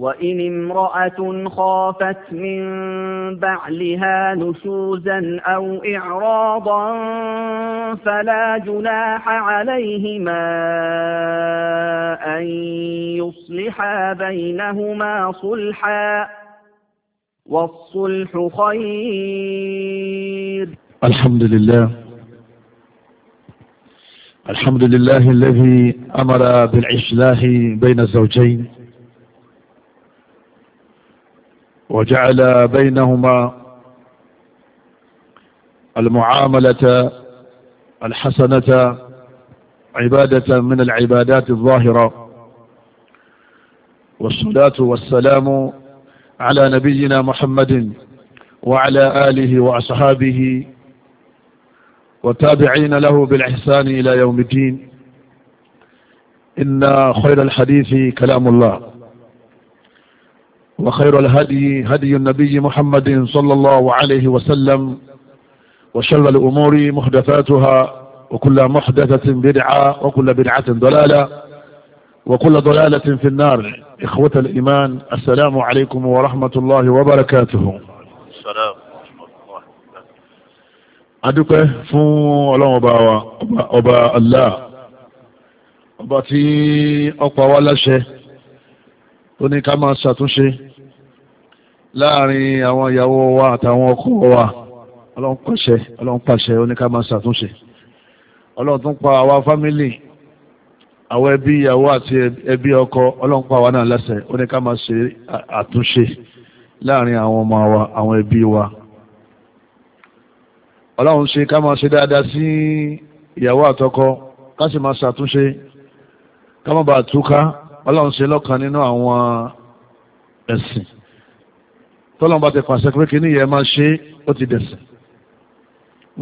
وإن امرأة خافت من بعلها نشوزا أو إعراضا فلا جناح عليهما أن يصلحا بينهما صلحا والصلح خير الحمد لله الحمد لله الذي أمر بالإصلاح بين الزوجين وجعل بينهما المعاملة الحسنة عبادة من العبادات الظاهرة والصلاة والسلام على نبينا محمد وعلى آله وأصحابه وتابعين له بالإحسان إلى يوم الدين إن خير الحديث كلام الله وخير الهدي هدي النبي محمد صلى الله عليه وسلم وشر الأمور محدثاتها وكل محدثة بدعة وكل بدعة ضلالة وكل ضلالة في النار إخوة الإيمان السلام عليكم ورحمة الله وبركاته السلام adúpẹ́ fún ọlọ́run ọba wa ọba allah ọba tí ọpa wa láṣẹ tó ní ká máa ṣàtúnṣe láàrin àwọn ìyàwó wa àtàwọn ọkọ wa ọlọ́run pàṣẹ ọlọ́run pàṣẹ oníká máa ṣàtúnṣe ọlọ́run tún pa àwa fámílì àwọn ẹbí ìyàwó àti ẹbí ọkọ ọlọ́run pa àwa náà láṣẹ oníká ṣe àtúnṣe láàrin àwọn ọmọ wa àwọn ẹbí wa ọlọ́run ṣe ká máa ṣe dáadáa sí ìyàwó àtọkọ ká sì máa ṣàtúnṣe ká má bàa túká ọlọ́run ṣe lọ́kàn nínú àwọn ẹ̀sìn tọ́lọ́n bá ti pàṣẹ pé kíní yẹn máa ṣe ó ti dẹ̀sìn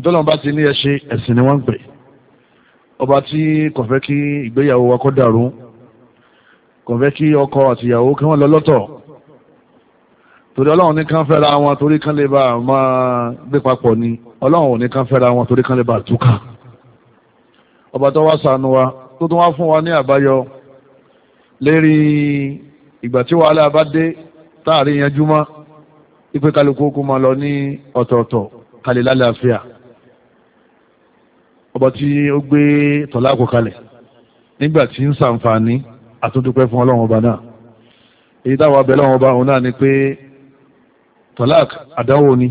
tọ́lọ́n bá ti ní ẹ ṣe ẹ̀sìn ni wọ́n ń pè ọba tí kò fẹ́ kí ìgbéyàwó wa kó dàrú kò fẹ́ kí ọkọ àtìyàwó kí wọ́n lọ lọ́tọ̀ torí ọlọ́run ní kán fẹ́ra wọn torí kán lè bá máa gbé papọ̀ ni ọlọ́run ò ní kán fẹ́ra wọn torí kán lè bá túká ọba tó wá ṣàánú wa tó tún wá fún wa ní àbáyọ lérí ìgbà tí wàhálà bá dé táàrí yanjú mọ́ ipe kálukú kó máa lọ ní ọ̀tọ̀ọ̀tọ̀ kalẹ̀ lálàáfíà ọba tí ó gbé tọ̀láàkù kalẹ̀ nígbà tí ń sàǹfààní àtúndúpẹ́ fún ọlọ́run ọba náà èyí táwọn abẹ́ ọlọ́run ọba òun náà ni pé tọ̀láàkù àdánwò ni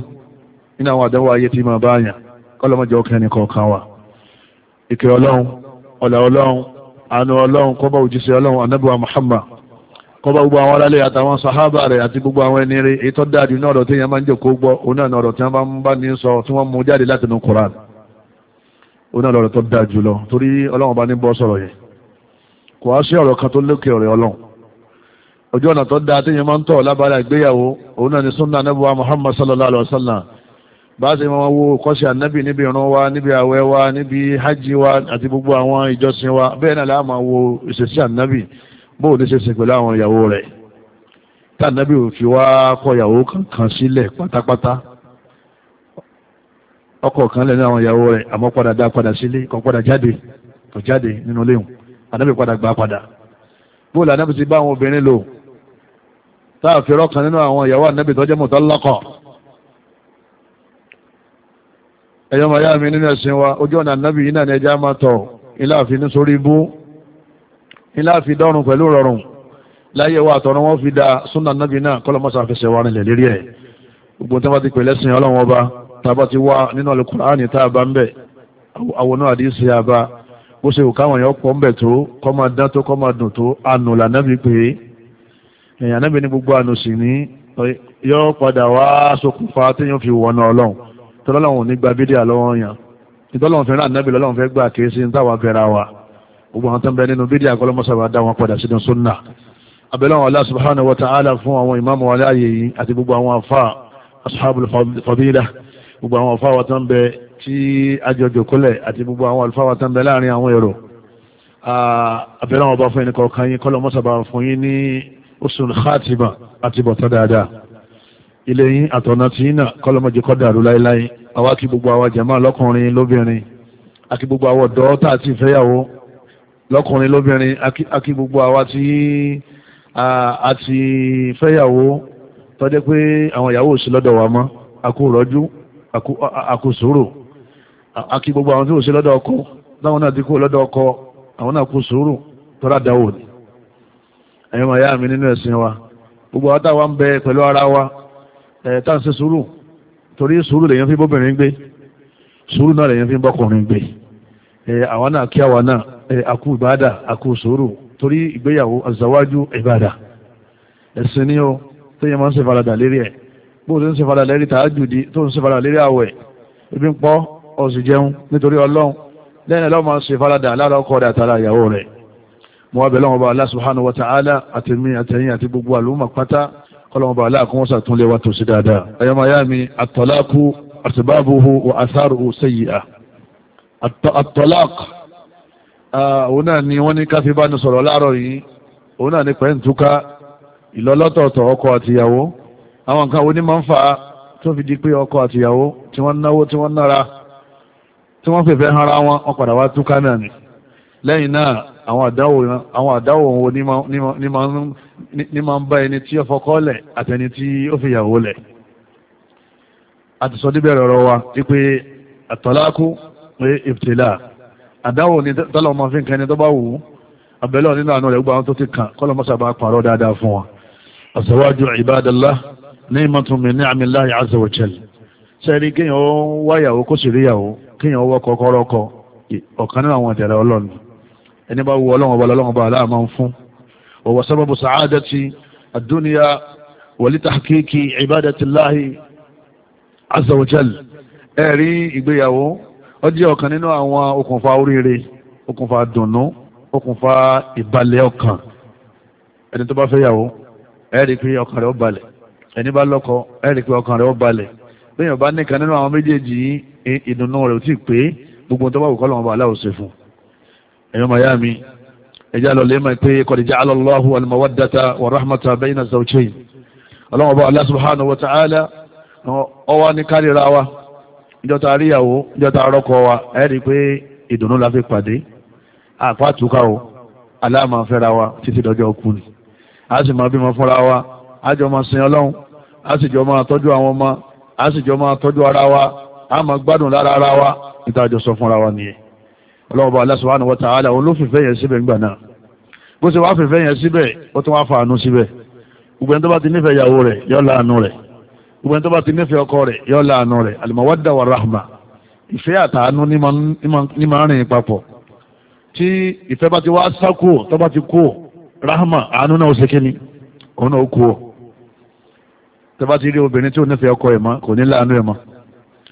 nínú àwọn àdánwò ayé tí máa bá yàn kọ́lọ́mọdé ọkàn ẹnì kọ̀ọ̀kan wa ìkẹ́ ọlọ́run ọ̀là ọlọ́run àánú ọlọ́run kọ́bọ̀ òjíṣẹ́ ọlọ́run anábíwá Muhammad kọba gbogbo àwọn alálẹ̀ àtàwọn sàhábà rẹ̀ àti gbogbo àwọn ẹni rẹ̀ ètò dáadì ní ọ̀rọ̀ tí yẹn máa ń jòkó gbọ́ oní ọ̀nà ọ̀rọ̀ tí wọ́n bá ń bá ní sọ tí wọ́n mú jáde láti inú koran oní ọ̀rọ̀ tó dáa jùlọ torí ọlọ́run bá ní bọ́ sọ̀rọ̀ yẹn kò sí ọ̀rọ̀ kan tó lókè ọ̀rẹ́ ọlọ́run ojú ọ̀nà tó dáa tí yẹn máa ń tọ̀ anabuwa muhammad sallallahu alaihi sallam. bá a máa wo kọ́sí bó ní ṣe ṣe pẹ̀lú àwọn ìyàwó rẹ̀ tànàbí ò fi wá kọ ìyàwó kankan sílẹ̀ pátápátá ọkọ kan lẹ́nu àwọn ìyàwó rẹ̀ àmọ́ padà dá padà sílé kan padà jáde kò jáde nínú léhùn ànábì padà gbà padà bó la ànábì ti bá àwọn obìnrin lò tá a fi rọ́ọ̀kan nínú àwọn ìyàwó ànábì tó jẹ́ mutallaqa ẹ̀yọ́ màyá mi nínú ẹ̀sìn wa ojú ọ̀nà ànábì yìí náà ni ẹja máa tọ̀ ilé àfin sórí ibú ilá fi dọ́rùn pẹ̀lú rọrùn láyé wa àtọ̀run wọn fi da súnà nábì náà kọ́lọ́ mọ́sá fẹsẹ̀ wa nílẹ̀ lérí ẹ̀ gbogbo tí wọ́n ti pè lẹ́sìn ọlọ́run ọba tá a bá ti wá nínú Al-Qur'ani tá a bá ń bẹ̀ àwọn náà àdìsí àbá bó ṣe òkáwọn èèyàn pọ̀ ń bẹ̀ tó kọ́ máa dán tó kọ́ máa dùn tó ànù lànàbí pé èèyàn náà ní gbogbo ànù sì ní yọ padà wá ṣokùnfà téèyàn fi wọ̀nà ọlọ́run tọ́lọ́run wa gbogbo àwọn tó ń bẹ nínú bídíà kọlọmọsàbà dá wọn padà sínú súnà abẹ́lẹ́ àwọn Allah subhanahu wa ta'ala fún àwọn ìmáàmù wa láàyè yìí àti gbogbo àwọn afá ashabul fadila gbogbo àwọn afá wa tó ń bẹ tí ajọjọ kọlẹ̀ àti gbogbo àwọn alfá wa tó ń bẹ láàrin àwọn èrò abẹ́lẹ́ àwọn ọba fún ẹnì kọ̀ọ̀kan yín kọlọmọsàbà fún yín ní usul khatima àti bọ̀tán dáadáa ilé yín àtọ̀nà tí yín náà kọlọmọjì kọ́ dàrú láéláé àwa kí gbogbo àwa jàmáà lọ́kùnrin lóbìnrin àti gbogbo àwọn ọ̀dọ́ tá a ti fẹ́yàwó lọ́kùnrin lóbìnrin akí gbogbo àwa tí a ti fẹ́yàwó tọ́jẹ́ pé àwọn ìyàwó sí lọ́dọ̀ wa mọ́ a rọ́jú gbogbo àwọn tí sí lọ́dọ̀ láwọn náà ti kú lọ́dọ̀ ọkọ àwọn náà kú sùúrù tọ́lá dáwò ni mi nínú ẹ̀sìn wa gbogbo àwọn táwa ń bẹ pẹ̀lú ara wa tá à ń ṣe torí lèyàn fi bóbìnrin gbé náà àkú ìbáadà àkú sòrò torí ìgbéyàwó àzàwájú ìbáadà ẹ̀sìn ni ó tó yẹ máa ń ṣe faradà lérí ẹ̀ bó o ti ń ṣe faradà lérí tààjùdí tó ń ṣe faradà lérí àwẹ̀ ibi ń pọ́ ọ̀sìn jẹun nítorí ọlọ́run lẹ́yìn lọ́wọ́ máa ń ṣe faradà lára ọkọ̀ rẹ̀ àtàrà ìyàwó rẹ̀ mo wá bẹ̀ lọ́wọ́ bá Allah subhanahu wa ta'ala àtẹ̀mí àtẹ̀yìn àti gbogbo àlùmọ̀ pátá kọ́lọ́wọ́ bá aláàkún sàtúnlé wa tó sí dáadáa ayọ́mọ̀ ayá mi àtọ̀láàkú àtìbábùhù wa àsáàrùhù sayyi'a àtọ̀láàkù Ah, òun náà ni wọ́n ní káfí bá ní sọ̀rọ̀ láàárọ̀ yìí òun náà ní pẹ́ǹtúká ìlọ́lọ́tọ̀ọ̀tọ̀ ọkọ àtìyàwó àwọn nǹkan wo ni máa ń fa tó fi di pé ọkọ àtìyàwó tí wọ́n náwó tí wọ́n nára tí wọ́n fèfé hanra wọn wọ́n padà wá túká náà ni lẹ́yìn náà àwọn àdáwò wo ni máa ń bá ẹni tí ó fọkọ lẹ̀ àtẹni tí ó fi yàwó lẹ̀ àti sọ níbẹ̀rẹ̀ ọ̀rọ̀ wa wípé àtọ̀láàkú pé ìfìlà àdáwò ni tọ́lọ̀ máa fi ń kẹni tó bá wù ú abẹ́lẹ́ nínú àánú rẹ̀ gbogbo àwọn tó ti kàn kọ́lọ̀ mọ́sà bá pààrọ̀ dáadáa fún wa àṣewájú ìbádọ́lá ní ìmọ̀túnmí ní àmì láyé azọ̀wọ̀chẹ́l sẹ́ni kéèyàn ó wáyàwó kó sì ríyàwó kéèyàn ó wọ́kọ̀ kọ́rọ́kọ ọ̀kan nínú àwọn ìdẹ̀rẹ̀ ọlọ́run ẹni bá wù ọlọ́run ọba ọlọ́run ọba aláà máa ń fún ọwọ́ sábàbù sàádẹ́tì àdúnìyà wọlé tàkíkì ìbádẹ́tì láyé azọ̀wọ̀chẹ́l ẹ̀rí ìgbéyàwó ó jẹ́ ọ̀kan nínú àwọn okùnfà oríire okùnfà dùnnú okùnfà ìbalẹ̀ ọkàn ẹni tó bá fẹ́ yàwó ẹ rí i pé ọkàn rẹ̀ ó balẹ̀ ẹni bá lọ́kọ ẹ rí i pé ọkàn rẹ̀ ó balẹ̀ lẹ́yìn ọba nìkan nínú àwọn méjèèjì yìí ìdùnnú rẹ̀ ò tí ì pé gbogbo tó bá wù kọ́ lọ́wọ́ bá aláwọ̀ ṣe fún ẹ̀yọ́ mayami ẹjá lọ lẹ́mọ̀ pé kọ̀dìjà alọ́láhu alimọ̀wádàta wà ìjọta àríyàwó ìjọta àrọ́kọ wa ẹ rí i pé ìdùnnú la fi pàdé àpáàtúkà o aláàmà fẹ́ra wa títí dọjọ́ kú ni a sì máa bímọ fúnra wa a jọ máa sin ọlọ́run a sì jọ máa tọ́jú àwọn ọmọ a sì jọ máa tọ́jú ara wa a máa gbádùn lára ara wa níta jọ sọ fúnra wa nìyẹn ọlọ́run bá Allah subhanahu wa ta'ala òun ló fìfẹ́ yẹn síbẹ̀ ńgbà náà bó ṣe wá fìfẹ́ yẹn síbẹ̀ ó tún wá fàánú síbẹ̀ gbogbo ẹni tó bá ti nífẹ̀ẹ́ ìyàwó rẹ̀ yọ́ láàánú rẹ̀ gbogbo tó bá ti nífẹ̀ẹ́ ọkọ rẹ̀ yọ láàánú rẹ̀ alimawadda wa rahma ìfẹ́ àtàánú ní máa rìn papọ̀ tí ìfẹ́ bá ti wá sákò tó bá ti kó rahma àánú náà ó ṣe kíni òun náà kú ọ tó bá ti rí obìnrin tí ò nífẹ̀ẹ́ ọkọ ẹ̀ mọ́ kò ní láàánú ẹ̀ mọ́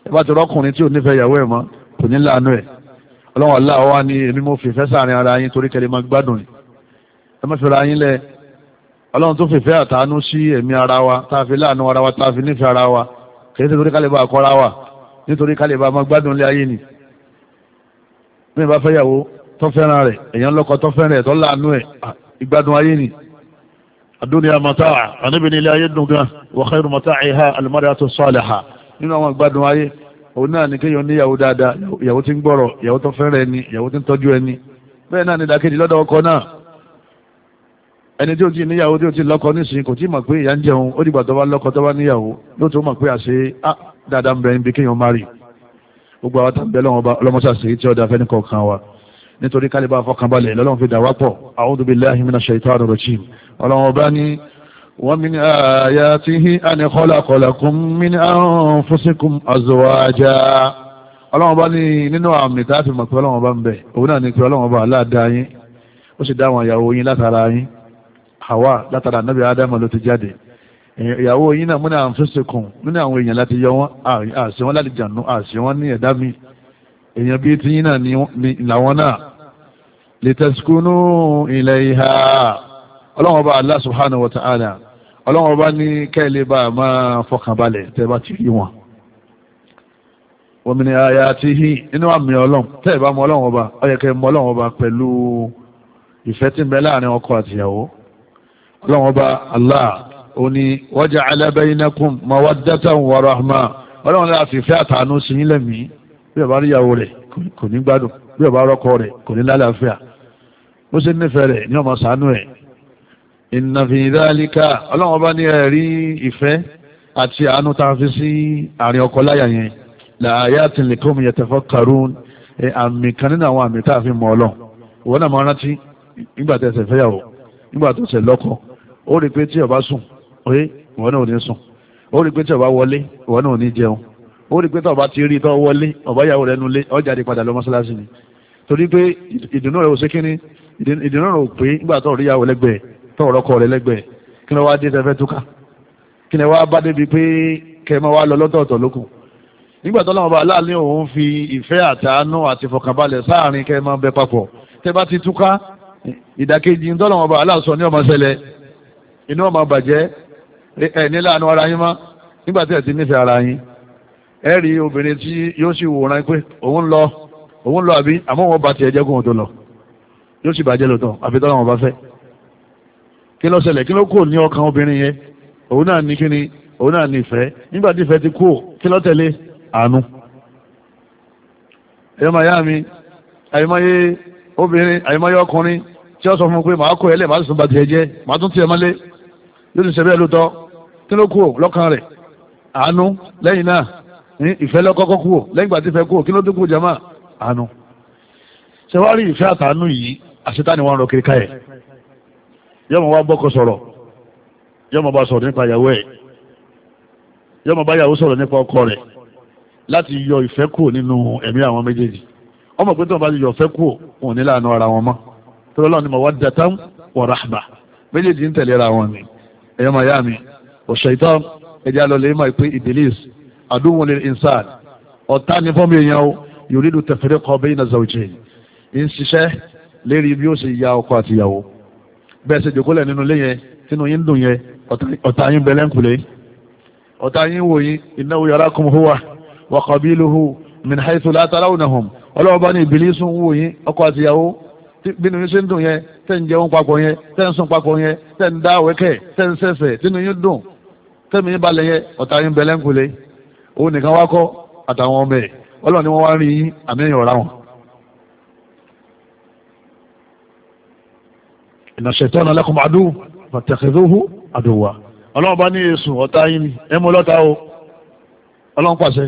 tó bá ti rọ́kùnrin tí ò nífẹ̀ẹ́ ìyàwó ẹ̀ mọ́ kò ní láàánú ẹ̀ ọlọ́wọ́n aláwọ̀ wá ní èmi mo fìfẹ́ sáàrin ara yín torí kẹ́lẹ́ ọlọ́run tó fìfẹ́ àtàánú sí ẹ̀mí ara wa tá a fi láàánú ara wa tá a fi nífẹ̀ẹ́ ara wa kìí nítorí ká lè bá àkọ́ra wa nítorí ká lè bá ọmọ gbádùn ilé ayé ni bí ẹ bá fẹ́ yàwó tó rẹ̀ èèyàn lọ́kọ tó rẹ̀ tó láàánú ẹ̀ ìgbádùn ayé ni àdúnyà mọ́tà àníbi ilé ayé dùn gan wa khairu mata'iha al-mar'atu salihah nínú àwọn ìgbádùn ayé òun náà ní kéèyàn níyàwó dáadáa ìyàwó tí ń gbọ́rọ̀ ìyàwó tó ẹni ìyàwó tí ń tọ́jú ẹni bẹ́ẹ̀ náà ní ìdàkejì lọ́dọ̀ ọkọ náà ẹni tí ó ti níyàwó tí ó ti lọ́kọ nísìnyí kò tí mọ̀ pé ìyá ń jẹun ó dìgbà tó bá lọ́kọ tó bá níyàwó ló tó mọ̀ pé àṣẹ ah, dáadáa ń bẹ níbi kéèyàn má rí gbogbo àwọn tàbí ọlọ́mọṣàṣe tí ọ̀dà fẹ́ni kọ̀ọ̀kan wa nítorí kálíbà fọkànbalẹ̀ lọ́lọ́run fi dàwà pọ̀ a'udhu billahi minash shaitanir rajim ọlọ́run ọba ní wa min ayatihi an khalaqa lakum min anfusikum azwaja ọlọ́run ọba ní nínú àmì tá mọ̀ pé ọlọ́run ọba ń bẹ òun náà ní pé ọlọ́run ọba aláàdá yín ó sì dá ìyàwó yín látara yín Hawa látara Nabi Adam ló ti jáde ìyàwó yín náà múnà àǹfẹ́sẹ̀kùn nínú àwọn èèyàn láti yọ wọn àṣẹ wọn láti jànú àṣẹ wọn ní ẹ̀dá mi èèyàn bíi ti yín náà ni làwọn náà lè tẹ̀síkúnú ilẹ̀ ìhà ọlọ́wọ́n bá Allah subhanahu wa ta'ala ọlọ́wọ́n bá ní kẹ́lẹ́ bá máa fọkànbalẹ̀ tẹ́ bá ti rí wọn. wọ́n ayé àti hí inú àmì ọlọ́run tẹ́ ẹ̀ bá mọ ọlọ́run ọba ó mọ ọlọ́run ọba pẹ̀lú ìfẹ́ tí ń bẹ láàrin ọkọ àtìyàwó ọlọ́run ọba allah ó ní waja'ala bainakum mawaddatan wa rahma ọlọ́run láti fi ìfẹ́ àtàánú sí yín lẹ́mìí bí ọba ríyàwó rẹ̀ kò ní gbádùn bí ọba rọ́kọ rẹ̀ kò ní lálàáfíà ó sì nífẹ̀ẹ́ rẹ̀ ní ọmọ sàánú ẹ̀ inna fi ní ẹ̀rí ìfẹ́ àti àánú tá a fi sí àárín ọkọ láyà yẹn la ayatin li qawmin yatafakkarun àmì kan nínú àwọn àmì tá a fi mọ̀ ọlọ́run ìwọ náà máa ó rí pé tí ọba sùn oye ìwọ náà ò ní sùn ó rí pé tí ọba wọlé ìwọ náà ò ní jẹun ó rí pé tí ọba ti rí tọ́ wọlé ọba ìyàwó rẹ nulẹ̀ ó jáde padà lọ mọ́ṣáláṣí ni torí pé ìdùnnú rẹ ò ṣe kíní ìdùnnú rẹ ò pé nígbà tó rí ìyàwó lẹ́gbẹ̀ẹ́ tó ọ̀rọ̀ kọ rẹ lẹ́gbẹ̀ẹ́ kí ni wàá dé tẹfẹ́ túká kí ni wàá bá débi pé kẹ́ máa wá lọ lọ́tọ̀ọ̀tọ̀ lókun nígbà tó lọ́wọ́ bá aláàlẹ́ òun inú ọmọ bàjẹ́ ẹ ní láàánú ara yín mọ́ nígbà tí ẹ ti nífẹ̀ẹ́ ara yín ẹ rí obìnrin tí yóò sì wòran pé òun lọ òun lọ àbí àmọ́ wọn bá tiẹ̀ jẹ́ kóhun tó lọ yóò sì bàjẹ́ lòtọ̀ àfi tọ́lá wọn bá fẹ́ kí ló ṣẹlẹ̀ kí ló kò ní ọkàn obìnrin yẹn òun náà ní kíni òun náà ní ìfẹ́ nígbà tí ìfẹ́ ti kú kí ló tẹ̀lé àánú ẹ̀yọ́ máa yá mi àyèmáyé obìnrin àyèmáyé ọkùnrin tí ó sọ fún mi pé màá kó ẹlẹ́ màá yóò ti ṣe bẹ́ẹ̀ lóòótọ́ kí ló kú ò lọ́kàn rẹ̀ àánú lẹ́yìn náà ní ìfẹ́ lọ́kọ́kọ́ kú ò lẹ́yìn ìgbà tí kú ò kí ló dínkù jama àánú ṣẹwárí ìfẹ́ àtàánú yìí àṣetáni wọn rọ kiri ká ẹ̀ yọmọ wa bọ́kọ sọ̀rọ̀ yọmọ bá sọ̀rọ̀ nípa ìyàwó ẹ̀ yọmọ bá yàwó sọ̀rọ̀ nípa ọkọ rẹ̀ láti yọ ìfẹ́ kù nínú ẹ̀mí àwọn méjèèjì ọmọ pé tí bá ti yọ ìfẹ́ kù òun ní láàánú ara wọn mọ́ tó lọ́nà ni mawaddatan wa rahma méjèèjì ń tẹ̀lé ẹ̀yọ́ máa yá mi ọ̀ṣẹ̀tàn ẹ̀jẹ̀ àlọ́lẹ̀ yìí máa pé Iblis àdúhùn lè ìnsàn ọ̀tá ní fọ́ọ̀mù èèyàn o yuridu tafriqa bayna zawjayn ń ṣiṣẹ́ lérí bí ó ṣe ya ọkọ àtìyàwó bẹ́ẹ̀ ṣe jòkólẹ̀ nínú ilé yẹn tínú yín dùn yẹn ọ̀tá yín bẹ̀lẹ́ ń ọ̀tá yín wò yín innahu yarakum huwa wa qabiluhu min haythu la tarawnahum ọlọ́wọ́ bá ní Iblis ń wò yín ọkọ àtìyàwó bínú yín ṣe ń dùn yẹn tẹ́ ń jẹun papọ̀ yẹn tẹ́ ń sùn papọ̀ yẹn tẹ́ ń dá wẹ́kẹ̀ tẹ́ ń sẹ̀sẹ̀ tínú yín dùn tẹ́mi yín balẹ̀ yẹn ọ̀tá yín bẹ̀lẹ́ ń kulè òun nìkan wá kọ́ àtàwọn ọmọ ẹ̀ ọlọ́run ni wọ́n wá rí yín àmì ẹ̀yìn ọ̀rá wọn. inna shaytana lakum aduwwun fattakhidhuhu aduwwa ọlọ́run bá ní èsù ọ̀tá yín ni ẹ mú lọ́ta o ọlọ́run pàṣẹ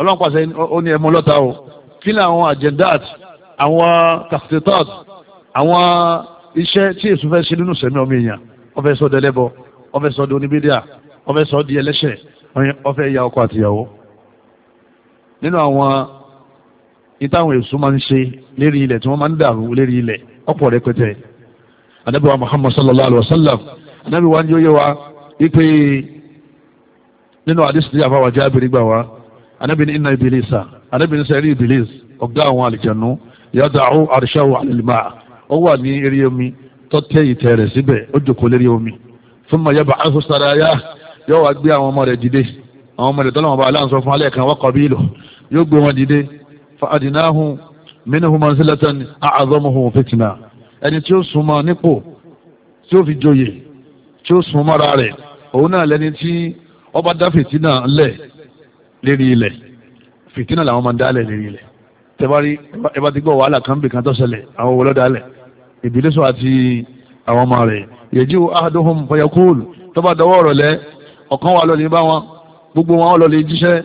ọlọ́run pàṣẹ ó ní ẹ mú lọ́ta o kí ni àwọn àjẹ̀dáàtì àwọn tàkìtìtọ́ọ̀dù àwọn iṣẹ́ tí èso fẹ́ ṣe nínú sẹ́mi ọmọ èèyàn ó fẹ́ sọ dẹlẹ́bọ ó fẹ́ sọ di oníbídíà ó fẹ́ sọ di ẹlẹ́ṣẹ̀ ó fẹ́ ya ọkọ àtìyàwó nínú àwọn ìtàwọn èso máa ń ṣe lérí ilẹ̀ tí wọ́n máa ń dàrú lérí ilẹ̀ ọ̀pọ̀ rẹpẹtẹ anabi wa muhammad sallallahu alaihi wa sallam anabi wa ń yóyẹ wa ipe nínú àdìsí tí àfàwà jábìrì gbà wá anabi ibilisa anabi sẹ́rí ibilis ọ̀gá àwọn àlìjẹ̀nu yàdàú àrṣáwò àlèlmà ó wà ní eré omi tó tẹ́ ìtẹ́ rẹ̀ síbẹ̀ ó jòkó lérí omi fún mọ̀ yẹba áhùn sára yá yóò wá gbé àwọn ọmọ rẹ̀ dìde àwọn ọmọ rẹ̀ tọ́lọ̀ wọn bá aláǹsọ fún alẹ́ kan wọ́kọ̀ bí lò yóò gbé wọn dìde fa àdínáhùn mínúhùn mansilatan àádọ́mùhùn fìtìnà ẹni tí ó súnmọ́ nípò tí ó fi joyè tí ó súnmọ́ ra rẹ̀ òun náà lẹni tí ọba dá fìtìnà lẹ̀ lérí ilẹ̀ fìtìnà làwọn máa ń dálẹ̀ lérí ilẹ̀ tẹbárí ẹbá ti gbọ́ wàhálà kan bìkan tó ṣẹlẹ̀ àwọn olódàálẹ̀ ìbílẹ̀sọ àti àwọn ọmọ rẹ̀ yẹjú ahaduhum fayakul tó bá dọwọ́ ọ̀rọ̀ lẹ ọ̀kan wà lọ́lẹ̀ bá wọn gbogbo wọn lọ́lẹ̀ jíṣẹ́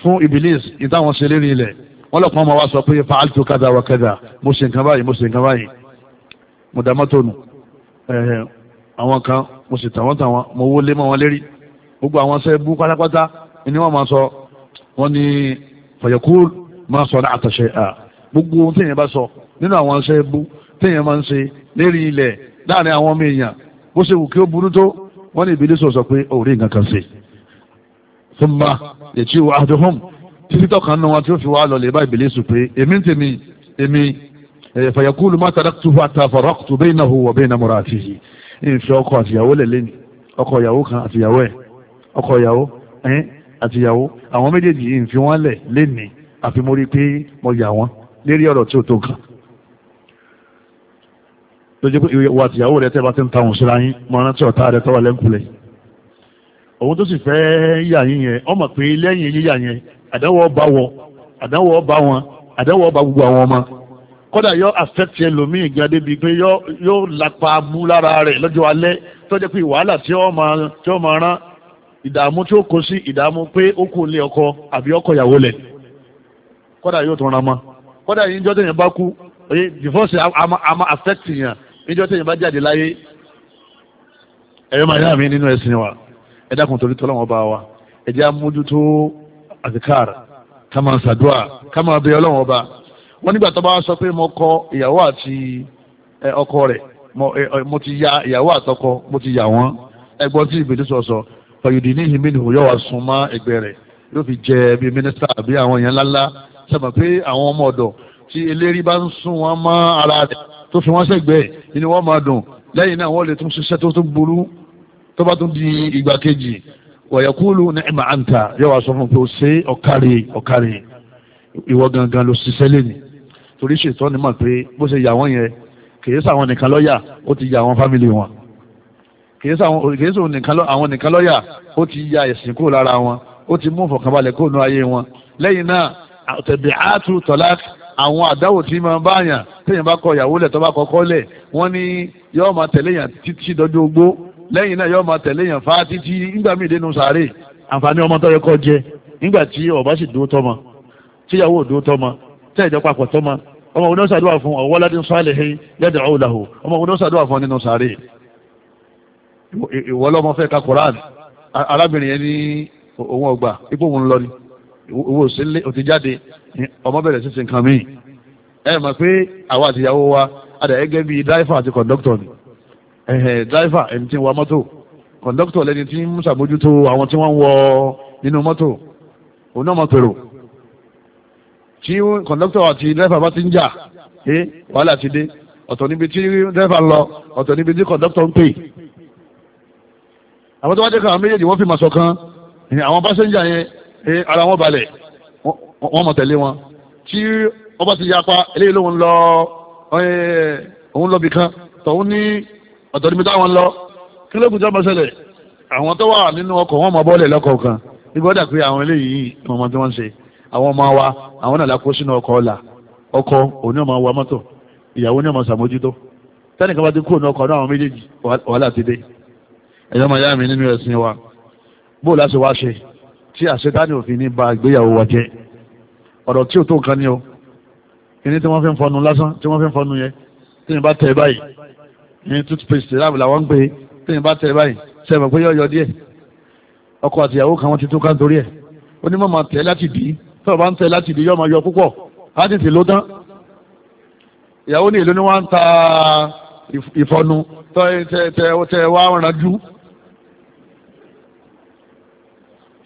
fún ibilis ìtàwọn ṣe lérí ilẹ̀ wọn lọ́kàn máa wá sọ pé fa'altu kada wa kada mo ṣe nǹkan báyìí mo ṣe nǹkan báyìí mo dá mọ́tò nù àwọn kan mo sì tàwọn tàwọn mo wó lé mọ́ wọn lérí gbogbo àwọn sẹ́ẹ̀bù pátápátá ni wọ́n máa sọ wọ́n ní fayakul máa sọ náà àtàṣe à gbogbo ohun téèyàn bá sọ nínú àwọn aṣẹ ẹbú téèyàn máa ń ṣe lérí ilẹ̀ láàrin àwọn ọmọ èèyàn bó ṣe wù kí ó burú tó wọ́n ní ìbílẹ̀ sọ̀sọ̀ pé òòrè nǹkan kan ṣe fún ma ètí o àdéhùn títí tọ́kàn nínú wọn tí ó fi wá lọlẹ̀ bá ìbílẹ̀ sùn pé èmi ń tèmi èmi fàyàkúlù má tàdákùtù fún àtàfàrọ́kùtù bẹ́ẹ̀ náà wọ̀ bẹ́ẹ̀ náà mọ̀ra àti yìí ìfẹ́ ọkọ àtìyàwó lẹ̀ lẹ́nu ọkọ ìyàwó kan àtìyàwó ẹ̀ ọkọ ìyàwó ẹ̀yìn àtìyàwó àwọn méjèèjì ìfẹ́ wọn lẹ̀ lẹ́nìí àfi mo rí i pé mo yà wọ́n lérí ọ̀rọ̀ tí ò tó nǹkan lójú pé ìwà àtìyàwó rẹ tẹ́ bá ti ń ta òun síra yín mo rántí ọ̀tá rẹ tọ́wọ́ lẹ́ńkulẹ̀ òun tó sì fẹ́ yà yín yẹn ọmọ pé lẹ́yìn yíyà yẹn àdánwò bá wọ àdánwò bá wọn àdánwò bá gbogbo àwọn ọmọ kódà yọ affect ẹlòmíì gan débi pé yóò lapa mú lára rẹ̀ lọ́jọ́ alẹ́ tó jẹ́ pé wàhálà tí ó máa rán ìdààmú tí ó kó sí ìdààmú pé ó kò lé ọkọ àbí ọkọ ìyàwó lẹ̀ kọ́dà yóò tún ra mọ́ kọ́dà yìí níjọ́ tẹ̀yìn bá kú oye divorce àmọ́ affect yàn níjọ́ tẹ̀yìn bá jáde láyé ẹ̀yọ́ máa yára mi nínú ẹ̀sìn wa ẹ dákun torí tọ́lá wọn bá wa ẹ jẹ́ amójútó azikar ká máa ṣàdúrà ká ọlọ́wọ́n ọba wọ́n nígbà tó bá sọ pé mo kọ ìyàwó àti ọkọ rẹ̀ mo ti ya ìyàwó àtọkọ mo ti yà wọ́n ẹgbọ́n tí ìbèdí sọ̀sọ̀ fàyòdì ní ìhìnmí nìyó wà sún mọ́ ẹgbẹ́ rẹ̀ yóò fi jẹ bí mínísítà àbí àwọn èèyàn ńláńlá sábà pé àwọn ọmọ ọ̀dọ̀ tí eléri bá ń sún wọn mọ́ ara rẹ̀ tó fi wọ́n sẹ́gbẹ̀ẹ́ inú wọn máa dùn lẹ́yìn náà wọ́n lè tún ṣiṣẹ́ tó tún burú tó bá tún di ìgbà kejì wọ̀yẹ̀kúlù ní ìmọ̀ àǹtà yóò wá sọ fún pé ó ṣe ọ̀kárì ọ̀kárì ìwọ gangan ló ṣiṣẹ́ lẹ́nu torí ṣètọ́ ni mà pé bó ṣe yà wọ́n yẹn kì í sàwọn nìkan lọ́yà ó ti yà àwọn fámìlì wọn kì í sàwọn nìkan lọ́yà ó ti yà ẹ̀sìn kúrò lára wọn ó ti mú ìfọ̀kànbalẹ̀ kúrò ní ayé wọn lẹ́yìn náà tẹ̀bí àtú tọ́lá àwọn àdáwò tí máa bá yàn téèyàn bá kọ ìyàwó lẹ̀ tó bá kọ́kọ́ lẹ̀ wọ́n ní yọ́ọ́ máa tẹ̀lé yàn títí dọ́jú ogbó lẹ́yìn náà yọ́ọ́ máa tẹ̀lé yàn fá títí nígbà míì dénú sàárè àǹfààní ọmọ tó yẹ kó jẹ nígbà tí ọba sì dúró tọ́mọ tíyàwó ò dúró tọ́mọ tẹ́ẹ̀jọ́ papọ̀ tọ́mọ ọmọ òun náà ṣàdúrà fún ọwọ́ ládín sálẹ̀ yẹ́dẹ̀ ọ̀làhù owó sílé ó ti jáde ọmọ bẹ̀rẹ̀ sí ti nǹkan ẹ mọ̀ pé àwa àtìyàwó wa adà gẹ́gẹ́ bíi dáífà àti kọ̀ǹdọ́kítọ̀ ni dáífà ẹni tí ń wa mọ́tò kọ̀ǹdọ́kítọ̀ lẹni tí ń ṣàmójútó àwọn tí wọ́n ń wọ nínú mọ́tò òun náà mọ̀ pèrò tí kọ̀ǹdọ́kítọ̀ àti dáífà bá ti ń jà ẹ wàhálà ti dé ọ̀tọ̀ níbi tí dáífà ń lọ ọ̀tọ̀ níbi tí kọ̀ǹdọ́kítọ̀ ń pè àwọn tó wá jẹ́ káwọn méjèèjì wọ́n fi màṣọ kan àwọn pásẹ́ńjà yẹn ara wọn balẹ̀ wọ́n mọ̀ tẹ̀lé wọn tí wọ́n bá ti yapa eléyìí lóun lọ òun lọ bìkan tọ̀hún ní ọ̀tọ̀ níbi táwọn lọ kí ló kùn tí wọ́n bá ṣẹlẹ̀ àwọn tó wà nínú ọkọ̀ wọn mọ̀ bọ́ọ̀lẹ̀ lọ́kọ̀ọ̀kan nígbọ́dà pé àwọn eléyìí ọmọ tí wọ́n ṣe àwọn ọmọ wa àwọn náà lákó sínú ọkọ̀ ọ̀la ọkọ òní ọmọ wa mọ́tò ìyàwó ní ọmọ sàmójútó tẹ́nìkan bá ti kúrò ní ọkọ̀ náà àwọn méjèèjì wàhálà ti dé ẹ̀yọ́ mi nínú ẹ̀sìn wa bóòlù á sì tí àṣetáni òfin ní ba ìgbéyàwó wa jẹ́ ọ̀rọ̀ tí ò tó kan ní o kíní tí wọ́n fi ń fọnu lásán tí wọ́n fi ń fọnu yẹ tí mi bá tẹ̀ báyìí ní toothpaste láàbù làwọn ń pè é tí mi bá tẹ̀ báyìí sẹ́mi pé yọ̀ọ̀yọ̀ díẹ̀ ọkọ àti ìyàwó kan wọ́n ti tún ká nítorí ẹ̀ ó ní mọ̀mọ́ tẹ̀ láti dì í tọ́ọ̀ bá ń tẹ̀ láti dì í yọ́ máa yọ púpọ̀ á ti ló tán ìyàwó ní ìlú ni wọ́n ń ta ìfọnu tẹ́ wá rànjú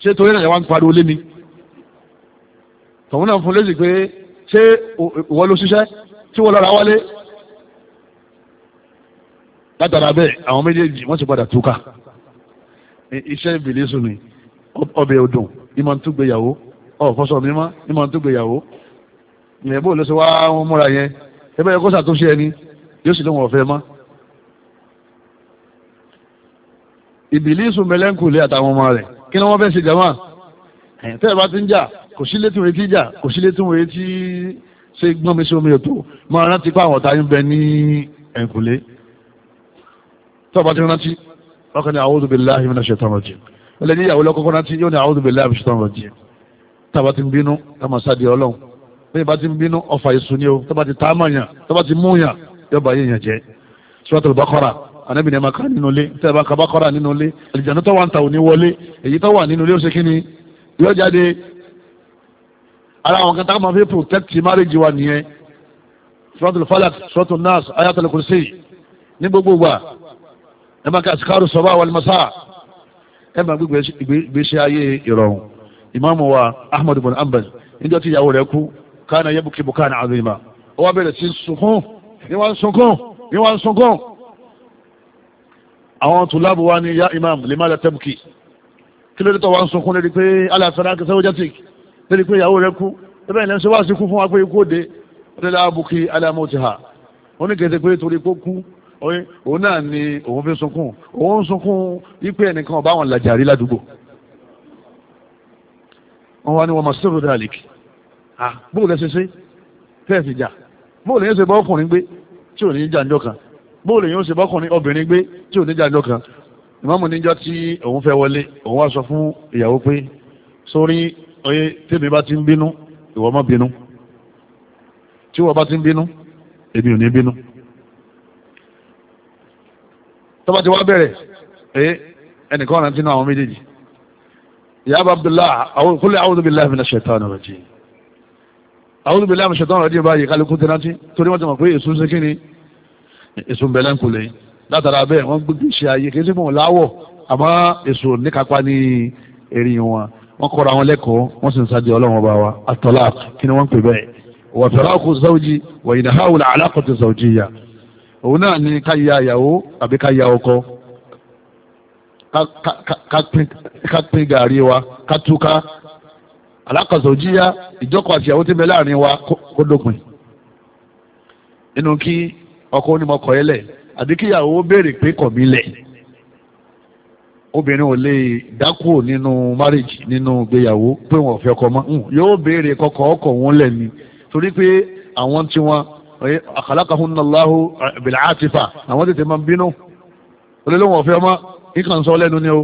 ṣé torí náà wá ń pariwo lé mi tọ̀hún náà fún lésì pé ṣé ìwọ ló ṣiṣẹ́ tí wọ́n lọ́ra wálé látara bẹ́ẹ̀ àwọn méjèèjì wọ́n ti padà túká iṣẹ́ ìbìlísùn ni ọbẹ̀ ọdún ìmọ̀ tó gbéyàwó ọ̀fọ́sọ̀ mímọ́ ìmọ̀ tó gbéyàwó ìyẹn bó ló ṣe wá wọn múra yẹn ẹgbẹ́ yẹn kó ẹni yóò sì lóun ọ̀fẹ́ mọ́. ìbìlísùn mẹlẹ́ńkù lé àtàwọn ọmọ rẹ̀ kí ni wọ́n fẹ́ ṣe jama tẹ́ ẹ bá ti ń jà kò sí létí wòye tí jà kò sí létí wòye tí ṣe gbọ́n mi sí omi ọ̀tọ̀ máa rántí pé àwọn ọ̀tá yín bẹ ní ẹ̀kúnlé tọ́ bá ti rántí ọkàn ní a'udhu billahi minash shaitanir rajim ó lè ní ìyàwó lọ́kọ́kọ́ rántí yóò ní a'udhu billahi minash shaitanir rajim tá a bá ti ń bínú ká máa sáà di ọlọ́run bẹ́ẹ̀ bá ti ń bínú ọfà ìsúnyẹ́ o tó bá ti tá anabi ní ẹ máa ka nínú ilé tẹ́ ẹ bá ka Bákọ́rà nínú ilé àlìjáná tó wà ń ta òní wọlé èyí tó wà nínú ilé ó ṣe kí ni yóò jáde ara àwọn kan tá a máa fi protect marriage wa nìyẹn suratul falak suratul nas ayatul kursi ní gbogbo wa ẹ máa ka asikaru sọba wal masa ẹ máa gbé ìgbésí ayé ìrọ̀rùn ìmáàmù wa ahmad ibn ambal níjọ́ tí ìyàwó rẹ̀ kú kánà yẹ́bùkì bùkánà àzìmá ó wá bẹ̀rẹ̀ sí sunkún ní wọ́n sunkún ní wọ́n sunkún àwọn tùlábù wa ni ya imam limala tẹ́bùkì kí ló dé tọ́ wa ń sunkún lérí pé aláfẹ́rẹ́ akẹ́sẹ́ ojatik lérí pé ìyàwó rẹ kú ẹbẹ́ ìlẹ́ ṣe wá sí kú fún wa pé ikú òde ọdẹ́lẹ́ abùkì alámọ́tìhà oníkẹ́sẹ́ pé torí kó kú òun náà ni òun fi sunkún òun ń sunkún wípé ẹnìkan ọba àwọn làjà rí ládùúgbò wọn wá ní wọn masiru dalek ah, bóòlù ẹsẹ ṣe fẹ́ẹ̀ fi jà bóòlù ẹsẹ bá ọkùnrin gbé tí ò ní jà ńjọ kan bóòlù yóò ṣe bọ́kùnrin obìnrin gbé tí ò ní jà lọ́kàn ìmáàmù níjọ́ tí òun fẹ́ wọlé òun wá sọ fún ìyàwó pé sórí oye tèmi bá ti ń bínú ìwọ má bínú tí wọ́n bá ti ń bínú èmi ò ní bínú tó bá ti wá bẹ̀rẹ̀ ẹ ẹnìkan rántí náà àwọn méjèèjì ìyá abdullahi kúlẹ̀ a'udhu billahi minash shaitani rajim a'udhu billahi minash shaitani rajim báyìí kálukú tẹ́rántí torí wọ́n ti mọ̀ pé èso ṣe kí ni èso ńbẹ lẹ́ńkulè látara bẹ́ẹ̀ wọ́n gbé ṣe ayé kí sípò láwọ̀ àmọ́ èso níkapa ní èrè wọn wọ́n kọ́ra wọn lẹ́kọ̀ọ́ wọ́n sì ń sáájú ọlọ́run ọba wa atọ́lá kí ni wọ́n ń pè bẹ́ẹ̀ wọ́n fẹ́ràn ọkọ̀ zawji wọ́n yìí náà wùlà alákọ̀tì zawjiyya òun náà ni ká ya ìyàwó àbí ká ya ọkọ ká pín gàrí wa ká túká alákọ̀ zawjiyya ìjọkọ̀ àti ìyàwó ti bẹ láàrin wa kó dópin inú kí ọkọ onímọ̀kọ ẹlẹ̀ àdíkíyàwó béèrè pé kọ̀ mí lẹ̀ obìnrin ò lè dákú nínú márìjì nínú ìgbéyàwó pé wọn ò fẹ́ ọkọ mọ́ yóò béèrè kọkọ ọkọ wọn lẹ̀ ni torí pé àwọn tí wọn àkàlákàhún nàláhù bìlà àtìfà àwọn tètè máa ń bínú olólùwọ̀n ọ̀fẹ́ ọmọ kíkàn sọ lẹ́nu ni o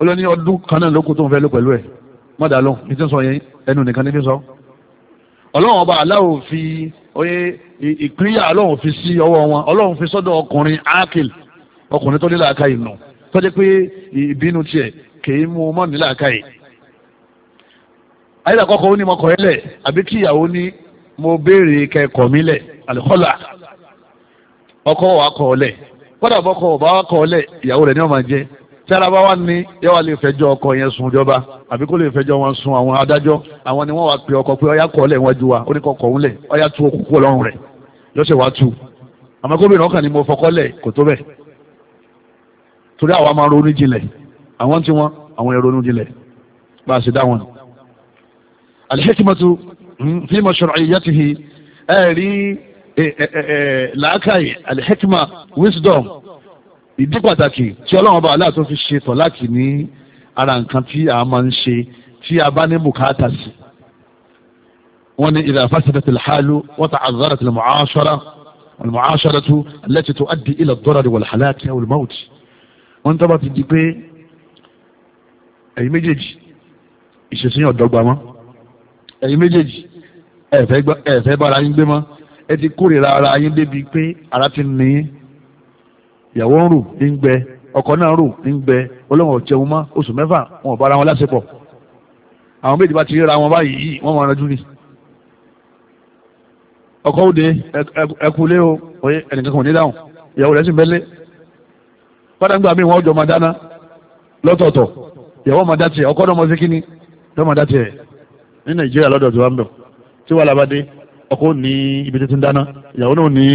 olóní ọdún kan náà lókun tó ń fẹ́ ló pẹ̀lú ẹ̀ mọ́dàlóhùn ní tí ń sọ yẹn ẹnu nìkan ní tí sọ ọlọ́run ọba aláwo fi oye ìpínyà ọlọ́run fi sí ọwọ́ wọn ọlọ́run fi sọ́dọ̀ ọkùnrin akil ọkùnrin tó nílà aka ìnà tó jẹ́ pé ìbínú tiẹ̀ kìí mú mọ́ nílà aka yìí. ayélujára kọ́kọ́ ó ní mọ́kọ̀ ẹ́lẹ̀ àbí kí ìyàwó ní mo béèrè kẹ́kọ̀ọ́ mi lẹ̀ àlùkọ́là ọkọ wa kọ̀ ọ́lẹ̀ kọ́dà bọ́kọ̀ ọ̀bá wa kọ̀ ọ́lẹ̀ ìyàwó rẹ̀ ní ó máa jẹ sára bá wà ní yóò wá lè ọkọ yẹn sùn ìjọba àbí kó lè fẹjọ́ wọn sùn àwọn adájọ́ àwọn ni wọ́n wá pe ọkọ pé ọyá kọ́lẹ̀ wájú wa ó ní kọ́ kọ́hún lẹ̀ ọyá tu òkúkú ọlọ́run rẹ̀ lọ́sẹ̀ wá tu àmọ́ gómìnà ọkàn ni mo fọkọ́lẹ̀ kò tó bẹ̀ torí àwa máa ronú jinlẹ̀ àwọn tí wọ́n àwọn èrò ronú jinlẹ̀ bá a sì dá wọn. alhikmatu hmm, fi mashru'iyyatihi ẹ̀rí làákàyè alhikma wisdom ìdí pàtàkì tí ọlọ́run bá aláà tó fi ṣe tọ̀ láti ní ara nǹkan tí a máa ń ṣe tí a bá ní bùkátà sí wọ́n ní idha fasadat al-halu wa ta'azzarat al-mu'ashara al-mu'asharatu allati tu'addi ila ad-darari wal-halaki aw al-mawt wọ́n tó ti di pé ẹ̀yin méjèèjì ìṣesíyàn ọ̀dọ́gba mọ́ ẹ̀yin méjèèjì ẹ̀fẹ́ bára yín gbé mọ́ ẹ ti kórìíra ara yín débi pé ara ti nìyín ìyàwó ń rù ń gbẹ ọkọ náà rù ń gbẹ ọlọ́wọ̀n ọ̀jẹun mọ́ oṣù mẹ́fà wọn ò bára wọn lásìpọ̀ àwọn méjì bá ti ríra wọn báyìí wọ́n máa ranjú ni ọkọ òde ẹkùnlé o oye ẹnìkan kò ní dáhùn ìyàwó rẹ̀ sì mẹ́lẹ́ pátágbà míì wọ́n jọ máa dáná lọ́tọ̀ọ̀tọ̀ ìyàwó máa dá tiẹ̀ ọkọ náà mọ̀ sí kíní tó máa dá tiẹ̀ ní Nàìjíríà lọ́dọ̀ tó wá ń bọ̀ tí wàhálà bá dé ọkọ ní ibi títí ń dáná ìyàwó náà ní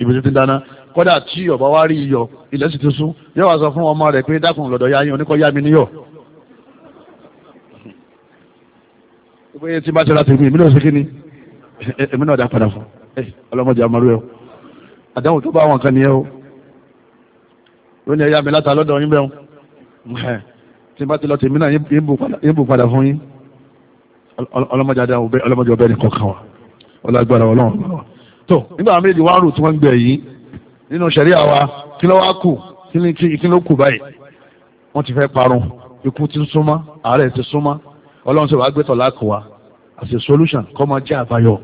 ibi títí ń dáná kódà tí ọba wa rí iyọ̀ ilẹ̀ sì ti sún yóò wá sọ fún ọmọ rẹ̀ pé dákun lọ́dọ̀ ya yín oníkọ́ yá mi níyọ̀. pé tí bá ti ra tèmi èmi náà ṣe kíni èmi náà dá padà fún ọlọ́mọdé amaru ẹ o àdáhùn tó bá àwọn kan nìyẹn o ó ní ẹyá mi láta lọ́dọ̀ yín bẹ́ẹ̀ tí bá ti lọ tèmi náà yín bù padà fún yín ọlọ́mọdé ọbẹ̀ nìkan kan wà ọlágbára ọlọ́run tó nígbà méjì wá rò tí wọ́n ń gbẹ yìí nínú sẹ̀rí àwa kí ló wá kù kí ló kù báyìí wọ́n ti fẹ́ parun ikú ti súnmọ́ àárẹ̀ ti súnmọ́ ọlọ́run sì wá gbé tọ̀lá kù wa as a solution kọ́ máa jẹ́ àbáyọ.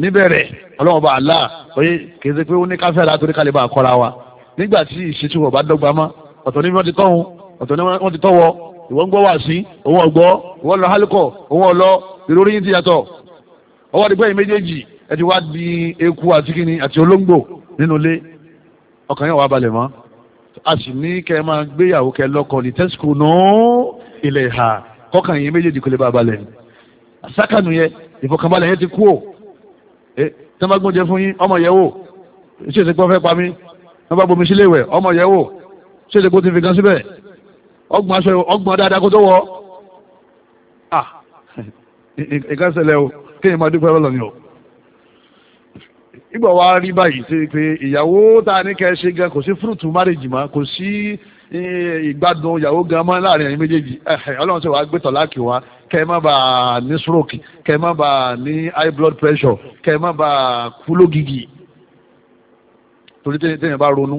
níbẹ̀rẹ̀ ọlọ́run bá àlá oyè kì í ṣe pé ó ní káfẹ́ àtòrí kalẹ̀ bá kọ́ra wa nígbà tí ìṣètò ọba dọ́gba mọ́ ọ̀tọ̀ ní wọ́n ti tọ́hun ọ̀tọ̀ ní wọ́n ti tọ́wọ́ ìwọ ń gbọ́ wá sí òun ọ̀gbọ́ ìwọ lọ hálùkọ̀ òun ọ̀lọ́ ìròrí ti yàtọ̀ ọwọ́ àdìgbẹ́ yìí méjèèjì ẹ ti wá di eku àti kíni àti olóńgbò nínú ilé ọkàn yóò wá balẹ̀ mọ́ a sì ní kẹ́ ẹ máa gbéyàwó kẹ́ lọ́kọ ní tẹ́síkò náà ilẹ̀ ìhà kọ́kàn yìí méjèèjì kò lè bá balẹ̀ ni àsákànù yẹ ìfọkànbalẹ̀ yẹn ti kú ò tẹ́mágbóúnjẹ fún yín ọmọ yẹ̀wò ṣé èsì pọ́n fẹ́ pa mí wọ́n bá bomi sílé ìwẹ̀ ọmọ yẹ̀wò ṣé èsì pọ́n ti fi gan síbẹ̀ ọgbọ̀n aṣọ ọgbọ̀n dáadáa kó tó wọ̀ ọ́ ah ìkànsẹ̀lẹ̀ o kéèyàn máa dúpẹ́ lọ́lọ́ ni o ìgbà wa rí báyìí ṣe pé ìyàwó tá a ní kẹ́ ṣe gan kò sí fúrùtù márèjì mọ́ kò sí ìgbádùn ìyàwó gan mọ́ láàrin ẹ̀yin méjèèjì ọlọ́run ṣe wàá gbé tọ̀láàkì wá kẹ́ ẹ má bàa ní stroke kẹ́ ẹ má bàa ní high blood pressure kẹ́ ẹ má bàa kú lógìgì torí téèyàn bá ronú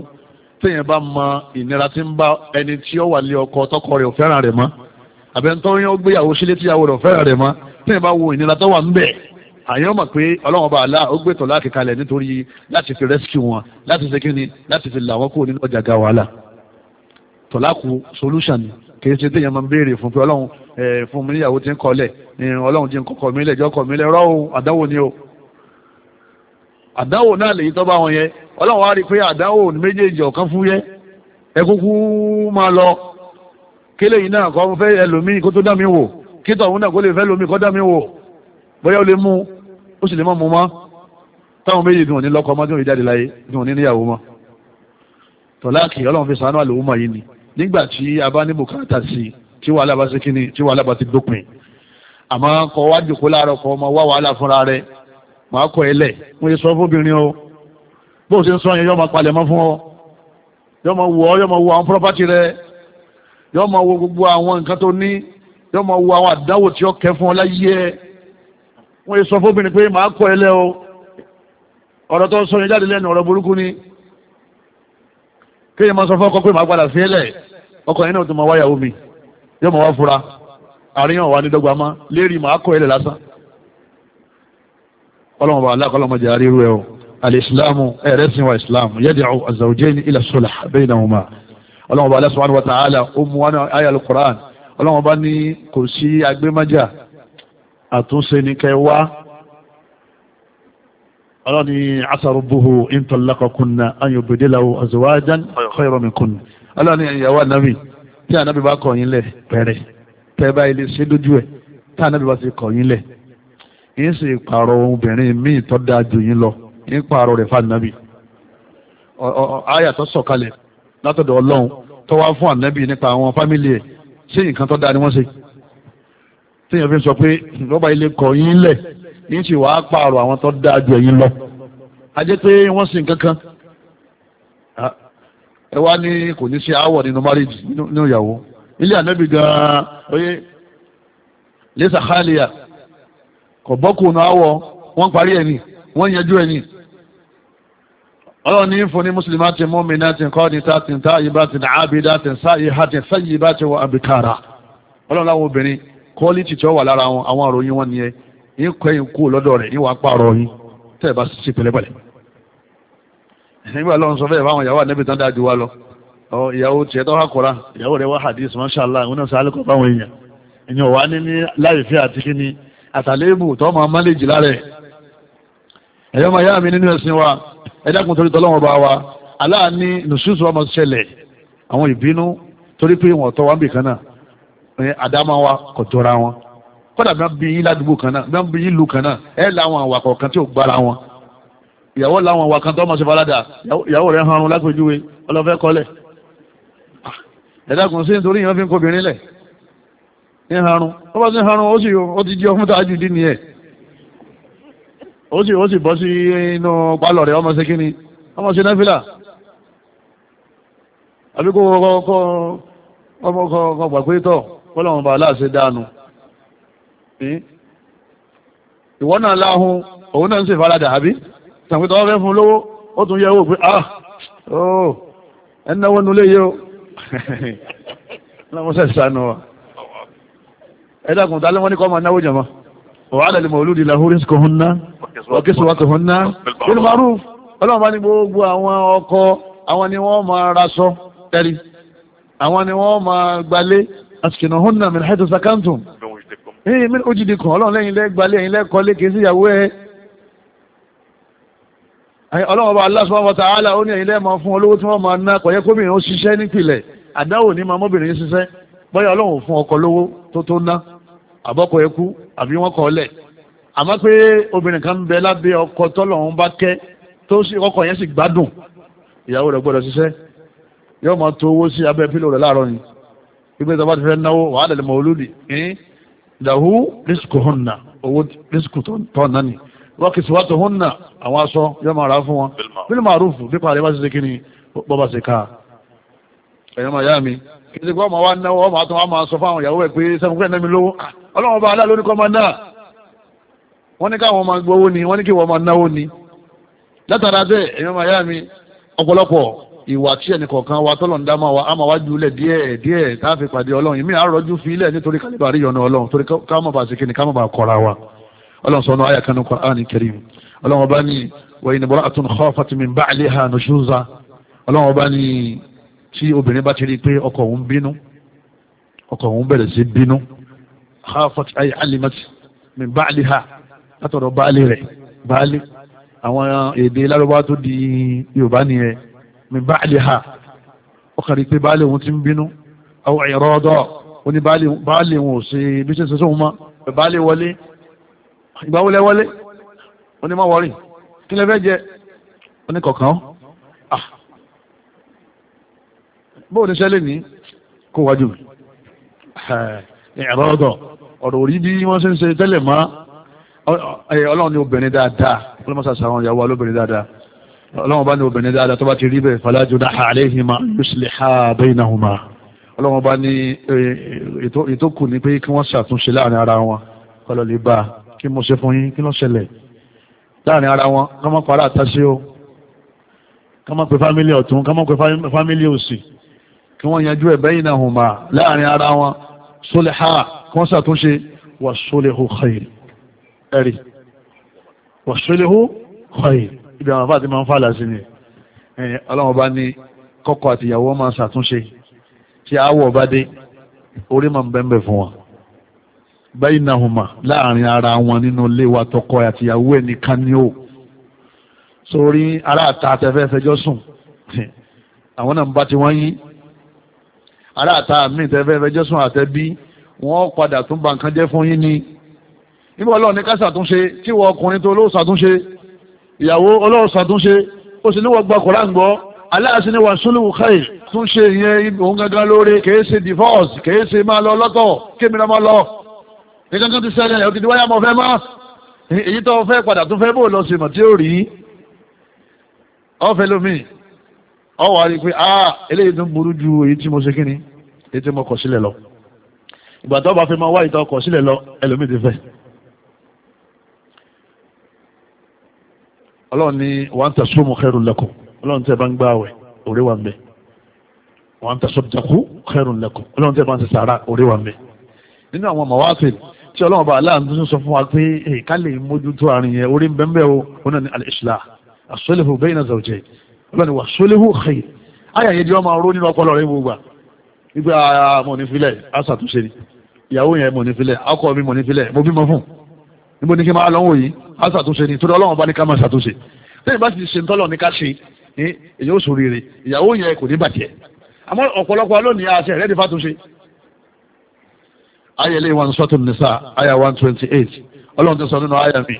téèyàn bá mọ ìnira tí ń bá ẹni tí ó wà lé ọkọ tọkọ rẹ̀ ò fẹ́ràn rẹ̀ mọ́ àbẹ̀ntọ́ yẹn ó gbéyàwó sílé tíyàwó rẹ̀ ò rẹ̀ mọ́ tẹ́yìn bá wo ìnira tó wà ń bẹ̀ àyàn mọ̀ pé ọlọ́run bá aláà ó gbẹ̀tọ̀ láti kalẹ̀ nítorí láti fi rescue wọn láti ṣe kíni láti fi là wọ́n kúrò nínú ọjà ga wàhálà tọ́láku solution kì í ṣe téèyàn máa ń béèrè fún pé ọlọ́run fún mi níyàwó ti ń kọ́lẹ̀ ọlọ́run ti ń kọ́kọ́ mi lẹ́jọ́ kọ́ mi lẹ́ rọ́ọ̀ àdánwò ni o àdánwò náà lèyí tọ́ bá wọn yẹ ọlọ́run wá rí i pé àdánwò méjèèjì ọ̀kan fún yẹ ẹ kúkú máa lọ kéléyìí náà kọ́ fẹ́ ẹlòmíì kó tó dá mi wò kíta òun náà kó lè fẹ́ lómi kọ́dá mi wò bóyá ó lè mú ó sì lè má mú má táwọn méjì dùn ní lọ́kọ ọmọdún ìjáde láyé dùn ní níyàwó má tọ́láàkì ọlọ́run fi sànú àlòwò mà yìí ni nígbà tí a bá ní bùkátà sí tí wàhálà bá ṣe kíni tí wàhálà bá ti dópin àmọ́ kọ wá jòkó láàárọ̀ kọ ọmọ wá wàhálà fúnra rẹ màá kọ ẹlẹ̀ wọ́n yẹ sọ fóbìnrin o bó o ṣe ń sọ yẹn yọ máa palẹ̀ mọ́ fún ọ yọ máa wọ ọ yọ máa wọ àwọn pírọ́pátì rẹ yọ máa wọ gbogbo àwọn nǹkan tó ní yóò máa wo àwọn àdáwò tí ó kẹ́ fún ọ láyé ẹ wọ́n yẹ sọ fóbìnrin pé màá kọ́ ẹ lẹ́ o ọ̀rọ̀ tó ń sọ yẹn jáde lẹ́nu ọ̀rọ̀ burúkú ni kéèyàn máa sọ fún ọkọ pé màá padà sí ẹlẹ̀ ọkọ náà tó máa wáyàwó mi yóò máa wá fura àríyàn wà ní dọ́gba má lérí màá kọ́ ẹlẹ̀ lásán ọlọ́run bá aláàkọ́ ọlọ́run jẹ́ àríru ẹ o alìsílámù ẹ̀rẹ́ sin wa ìsìlámù yad'u az-zawjayn ila as-sulh baynahuma ọlọ́run bá aláàkọ́ ọlọ́wọ́n bá ní kò sí agbémájà àtúnṣe ní kẹwa ọlọ́ni asàrùbùhù ìntọ́lákọ̀kùnà ayọ̀bẹ̀dẹ́láwò azwajan khayraminkunna ọlọ́ni ìyàwó anábì tí anábì bá kọ̀ yín lẹ̀ pẹ̀rẹ̀ tẹ́ẹ̀bá ilé ṣe dójú ẹ̀ tí anábì bá ti kọ̀ yín lẹ̀ yín sì pààrọ̀ obìnrin míì tó dáa jù yín lọ yín pààrọ̀ rẹ̀ fún anábì àyà tó sọ̀kalẹ̀ látọ̀dọ̀ ọlọ́run tó wá fún anábì nípa àwọn fámìlì ẹ̀ ṣé nǹkan tó dáa ni wọ́n ṣe tíyẹn fi sọ pé lọ́ba ilé kọ̀ yín lẹ̀ yín sì wàá pààrọ̀ àwọn tó dáa ju ẹ̀yin lọ a jẹ́ pé wọ́n sì nǹkan kan ẹ wá ní kò ní ṣe àwọ̀ nínú márìjì nínú ìyàwó ilé ànábì gan-an oyè lẹ́sà khaliya kò bọ́kùnrin àwọ̀ wọ́n parí ẹ̀ ni wọ́n yanjú ẹ̀ ni ọlọ́run ní fún ní mùsùlùmá ti mú mi náà ti kọ́ ní tààtì táàyè wọ ọlọ́run láwọn obìnrin kọ́ọ́lìtì tí wà lára wọn àwọn àròyìn wọn nìyẹn yín kọ́ kú lọ́dọ̀ rẹ̀ yín yín tẹ́ ẹ bá ṣe pẹ̀lẹ́pẹ̀lẹ́. nígbà lọ́run sọ fẹ́ẹ̀ fáwọn ìyàwó ànẹ́bì tán wa lọ ìyàwó tiẹ̀ tó kọ́ra ìyàwó rẹ̀ wá ẹ̀dàkùn torí tọ́lọ́wọ́n bá wa aláàní nùsùsù ọmọ ṣẹlẹ̀ àwọn ìbínú torí pé wọn tọ́ wa bì kan náà wa kò wọn kódà bí wọ́n bí yín ládùúgbò kan náà bí wọ́n bí yín wọn ìyàwó láwọn àwà tó ọmọ ṣe falada ìyàwó rẹ̀ hanrun ọlọ́fẹ́ kọ́lẹ̀ sí nítorí yẹn fi ń lẹ̀ ń hanrun ó bá ti hanrun ó sì ó ó sì ó sì bọ́ sí inú pálọ̀ rẹ̀ ọmọ sí kí ni ọmọ sí náfìlà àbí kó ọmọ kan gbà pé tọ̀ kọ́lọ́wọ́n bá aláàṣẹ dánu ìwọ náà láhùn òun náà ń ṣe ìfaradà àbí tàbítọ́ ọ̀fẹ́ fún lówó ó tún yẹ owó pé ah ooo ẹnáwó nulẹ̀ yìí o lọ́mọ́sẹ̀ sànù wa ẹ̀dàkùn tálẹ́wọ́n ní kọ́ máa náwó jẹ̀mọ́ wàhálà lè mọ̀ olúdi làhúrí sùkúhùn náà wọ́kísọ̀ wọ́n ti hàn ná nínú maruf ọlọ́run bá ní gbogbo àwọn ọkọ àwọn ni wọ́n máa raṣọ tẹ́rí àwọn ni wọ́n máa gbalé àsìkìnà hàn náà min haythu sakantum ẹ̀yìn mi ò jìdí kan ọlọ́run lẹ́yìn lẹ́gbalé ẹ̀yìn lẹ́kọ́lé kì í sí ìyàwó ẹ̀ ọlọ́run bá Allah subhanahu wa ta'ala ó ní ẹ̀yìn lẹ́ẹ̀mọ fún olówó tí wọ́n máa ná kọ̀yẹ́ kóbìnrin ó ṣiṣẹ́ nípìnlẹ̀ àdáwò ní máa mọ́bìnrin ṣiṣẹ́ bọ́yá ọlọ́run fún ọkọ lówó tó tó ná àbọ́kọ̀ ẹkú àbí wọ́n kọ́ ọ lẹ̀ àmọ́ pé obìnrin kan ń bẹ lábẹ́ ọkọ tọ́lọ́run bá kẹ́ tó sì ọkọ yẹn sì gbádùn ìyàwó rẹ̀ gbọ́dọ̀ ṣiṣẹ́ yóò máa to owó sí abẹ́ pílò rẹ̀ láàárọ̀ ni gbígbé tó bá ti fẹ́ náwó wàhálà lè mọ olódì ní ìdàhú rísíkù hùnà owó rísíkù tọ́ náà ni wọ́n kì í sọ́wọ́ tó hùnà àwọn aṣọ yóò máa rà fún wọn bílí màrúfù nípa àríwá ṣiṣẹ́ kí ni bọ́ba ṣe ká ẹ̀yọ́ máa yá mi kí ni gbọ́ máa wá náwó ọmọ àtúnwá máa sọ fáwọn ìyàwó ẹ̀ pé sẹ́mi wọ́n ní káwọn máa gbowó ni wọ́n ní kí wọ́n máa náwó ni látara bẹ́ẹ̀ èèyàn máa yá mi ọ̀pọ̀lọpọ̀ ìwà tí ẹnìkọ̀ọ̀kan wa tọ́lọ̀ ń dá máa wa á máa wá jùlẹ̀ díẹ̀ díẹ̀ tá a fi pàdé ọlọ́run ìmí àárọ̀jú fi ilẹ̀ nítorí kálíbà rí yọ̀nà ọlọ́run torí ká má bàa ṣe kíni ká kọ́ra wa ọlọ́run sọ̀nà àyà kanú Qur'an Karim ọlọ́run ọba ní wẹ̀yìn ìbúra àtún khafat min ba'liha nushuza ọlọ́run ọba ní tí obìnrin bá ti rí i pé ọkọ òun bínú ọkọ òun bẹ̀rẹ̀ látọ̀dọ̀ baálé rẹ̀ baálé àwọn èdè lárúbáwá tó di yorùbá nìyẹn mi baálé ha ó kàrí pé baálé òun ti ń bínú àwọn ẹ̀rọ ọ̀dọ́ ó ní baálé òun ò ṣe bí ṣe ń ṣe sóhun mọ́ baálé wọlé ìgbà wọlé wọlé má wọrí kí lẹ fẹ́ jẹ ó kọ̀ọ̀kan ah bó ní sẹ́lẹ̀ ní kó wájú ẹ̀rọ ọ̀dọ̀ ọ̀rọ̀ orí bí wọ́n ṣe ń ṣe tẹ́lẹ̀ máa ọlọ́run ní obìnrin dáadáa ọlọ́mọsá sàwọn ìyàwó alóbìnrin dáadáa ọlọ́run bá ní obìnrin dáadáa tó bá ti rí bẹ́ẹ̀ fala junaha alayhima yusliha baynahuma ọlọ́run bá ní e, ètò kù ní pé kí wọ́n ṣàtúnṣe láàrin ara wọn kọlọ̀ lè bá kí mo ṣe fún yín kí ló ṣẹlẹ̀ láàrin ara wọn ká má pará àtàṣe o ká má pe fámílì ọ̀tún ká má pe fámílì òsì kí wọ́n yanjú ẹ̀ baynahuma láàrin ara wọn suliha kí wọ́n ṣàtúnṣe wa sulihu khair ẹ̀rì wàṣẹ́lẹ̀hó ọ̀yẹ̀ ibi àwọn afáàtí máa ń fàlà sí ni ẹ̀yìn ọlọ́run bá ní kọ́kọ àti ìyàwó máa ṣàtúnṣe tí àwọ̀ bá dé orí máa ń bẹ́ńbẹ̀ fún wọn báyìí náà hùmà láàrin ara wọn nínú ilé wa tọkọ àti ìyàwó ẹ̀ nìkan ni ó sórí ará àta àtẹfẹ́ fẹjọ́ sùn àwọn náà ń bá ti wọ́n yí ará àta àmì ìtẹ́fẹ́ fẹjọ́ sùn àtẹ́bí wọ́n padà tún ba nǹkan jẹ́ fún yín ni níbo ọlọ́run ní ká ṣàtúnṣe tí wọ́n ọkùnrin tó olóò ṣàtúnṣe ìyàwó olóò ṣàtúnṣe ó sì níwọ̀n gba koran gbọ́ aláàṣì ni wàsúlù káyì tún ṣe ìyẹn òun gangan lóore kèé ṣe divorce kèé ṣe máa lọ lọ́tọ̀ kémi náà máa lọ ní kankan ti ṣẹlẹ̀ ẹ̀ òtítí wáyà mọ̀ fẹ́ máa èyí tó fẹ́ padà tó fẹ́ bó lọ sí mọ̀ tí ó rí ọ̀fẹ́ lómi ọwọ́ àrí pé ah eléyìí tó ń burú ju èyí tí mo ṣe kíni èyí tí mo kọ̀ sílẹ̀ lọ ìgbà tó bá fẹ́ máa wá ìtọ́ kọ̀ sílẹ̀ lọ ẹlòmíì ti fẹ́ ọlọ́run ní wọ́n tẹ̀ sọ́mu khairun lakum ọlọ́run tẹ̀ bá ń gbà wẹ̀ òré wa ń bẹ̀ wọ́n tẹ̀ sọ́dọ̀kú khairun lakum ọlọ́run tẹ̀ bá ń sàrà òré wa ń bẹ̀ nínú àwọn mawáfẹ́ tí ọlọ́run bá aláàánú tó sọ fún wa pé èyí ká lè mójútó àárín yẹn orí bẹ́ẹ̀ o wọn náà ní al-islah as-sulhu bayna zawjayn ọlọ́run wà as-sulhu níbo ní kí máa lọ́wọ́ yìí á ṣàtúnṣe ni torí ọlọ́run bá ní ká máa ṣàtúnṣe lẹ́yìn bá ti ṣe ńtọ́lọ̀ ní ká ṣe ní èyí ó sòrìrì ìyàwó yẹn kò ní bàjẹ́ àmọ́ ọ̀pọ̀lọpọ̀ lónìí àṣẹ rẹ̀ ní fàtúnṣe. ayẹlẹ wọn sọtún nìsa aya one twenty eight ọlọ́run tó sọ nínú aya mi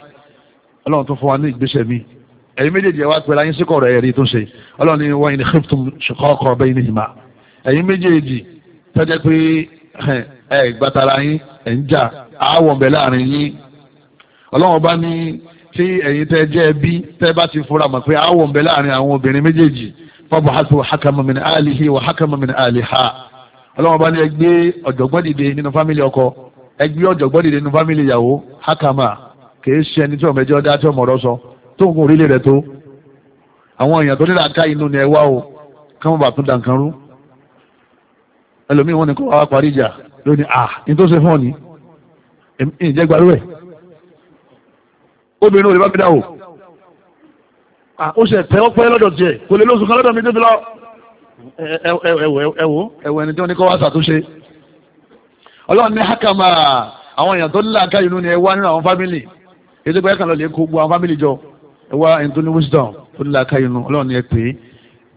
ọlọ́run tó fún wa ní ìgbésẹ̀ mi ẹ̀yin méjèèjì ẹ̀ wá pẹ̀lú ayé síkọ̀ rẹ̀ ẹ̀rí tó ṣe ọlọ́run ni wọ́n yìí ní khiftum shiqaqa baynihima ẹ̀yin méjèèjì tọ́jẹ́ pé ẹ̀ ọlọ́run bá ní tí ẹ̀yin tẹ́ jẹ́ ẹbí tẹ́ bá ti fura mọ̀ pé àwọ̀ ń bẹ láàrin àwọn obìnrin méjèèjì fabhatu hakama min alihi wa hakama min aliha ọlọ́run bá ní ẹ gbé ọ̀jọ̀gbọ́n dìde nínú fámìlì ọkọ ẹ gbé ọ̀jọ̀gbọ́n dìde nínú fámìlì ìyàwó hakama kìí ṣe ẹni tí ọmọ ẹjọ́ dá tí ọmọ ọ̀rọ̀ sọ tó ń orílẹ̀ rẹ̀ tó àwọn èèyàn tó nílà ká inú ni ẹ wá o káwọn bá tún da nǹkan rú ẹlòmíì wọn ni kó wá parí ìjà lónìí à ah, ní tó ṣe fún ọ ní ìjẹgbàlú ẹ̀ obìnrin olè bá mi dáwò ó ṣe tẹ ọpẹ́ lọ́dọ̀ tiẹ̀ kò lè lóṣù kan lọ́dọ̀ mi débi lọ ẹwọ ẹwọ ẹni tí wọ́n ní kọ́ wá ṣàtúnṣe ọlọ́run ní hákàmà àwọn èèyàn tó nílà ká inú ni ẹ wá nínú àwọn fámìlì ètò ìgbà kan lọ lè kó gbogbo àwọn fámìlì jọ ẹ wá ẹni tó ní wisdom tó nílà ká inú ọlọ́run ní ẹ pè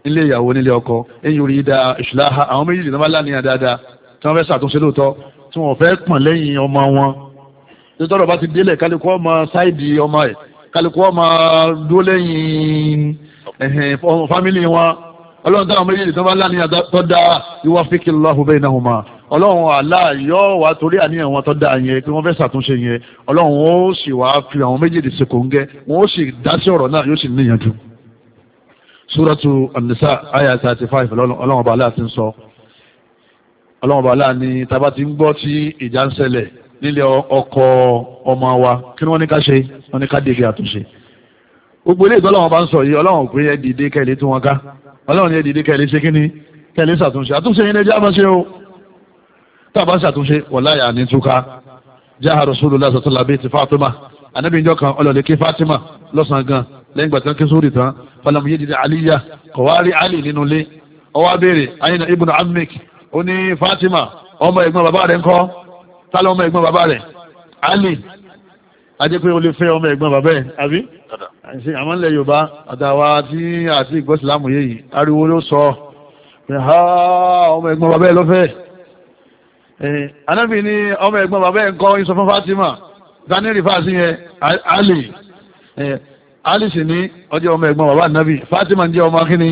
é nílé ìyàwó nílé ọkọ ẹ̀yìn orí da ìṣúláha àwọn méjì lè ní wọ́n bá láníyàn dáadáa tí wọ́n fẹ́ ṣàtúnṣe lóòótọ́ tí wọ́n fẹ́ pọ̀n lẹ́yìn ọmọ wọn tó tọ́rọ̀ bá ti délẹ̀ kálukú ọmọ sáìdì ọmọ ẹ̀ kálukú ọmọ dúró lẹ́yìn fámìlì wọn ọlọ́run táwọn méjèèjì tó bá lá ní àtọ́ da ìwà fíkì lọ́hùn bẹ́ẹ̀ náà hùmá ọlọ́run Allah yóò wá torí àníyàn wọn tó da yẹn pé wọ́n fẹ́ ṣàtúnṣe yẹn ọlọ́run ó sì wá fi àwọn méjèèjì ṣe kòńgẹ́ wọn ó sì dá sí ọ̀rọ̀ náà yóò sì níyànjú. Suratu An-Nisa aya thirty five ọlọ́run ọba aláà ti ń sọ ọlọ́run ọba aláà ni tá ti ń gbọ́ tí ìjà ń ṣẹlẹ̀ nílé ọkọ ọmọ wa kí wọ́n ní ká ṣe wọ́n ní ká dèbè àtúnṣe gbogbo ilé ìtọ́lọ́wọ́n bá ń sọ yìí ọlọ́run pé ẹ dìde kẹ́lẹ́ tí wọ́n ká ọlọ́run ní ẹ dìde kẹ́lẹ́ ṣe kíní kẹ́lẹ́ ṣàtúnṣe àtúnṣe yìí ní ẹjẹ́ àmọ́ṣe o tá a bá ṣàtúnṣe wọ̀láyà ní túká jáhà rasulullah sallallahu alaihi fatima anabi njọ kan ọlọ́lẹ̀ kí fatima lọ́sàn gan lẹ́yìn gbàtàn kí sórí tán falamu yé dìde aliya ali nínú ilé ọwọ́ abéèrè ayinà fatima ọmọ ẹ̀gbọ́n bàbá ta lọ ọmọ ẹ̀gbọ́n bàbá rẹ̀ Ali ajẹ́ pé o lè fẹ́ ọmọ ẹ̀gbọ́n bàbá ẹ̀ àbí ṣe àmọ́ ilẹ̀ Yorùbá àtàwà tí àti ìgbọ́sìlámù yìí ariwo ló sọ ha ọmọ ẹ̀gbọ́n bàbá ẹ̀ lọ́fẹ́ anábì ní ọmọ ẹ̀gbọ́n bàbá ẹ̀ ń kọ́ ìsọ fún Fatima daniel fàásì yẹn Ali Ali sì ní ọjọ́ ọmọ ẹ̀gbọ́n bàbá ànábì Fatima ń jẹ́ ọmọ akíní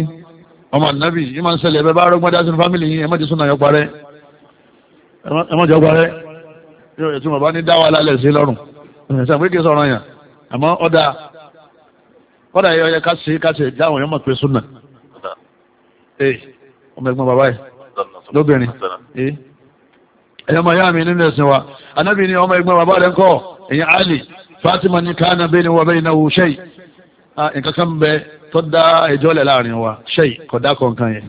ọmọ ànábì ìmọ̀ ń ṣẹlẹ̀ ẹ̀bẹ̀ bá rọ́gbọ́n dá sínú fámìlì yìí ẹ̀mọ́jọ́ sún náà yọ parẹ́ ẹ̀mọ́jọ́ parẹ́ yóò yẹ tí wọn bá ní dáwà lálẹ́ sí lọ́rùn ṣàpé kí sọ̀rọ̀ yàn àmọ́ ọ̀dà ọ̀dà yẹ ọyẹ káṣe káṣe dáwọn yẹn mọ̀ pé súnà ee ọmọ ẹ̀gbọ́n bàbá yìí lóbìnrin ee ẹ̀yọ́ mọ̀ yá mi nínú ẹ̀sìn wa anábì ni ọmọ ẹ̀gbọ́n bàbá rẹ̀ ń kọ́ ẹ̀yìn Ali Fatima ní kánà bẹ́ẹ̀ ni wọ́n bẹ́ẹ̀ náwó ṣẹ́yì nǹkan kan bẹ tó dá ẹjọ́ lẹ̀ láàrin wa ṣẹ́yì kọ̀dá kọ̀ọ̀kan yẹn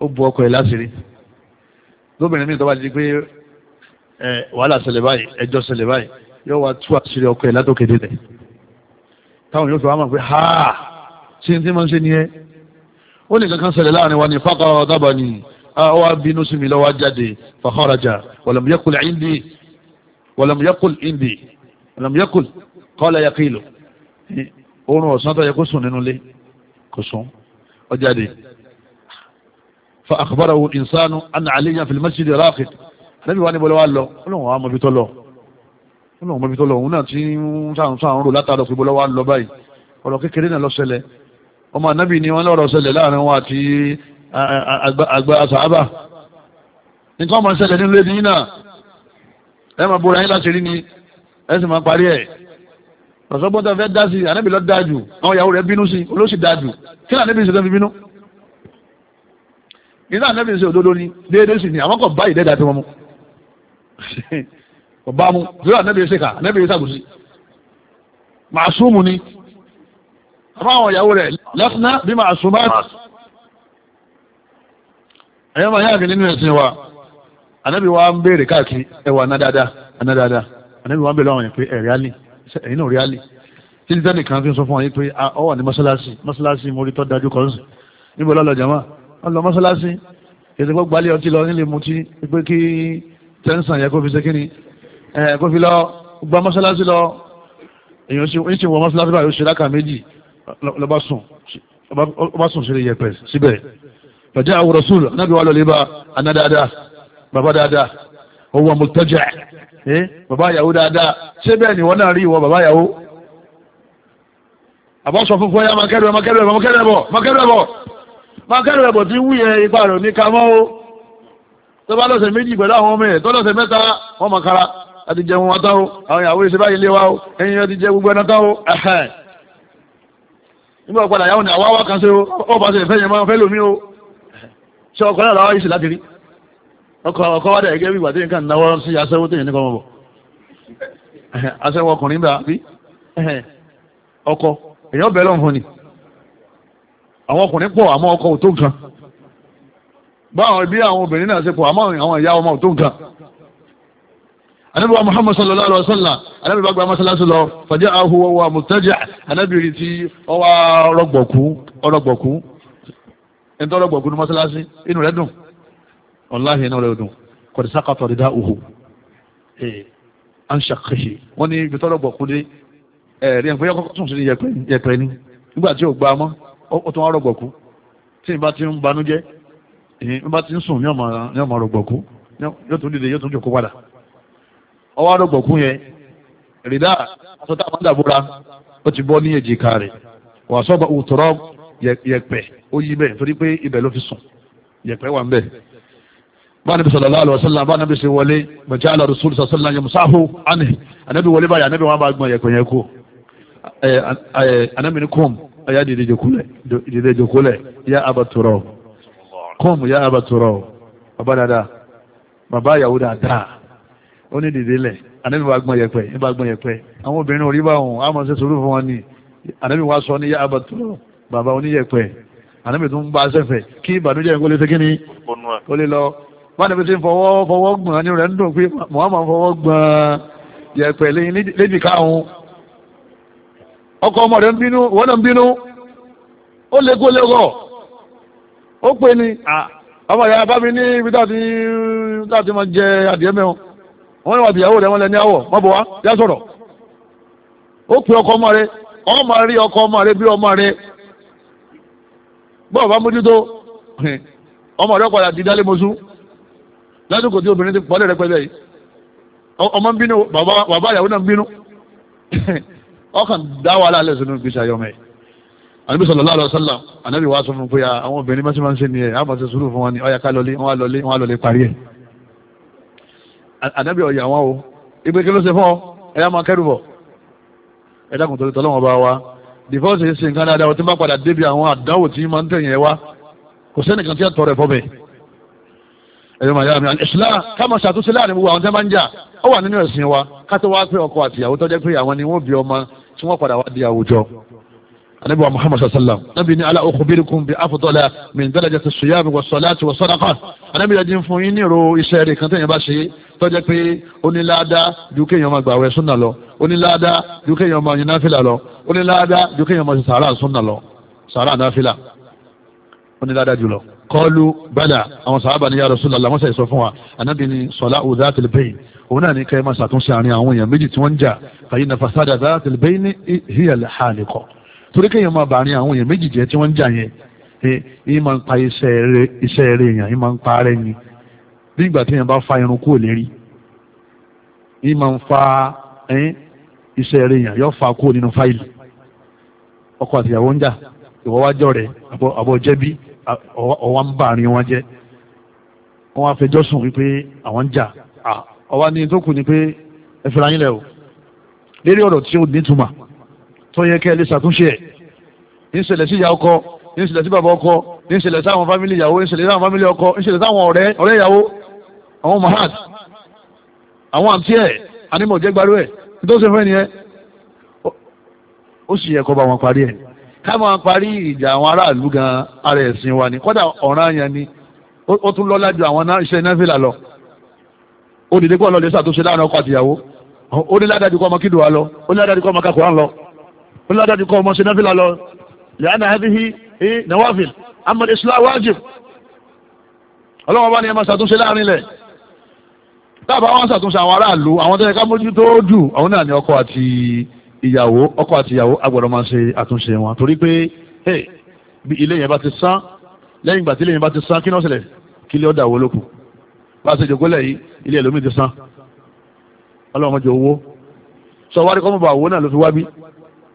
ó bu ọkọ̀ ẹ̀ láṣìírí lóbìnrin mi tó bá di pé wàhálà ṣẹlẹ̀ báyìí ẹjọ́ ṣẹlẹ̀ báyìí yóò wá tú àṣírí ọkọ ẹ̀ látòkè délẹ̀ táwọn yóò fi wá mọ̀ pé ha ṣé n tí máa ń ṣe nìyẹn ó ní kankan ṣẹlẹ̀ láàrin wa ní fákọ̀ dábàá ni ó wá bínú sí mi lọ́wọ́ jáde fàkọ́rajà walam yakul indi walam yakul indi walam yakul oorun ọ̀sán tó yẹ kó sùn nínú ilé kò sùn ó jáde fa akhbarahu insanu anna aliyan fil masjid raqid ànábì wa níbo lọ wá lọ ọlọ́run wa mọbi tó lọ ọlọ́run mọbi tó lọ òun náà ti ń sàn sàn rò látàdọ̀ pé bọ́lá wa lọ báyìí ọ̀rọ̀ kékeré náà lọ ṣẹlẹ̀ ọmọ ànábì ni wọ́n lọ́rọ̀ ṣẹlẹ̀ láàrin wọn àti àgbà sàábà nǹkan ọmọ ṣẹlẹ̀ nílé ní náà ẹ máa bóra yín láti rí ni ẹ sì máa parí ẹ̀ ọ̀sọ́gbọ́n tó fẹ́ dá sí ànábì lọ dáa jù àwọn ìyàwó rẹ̀ bínú sí olóṣì dáa jù kí ni ni déédéé sì ni àwọn ọba mu yóò ànábì yẹn ṣèkà ànábì yẹn ṣàgùsì màásùmù ni àbá àwọn ìyàwó rẹ̀ lọ́sùnà bí màásùmá ẹ̀yọ́ máa yáàgì nínú ẹ̀sìn wa ànábì wa ń béèrè káàkiri ẹwà anádáadá anádáadá ànábì wa ń béèrè àwọn èèyàn pé ẹ̀ ríálì ẹ̀yìn náà ríálì tí ní tẹ́nì kan fi ń sọ fún ọ yí pé ọ wà ní mọ́ṣáláṣí mọ́ṣáláṣí mo rí tọ́ dájú kan sí níbo lọ́lọ́ jama ọ lọ mọ́ṣáláṣí ètò gbọ́gbálẹ̀ ọtí lọ nílé mutí pé kí tẹ́ǹsán yẹ kó fi ṣe kí ni ẹ̀ kó fi lọ gba mọ́ṣáláṣí lọ èèyàn ń ṣe wọ mọ́ṣáláṣí báyìí ó ṣe láka méjì lọ́ba sùn ọba sùn síbẹ̀ lọ́jà àwọn rasul anábì wà lọ́lẹ́ bá aná dáadáa bàbá dáadáa owó mọ̀tẹ́jà ẹ bàbá ìyàwó dáadáa ṣé bẹ́ẹ̀ ni wọ́n náà rí ìwọ bàbá ìyàwó àbọ̀sọ funfun ẹ̀yà máa kẹ́rù ẹ̀ máa kẹ́rù ẹ̀ bọ̀ kẹ́rù ẹ̀ bọ̀ máa kẹ́rù ẹ̀ bọ̀ tí wúyẹ ipa rẹ̀ ní kamọ́ o tó bá lọ́sẹ̀ méjì pẹ̀lú àwọn ọmọ ẹ̀ tó lọ́sẹ̀ mẹ́ta wọ́n mọ̀ kára àti jẹun wọn táwo àwọn ìyàwó ìṣe báyìí lé wa o ẹ̀yin ọtí jẹ gbogbo ẹ̀nà táwo nígbà padà yàwó ni àwa wá kan ṣe o ó bá ṣe ìfẹ́ yẹn máa fẹ́ lómi o ṣe ọkọ náà làwọn ìṣe láti rí ọkọ ọkọ wádà ẹgẹ bí ìgbàdé nǹkan náwó sí aṣẹ́wó tẹ̀yìn nípa ọmọ aṣẹ́wó ọkùnrin bá bí ọkọ èèyàn bẹ̀rẹ̀ ọ̀hún ni báwọn bí àwọn obìnrin náà ṣe pọ̀ àmọ́ àwọn ìyá ọmọ tó nǹkan anabi wa muhammad sallallahu alaihi wa sallam anabi bá gba masalasi lọ fàjẹ́ ahu wa mutaja anabi rí ti ọwọ́ ọrọ̀gbọ̀kú ọrọ̀gbọ̀kú ẹni tó ọrọ̀gbọ̀kú ní masalasi inú rẹ̀ dùn wàláhì inú rẹ̀ dùn kò ní sákàtọ̀ rí dá òhù ee an ṣàkèṣe wọ́n ní ibi tó ọrọ̀gbọ̀kú dé ẹ̀rí ẹ̀fọ́ yẹn kọ́kọ́ sùn sí yẹpẹ ni nígbà tí ò gbá mọ́ ó tún tí ìbá ti ń banújẹ́ ìyẹn bá ti ń sùn ní ọmọ rọgbọ̀kú yóò tún dìde yóò tún jòkó padà ọwọ́ rọgbọ̀kú yẹn rìdá àtọ́tà àmọ́dàbúra ó ti bọ́ ní èjìká rẹ̀ wà sọ́ba òtòrọ́ yẹ̀pẹ̀ ó yí bẹ́ẹ̀ torí pé ibẹ̀ ló fi sùn yẹ̀pẹ̀ wà ń bẹ̀ báyìí nabi sallallahu alaihi wasallam báyìí nabi ṣe wọlé bẹ̀jẹ̀ àlọ́ rasul sallallahu alaihi musahu ani anabi wọlé báyìí anabi wọn bá gbọ́n yẹ̀pẹ̀ yẹn kú anabi ni kọ́m ayá dìde jòkólẹ̀ ya abaturọ́ kọ́ọ̀mù yá abaturọ̀ bàbá dáadáa bàbá ìyàwó dáadáa ó ní dìde lẹ̀ ànábì wa gbọ́n yẹpẹ́ ẹ bá gbọ́n yẹpẹ́ àwọn obìnrin orí bá wọn á máa ṣe sùúrù fún wọn ni ànábì wa sọ ní yá abaturọ̀ bàbá oníyẹpẹ́ ànábì tó bá sẹ́fẹ̀ kí ìbànújẹ́ kó lè ṣe kí ni kó lè lọ báni bí ti ń fọwọ́ fọwọ́ gbọ̀n ní rẹ̀ ń dùn pé Muhammad fọwọ́ gbọ̀n yẹpẹ̀ lébi káwọn ọkọ ọmọ rẹ̀ ń bínú wọ́n náà ń bínú ó lè kó lè ó pè ní ọmọ ìyá bá mi ní ibi tá a ti máa jẹ adìẹ mẹ́wọ̀n wọ́n ní wà tìyàwó rẹ̀ wọ́n lẹ ní àwọ̀ mọ́bọ̀ wá yá sọ̀rọ̀ ó pè ọkọ ọmọ rẹ̀ ọmọ rí ọkọ ọmọ rẹ̀ bí ọmọ rẹ̀ bọ́ọ̀ bá mójútó ọmọ rẹ̀ padà di dálé mosú lásìkò tí obìnrin ti pọ́lẹ̀ rẹpẹtẹ yìí ọmọ ń bínú bàbá ìyàwó náà ń bínú ọkàn dá wàhálà lẹ́sìn ní ìgbésí ayọ́mọ yìí àbí sọlọ lọ́wọ́ sọlọ ànábì wa sọ fún pé àwọn obìnrin máa ń máa ń ṣe nìyẹn àwọn àti sùúrù fún wọn ni ọyà ká lọlé wọn lọlé wọn lọlé parí ẹ ànábì ọyà wọn o ìgbé kí ló ṣe fún ọ ẹyà máa kẹrù bọ ẹ dákun torí tọlọ́wọ́n bá wa divorce yìí ṣe nǹkan dáadáa tí wọ́n padà débi àwọn àdánwò tí máa ń tẹ̀yìn ẹ wa kò sẹ́nìkan tí wọ́n tọrọ ẹ̀fọ́ bẹ̀ ẹ̀yọ́ Islam ká máa ṣàtúnṣe láàrin gbogbo àwọn tí wọ́n bá ń jà ó wà nínú ẹ̀sìn wa ká tó wá pé ọkọ àtìyàwó anabi wa muhammad sallam nabi ni ala ukhbirukum bi afdala min darajati siyami wa salati wa sadaqa anabi yà dín fún yín ní ro iṣẹ́ rẹ̀ kan tẹ̀yìn bá ṣe tọ́jẹ́ pé oníláàdá ju kéèyàn máa gbàwẹ̀ súnà lọ oníláàdá ju kéèyàn máa yan náfìlà lọ oníláàdá ju kéèyàn máa ṣe sàárà súnà lọ sàárà náfìlà oníláàdá jùlọ. kọlu bala àwọn sàábà ní ya Rasulullah wọ́n sẹ̀ sọ fún wa anabi ni sọlá òdà tìlbẹ́yìn òun náà ní kẹ́ máa ṣàtúnṣe àárín àwọn èèyàn méjì tí wọ́n ń jà fàyínà fasada dà tìlbẹ́yìn ní hiyal hàníkọ̀ọ́ torí kéèyàn máa bàárín àwọn èèyàn méjì jẹ́ tí wọ́n ń jà yẹn yìí máa ń pa iṣẹ́ eré èèyàn yìí máa ń pa ara ẹni bí ìgbà tí èèyàn bá fa irun kúrò lérí yìí máa ń fa iṣẹ́ eré èèyàn yóò fa kúrò nínú fáìlì ọkọ àtìyàwó ń jà ìwọ jọ rẹ ń bàárín kù ni pé ẹ yín o lérí ọ̀rọ̀ tí ó nítumọ̀ tó yẹ ń ṣẹlẹ̀ sí ìyá ọkọ ń ṣẹlẹ̀ sí bàbá ọkọ ń ṣẹlẹ̀ sáwọn fámìlì ìyàwó ń ṣẹlẹ̀ sáwọn fámìlì ọkọ ń ṣẹlẹ̀ sáwọn ọ̀rẹ́ ọ̀rẹ́ ìyàwó àwọn mahad àwọn àǹtí ẹ̀ anímọ̀ jẹ́ gbarú ẹ̀ nítòsí fẹ́ nìyẹn ó sì yẹ kó bá wọn parí ẹ̀ ká máa parí ìjà àwọn aráàlú gan ara ẹ̀sìn wa ni kódà ọ̀ràn yẹn ni ó tún lọ́lá ju àwọn iṣẹ́ náfìlà lọ ó dìde pọ̀ lọ́lẹ́sà tó láàrin ọkọ àtìyàwó ó ní ládàjú kọ́ ọmọ kídùn wa lọ ó ní ládàjú kọ́ ọmọ kakùrán lọ ó ní ládàjú kọ́ ọmọ ṣe náfìlà lọ لأن هذه نوافل أما الإصلاح واجب ọlọ́wọ́ bá ní ẹmọ ṣàtúnṣe láàrin ilẹ̀ dábàá wọn ṣàtúnṣe àwọn aráàlú àwọn tẹ́lẹ̀ ká mójú tó jù àwọn náà ní ọkọ àti ìyàwó ọkọ àti ìyàwó agbọ́dọ̀ máa ṣe àtúnṣe wọn torí pé bí ilé yẹn bá ti sán lẹ́yìn ìgbà tí ilé yẹn bá ti sán kí náà ṣẹlẹ̀ kí ilé ọ̀dà wo ló bá a ṣe jòkólẹ̀ yìí ilé ẹlòmíì ti sán ọlọ́wọ́n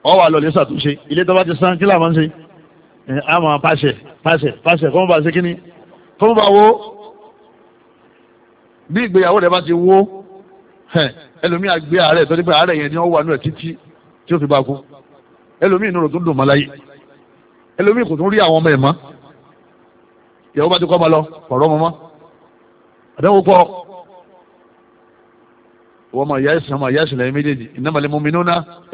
ọ wà lọ́lẹ́ ṣàtúnṣe ilé tó bá ti san kí là máa ń ṣe a máa pàṣẹ pàṣẹ pàṣẹ kọ́mọ́ bá ṣe kí ni kọ́mọ́ bá wo bí ìgbéyàwó rẹ̀ bá ti wó ẹlòmíà gbé ààrẹ tó ní pé ààrẹ yẹn ni wọ́n wà nù ẹ̀ títí tí ó fi bá kú ẹlòmíì inú rẹ̀ tó dùn mọ́ láyé ẹlòmíì kò tún rí àwọn ọmọ ẹ̀ mọ́ ìyàwó bá ti kọ́ ọmọ lọ ọ̀rọ̀ ọmọ mọ́ àdéhùn pọ̀ wọ́n mọ̀ ìyá ẹ̀sìn ọmọ ìyá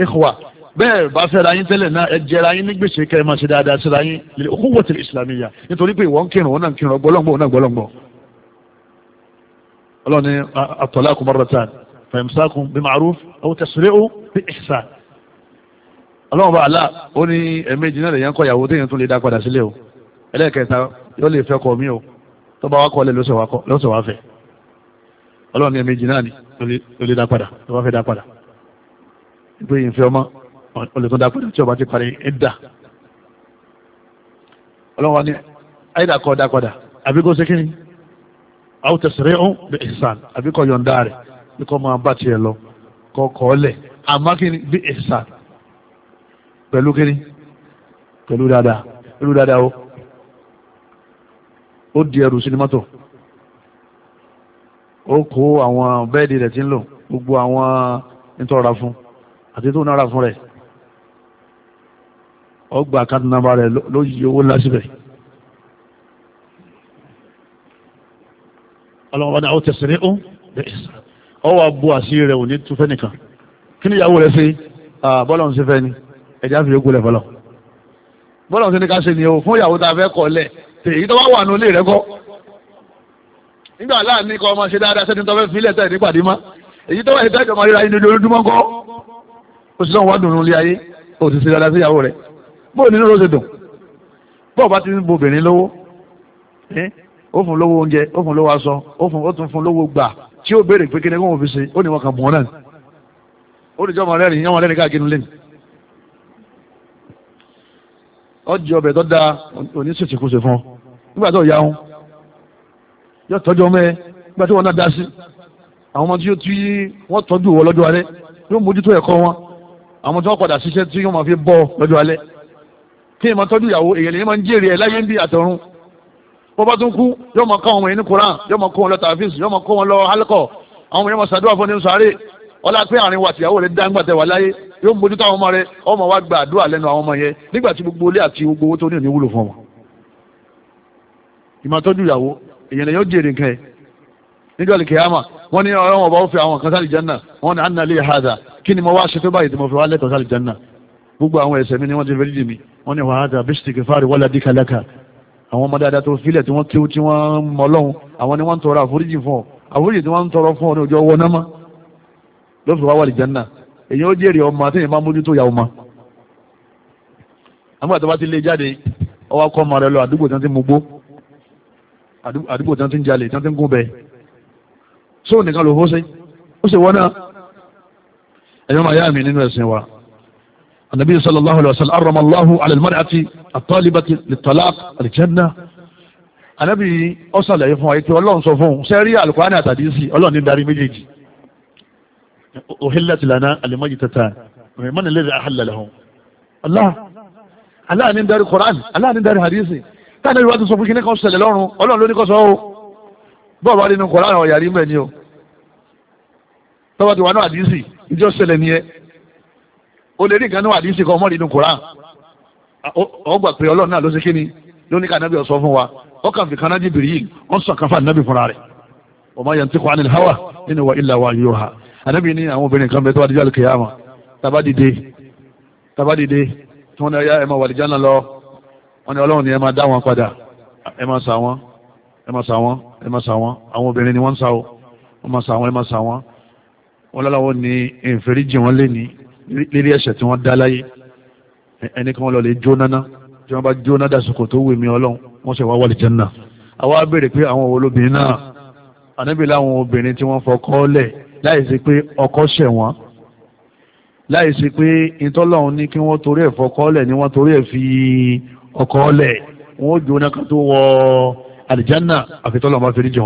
ẹ̀sìn bẹ́ẹ̀ bá fẹ́ ra yín tẹ́lẹ̀ náà ẹ jẹ́ra yín ní gbèsè kẹ́ ẹ máa ṣe dáadáa síra yín lè kó wọ́tí ìsìlámìyà nítorí pé ìwọ́n kírun wọn náà kírun ọgbọ́lọ́gbọ́ wọn náà gbọ́lọ́gbọ́. ọlọ́run ní atọ́lákùn marratan fàyẹ̀mùsákùn bí ma'ruf aw tasri'u bí ihsan. ọlọ́run bá àlá ó ní ẹ̀ẹ́mẹ́jì náà lèyàn kọ́ ìyàwó téèyàn tún lè dá padà olè tó dá padà tí ọba ti parí ẹ̀dà ọlọ́wọ́ ni ẹ̀dà kọ́ dá padà àbí kó sékìní àwọn ọ̀hún bí ihsan àbí yọ̀ǹda rẹ̀ bí kọ́ máa bá tiẹ̀ lọ kọ́ kọ́ lẹ̀ àmọ́ kíni bí ihsan pẹ̀lú kíni pẹ̀lú dáadáa pẹ̀lú dáadáa o ó di ẹrù sinimátò ó kó àwọn bẹ́ẹ̀dì rẹ̀ ti ń lò gbogbo àwọn nítorí ọ̀rá fún àti tó nára fún rẹ̀ ọgbà kàdínàbà rẹ̀ ló yí owó lásìbẹ̀ ọlọ́wọ́n náà ó tẹ̀sí ní ó ọwọ́ abu àṣírí rẹ̀ ò ní túfẹ́ nìkan kí ni ìyàwó rẹ̀ sí bọ́lọ̀ ń ṣe fẹ́ ni ẹ̀já fi yókù lẹ̀ fọlọ́ bọ́lọ̀ ń ṣe ní ká ṣe ni o fún ìyàwó tá a fẹ́ kọ́ lẹ̀ tèyí tó wá wà nù ilé rẹ̀ kọ́ nígbà láàánú kọ́ ọmọ ṣe dáadáa sẹ́ni tó fẹ́ fi ilẹ̀ tẹ̀ nípàdé má èyí tó wà ní dájọ́ máa ayé bóò nínú ló ṣe dùn bóò bá ti ń bo obìnrin lówó ó fún lówó oúnjẹ ó fún lówó aṣọ ó fún ó tún fún lówó gbà tí ó béèrè pé kíni kóhun fi ṣe ó ní wọn kàn bùn wọn náà ó ní jọmọ rẹ nìyẹn wọn lẹni káàkiri lẹni ọjọ́ ọbẹ̀ tó dáa òní ṣèṣekúṣe fún ọ nígbà tó yà ń yóò tọ́jú ọmọ ẹ nígbà tí wọn náà dá sí àwọn ọmọ tí ó tí wọ́n tọ́jú wọ lọ́jọ́ alẹ́ yóò mójútó ẹ̀kọ́ wọn àwọn tí wọ́n padà ṣiṣẹ́ tí wọ́n máa fi bọ́ lọ́jọ́ alẹ́ kí èèmọ̀ tọ́jú ìyàwó èèyàn lè máa ń jèrè ẹ̀ láyé ń bí àtọ̀run bó bá tún kú yóò máa kọ́ àwọn ọmọ yẹn ní koran yóò máa kó wọn lọ tàfíìs yóò máa kó wọn lọ hálíkọ̀ àwọn ọmọ yẹn máa ṣàdúrà fún ní sàárè ọlá pé àárín wa tìyàwó rẹ dáńgbà tẹ wà láyé yóò mójútó àwọn ọmọ rẹ ọmọ wa gba àdúrà lẹ́nu àwọn ọmọ yẹn nígbà tí gbogbo ilé àti gbogbo owó tó ní òní wúlò fún wọn. ìmọ̀ gbogbo àwọn ẹ̀ṣẹ̀ mi ni wọ́n ti fẹ́rí jìmí wọ́n ní wàá dà bíṣì tìkì fáàrí wọ́lá díkà lẹ́ka àwọn ọmọ dáadáa tó filẹ̀ tí wọ́n kéwú tí wọ́n mọ Ọlọ́run àwọn ni wọ́n ń tọrọ àforíjì fún ọ àforíjì tí wọ́n ń tọrọ fún ọ ní ọjọ́ wọn náà má lọ́sọ̀ wá wà lè jẹ́nà èyàn ó jèrè ọmọ àtẹ̀yìn bá mójútó ya ọmọ. àgbà tó bá ti lé jáde ọwọ́ akọ ọmọ rẹ lọ àdúgbò tí wọ́n ti mú gbó àdúgbò النبي صلى الله عليه وسلم أرم الله على المرأة الطالبة للطلاق الجنة anabi ọsàlẹ yìí fún wa pé Ọlọ́run sọ fún un sẹẹrí alukurani àtàdísì Ọlọ́run ní darí méjèèjì òhìlẹ tìlànà àlèmọjì tata mẹmọnì lè àhàlẹ lẹhùn Allah Allah ní darí koran Allah ní darí hadísì táwọn ẹbí wa ti sọ fún kíní kan ṣẹlẹ̀ lọ́run Ọlọ́run ló ní kọ sọ o bọọlù wa nínú koran àwọn yàrá ìmẹ ni o tọwọ ti wà ní àdísì ìjọ ṣẹlẹ̀ nìyẹn o lè rí nǹkan ní wàdí ìsìnkọ ọmọ nínú koran ọgbà pé ọlọ́run náà ló ṣe kíni ló ní ká nábì ọ̀sọ́ fún wa ó kàn fi kan náà jìbìrì yìí wọ́n sọ kan fún ànábì fúnra rẹ̀ ọmọ yẹn ti kọ́ anil hawa nínú wa ilà wa yóò ha ànábì ní àwọn obìnrin kan bẹ tó wà díjọ́ àlùkè yàmà tabadide tabadide tí wọ́n ní ọyá ẹ máa wà náà lọ wọ́n ní ọlọ́run ni ẹ máa dá wọn padà ẹ máa sà wọn ẹ máa sà wọn ẹ máa sà wọn àwọn obìnrin ni wọ́n ń sà wọn ẹ máa sà wọn ẹ máa sà wọn wọ́n lọ́la wọn ní ìfẹ́ríjì wọn lé ní lérí ẹ̀ṣẹ̀ tí wọ́n dá láyé ẹni kan lọ lè jónáná tí wọ́n bá jóná dàsìkò tó wù mí ọlọ́run wọ́n ṣe wá wà lìjẹ́nà àwa béèrè pé àwọn olóbìnrin náà ànábì láwọn obìnrin tí wọ́n fọkọ́ lẹ̀ láì sí pé ọkọ ṣẹ̀ wọ́n láì sí pé ìtọ́lọ́run ní kí wọ́n torí ẹ̀ fọkọ́ lẹ̀ ni wọ́n torí ẹ̀ fi ọkọ lẹ̀ wọ́n jóná kan tó wọ àlìjẹ́nà àfitọ́lọ́run bá fi rí tí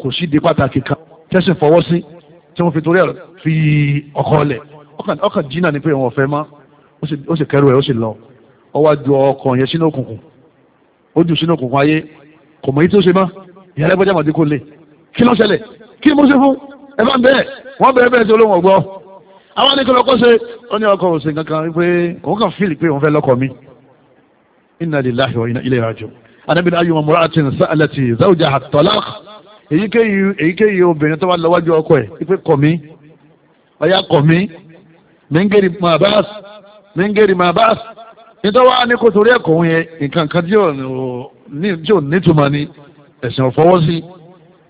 kò sí di pàtàkì kan tẹ́sìn fọwọ́ sí tí wọ́n fi torí ẹ̀ fi ọkọ lẹ̀ ọkàn jìnnà ni pé wọn fẹ́ mọ́ ó sì kẹrù ẹ̀ ó sì lọ ọ wá ju ọkàn yẹn sínú òkùnkùn ó jù sínú òkùnkùn ayé kò mọ̀ èyí tí ó ṣe mọ́ ìyá ẹgbẹ́ jàmọ̀dé kò le kí ló ṣẹlẹ̀ kí ni mo ṣe fún ẹ bá ń bẹ́ẹ̀ wọ́n bẹ̀rẹ̀ bẹ́ẹ̀ tí olóhùn ọ̀gbọ́ àwọn anìkan lọ́kọ́ ṣe ó ní ọkọ̀ òsè kankan pé òun kàn fíìlì pé òun fẹ́ lọ́kọ̀ mi inna lillahi wa inna anábìnrin ayé wọn mọ́ra àti sa'alati zawjaha talaq èyíkéyìí obìnrin tó bá lọ́wọ́jú ọkọ ẹ̀ wípé kọ̀mí ọ̀yá kọ̀mí mẹ́ngẹ́rì máa bá mẹ́ngẹ́rì máa bá nítorí wá ní kó torí ẹ̀kọ́ yẹn nǹkan kan tí ò nítumọ̀ ni ẹ̀sìn ọ̀fọwọ́ sí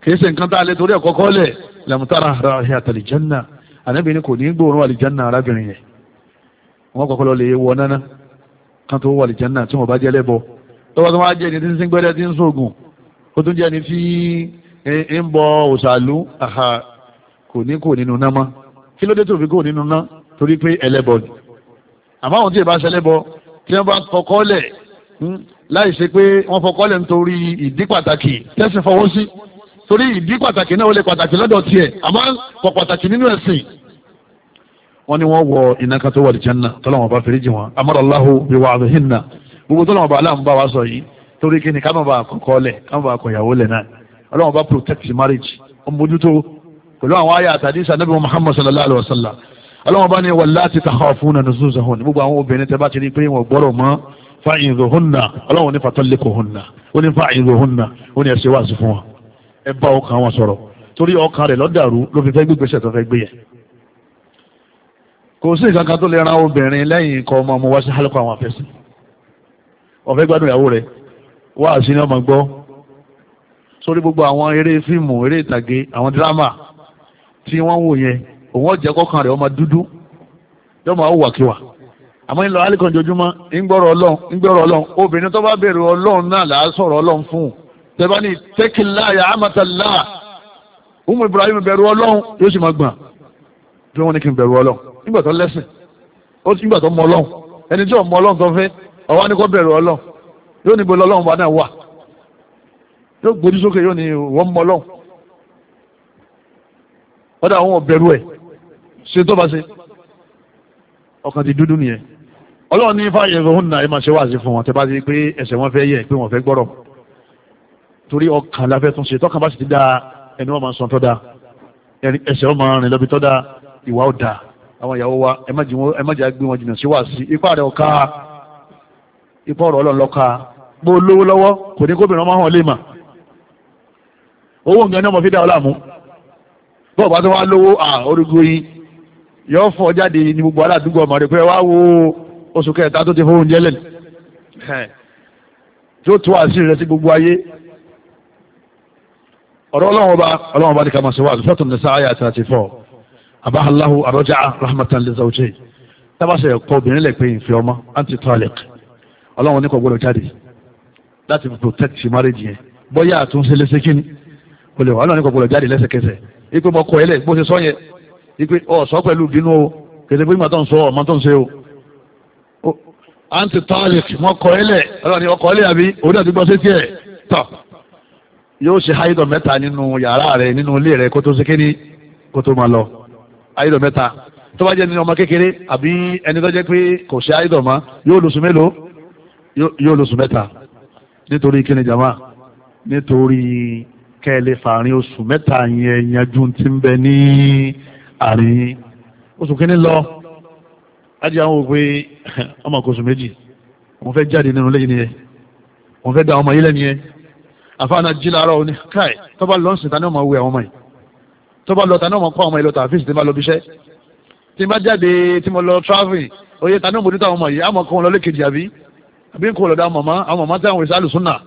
kìí ṣe nǹkan tá a lè torí ẹ̀kọ́ kọ́lẹ̀ lẹ́mùtára ara ẹ̀ àtàlìjánná ànábì ni kò ní gbóòórùn àlìjánná arábìnrin yẹn wọ́n kọ́kọ́ lọ lè wọ náná kan tó wọ àlìjánná tí wọ́n bá jẹ́ lẹ́bọ lọ́wọ́ tó wá jẹ́ ẹni tí ń sìn gbẹ́rẹ́ tí ń sóògùn ó tún jẹ́ ẹni tí ń bọ òṣàlú kò ní kò nínú ná mọ́ kí ló dé tó fi kò nínú ná torí pé ẹlẹ́bọ ni àmọ́ àwọn tí ì bá ṣẹlẹ́bọ tí wọ́n bá kọ́kọ́ lẹ̀ hmm, láì ṣe pé wọ́n fọkọ́ lẹ̀ nítorí ìdí pàtàkì tẹ́sí fọwọ́ sí torí ìdí pàtàkì náà ó lè pàtàkì lọ́dọ̀ tiẹ̀ àmọ́ kò pàtàkì nínú ẹ̀sìn wọ́n ní wọ́n wọ iná kan tó wà lìjánná tọ́lọ́wọ́n bá fèrè jì wọ́n amọ́dọ̀láhù bí wà àdùhìn náà gbogbo tọ́lọ́wọ́n bá aláàmú wa sọ yìí torí kí ni ká má bàa kọ́kọ́ lẹ̀ ká má bàa kọ̀yàwó lẹ̀ náà ọlọ́run bá protect marriage ọmọdútó pẹ̀lú àwọn àyà àtàdé sànẹ́bí muhammad sallallahu alayhi wa sallam ọlọ́run bá ní wallati takhafuna nuzuzahun gbogbo àwọn obìnrin tẹ́ bá ti rí pé wọ́n gbọ́rọ̀ mọ́ fa'izuhunna ọlọ́run ní fatalliquhunna ó ní fa'izuhunna ó ní ẹ̀ṣẹ̀ wáàsí fún wọn ẹ bá ọkàn wọn sọ̀rọ̀ torí ọkàn rẹ̀ lọ́dàrú ló fi fẹ́ gbígbésẹ̀ tó fẹ́ gbé yẹn kò sí ìkankan tó lè ran obìnrin lẹ́yìn nǹkan ọmọ ọmọ wá hálùkọ àwọn afẹ́sí ọ̀fẹ́ gbádùn ìyàwó rẹ̀ wá sí ọmọ gbọ́ sórí gbogbo àwọn eré fíìmù eré ìtàgé àwọn dírámà tí wọ́n ń wò yẹn òun ọ̀jẹ̀ kọ́kàn rẹ̀ ọmọ dúdú yóò máa wà kíwà àmọ́ ń lọ alikọ̀ ojoojúmọ́ ń gbọ́rọ̀ ọlọ́run ń gbọ́rọ̀ ọlọ́run obìnrin tó bá bèrè ọlọ́run náà là á sọ̀rọ̀ ọlọ́run fún un tẹ́bá ní tẹ́kìlá ya amátàlá umu Ibrahim bẹ̀rù ọlọ́run yóò sì máa gbọ̀n bí wọ́n ní kí n bẹ̀rù ọlọ́run nígbà tó lẹ́sìn ó ti nígbà tó mọ ọlọ́run ẹni tí ò mọ ọlọ́run tó fẹ́ ọwọ́ ni kò bẹ̀rù yóò níbo lọ́lọ́run bá náà wà yóò gbójú sókè yóò ní wọ́n mọ lọ́hùn ọ̀dà àwọn ọ̀bẹ̀rù ẹ̀ ṣe tó bá ṣe ọkàn ti dúdú nìyẹn ọlọ́run ní fáyẹ̀ ìrọ̀hún náà ẹ máa ṣe wá sí fún wọn tẹ bá ti pé ẹsẹ̀ wọn fẹ́ yẹ pé wọn fẹ́ gbọ́rọ̀ torí ọkàn la fẹ́ tún ṣe tọkàn bá sì ti dáa ẹni wọn máa sọ tó dáa ẹsẹ̀ wọn máa rìn lọ́bi tó dáa ìwà ó dáa àwọn ìyàwó wa ẹ má jẹ́ gbé wọn jìnnà sí wá sí ipá rẹ̀ ọ̀ka ipá ọ̀rọ̀ ọlọ́run lọ́ka gbó lówó lọ́wọ́ kò ní kóbìnrin ọmọ hàn lè mà owó nǹkan ní ọmọ fi dá ọ láàmú bọ́ọ̀ bá tó wá lówó orígun yìí yọ fọ jáde ní gbogbo aládùúgbò ọmọ rẹ pé wá wo oṣù kẹta tó ti fóun jẹ́lẹ̀ tí ó tó rẹ sí gbogbo ayé ọ̀rọ̀ ọlọ́run ọba ọlọ́run ọba ní kàmá ṣe wá ní sáà yàtà àti fọ́ arọ́jà rahmatan tábàṣẹ ẹ̀kọ́ obìnrin ìfẹ́ ọmọ ọlọ́run jáde láti protect marriage yẹn bọ́yá àtúnṣe kò lè wà lọ́nà ní kòkòrò jáde lẹ́sẹ̀kẹsẹ̀ ipe mọ kọ ẹlẹ bó ṣe sọ yẹn ipe ọ̀sọ́ pẹ̀lú bínú o kẹsẹ̀ pé màtọ́ ń sọ ọ̀mọ́ tó ń ṣe o àǹtí tọ́lẹ̀t mọ kọ ẹlẹ ọlọ́ni ọkọ̀ ẹlẹ àbí òun àti gbọ́sẹ̀ tiẹ̀ tọ̀ yóò ṣe háyídọ̀ mẹ́ta nínú yàrá rẹ̀ nínú ilé rẹ̀ kó tó ṣe kéde kó máa lọ háyídọ̀ mẹ́ta tó bá jẹ́ ní ọmọ kékeré àbí ẹni tó jẹ́ pé kò ṣe háyídọ̀ mọ́ yóò lóṣù mélòó yóò lóṣù mẹ́ta nítorí kíni jama nítorí kẹ́ ẹ lè fàárín oṣù mẹ́ta yẹn yanjú ti ń bẹ ní àárín oṣù kínní lọ láti àwọn òpin ọmọ kò oṣù méjì wọn fẹ́ jáde nínú lẹ́yìn nìyẹn wọn fẹ́ da ọmọ yìí lẹ́nu yẹn àfáàná jí làárọ̀ òní káì tọ́ba lọ́nsìn tani ọmọ wẹ àwọn ọmọ yìí tọ́ba lọ tani ọmọ kọ́ ọmọ yìí lọ tàfíìsì tí ma lọ bíṣẹ́ tí ma jáde tí mo lọ travelling oyè tani ọmọ òdútà ọmọ yìí àmọ́ kọ́ wọn lọ lẹ́kejì àbí àbí kò lọ́dọ̀ àwọn màmá àwọn àwọn èsì àlùsùn náà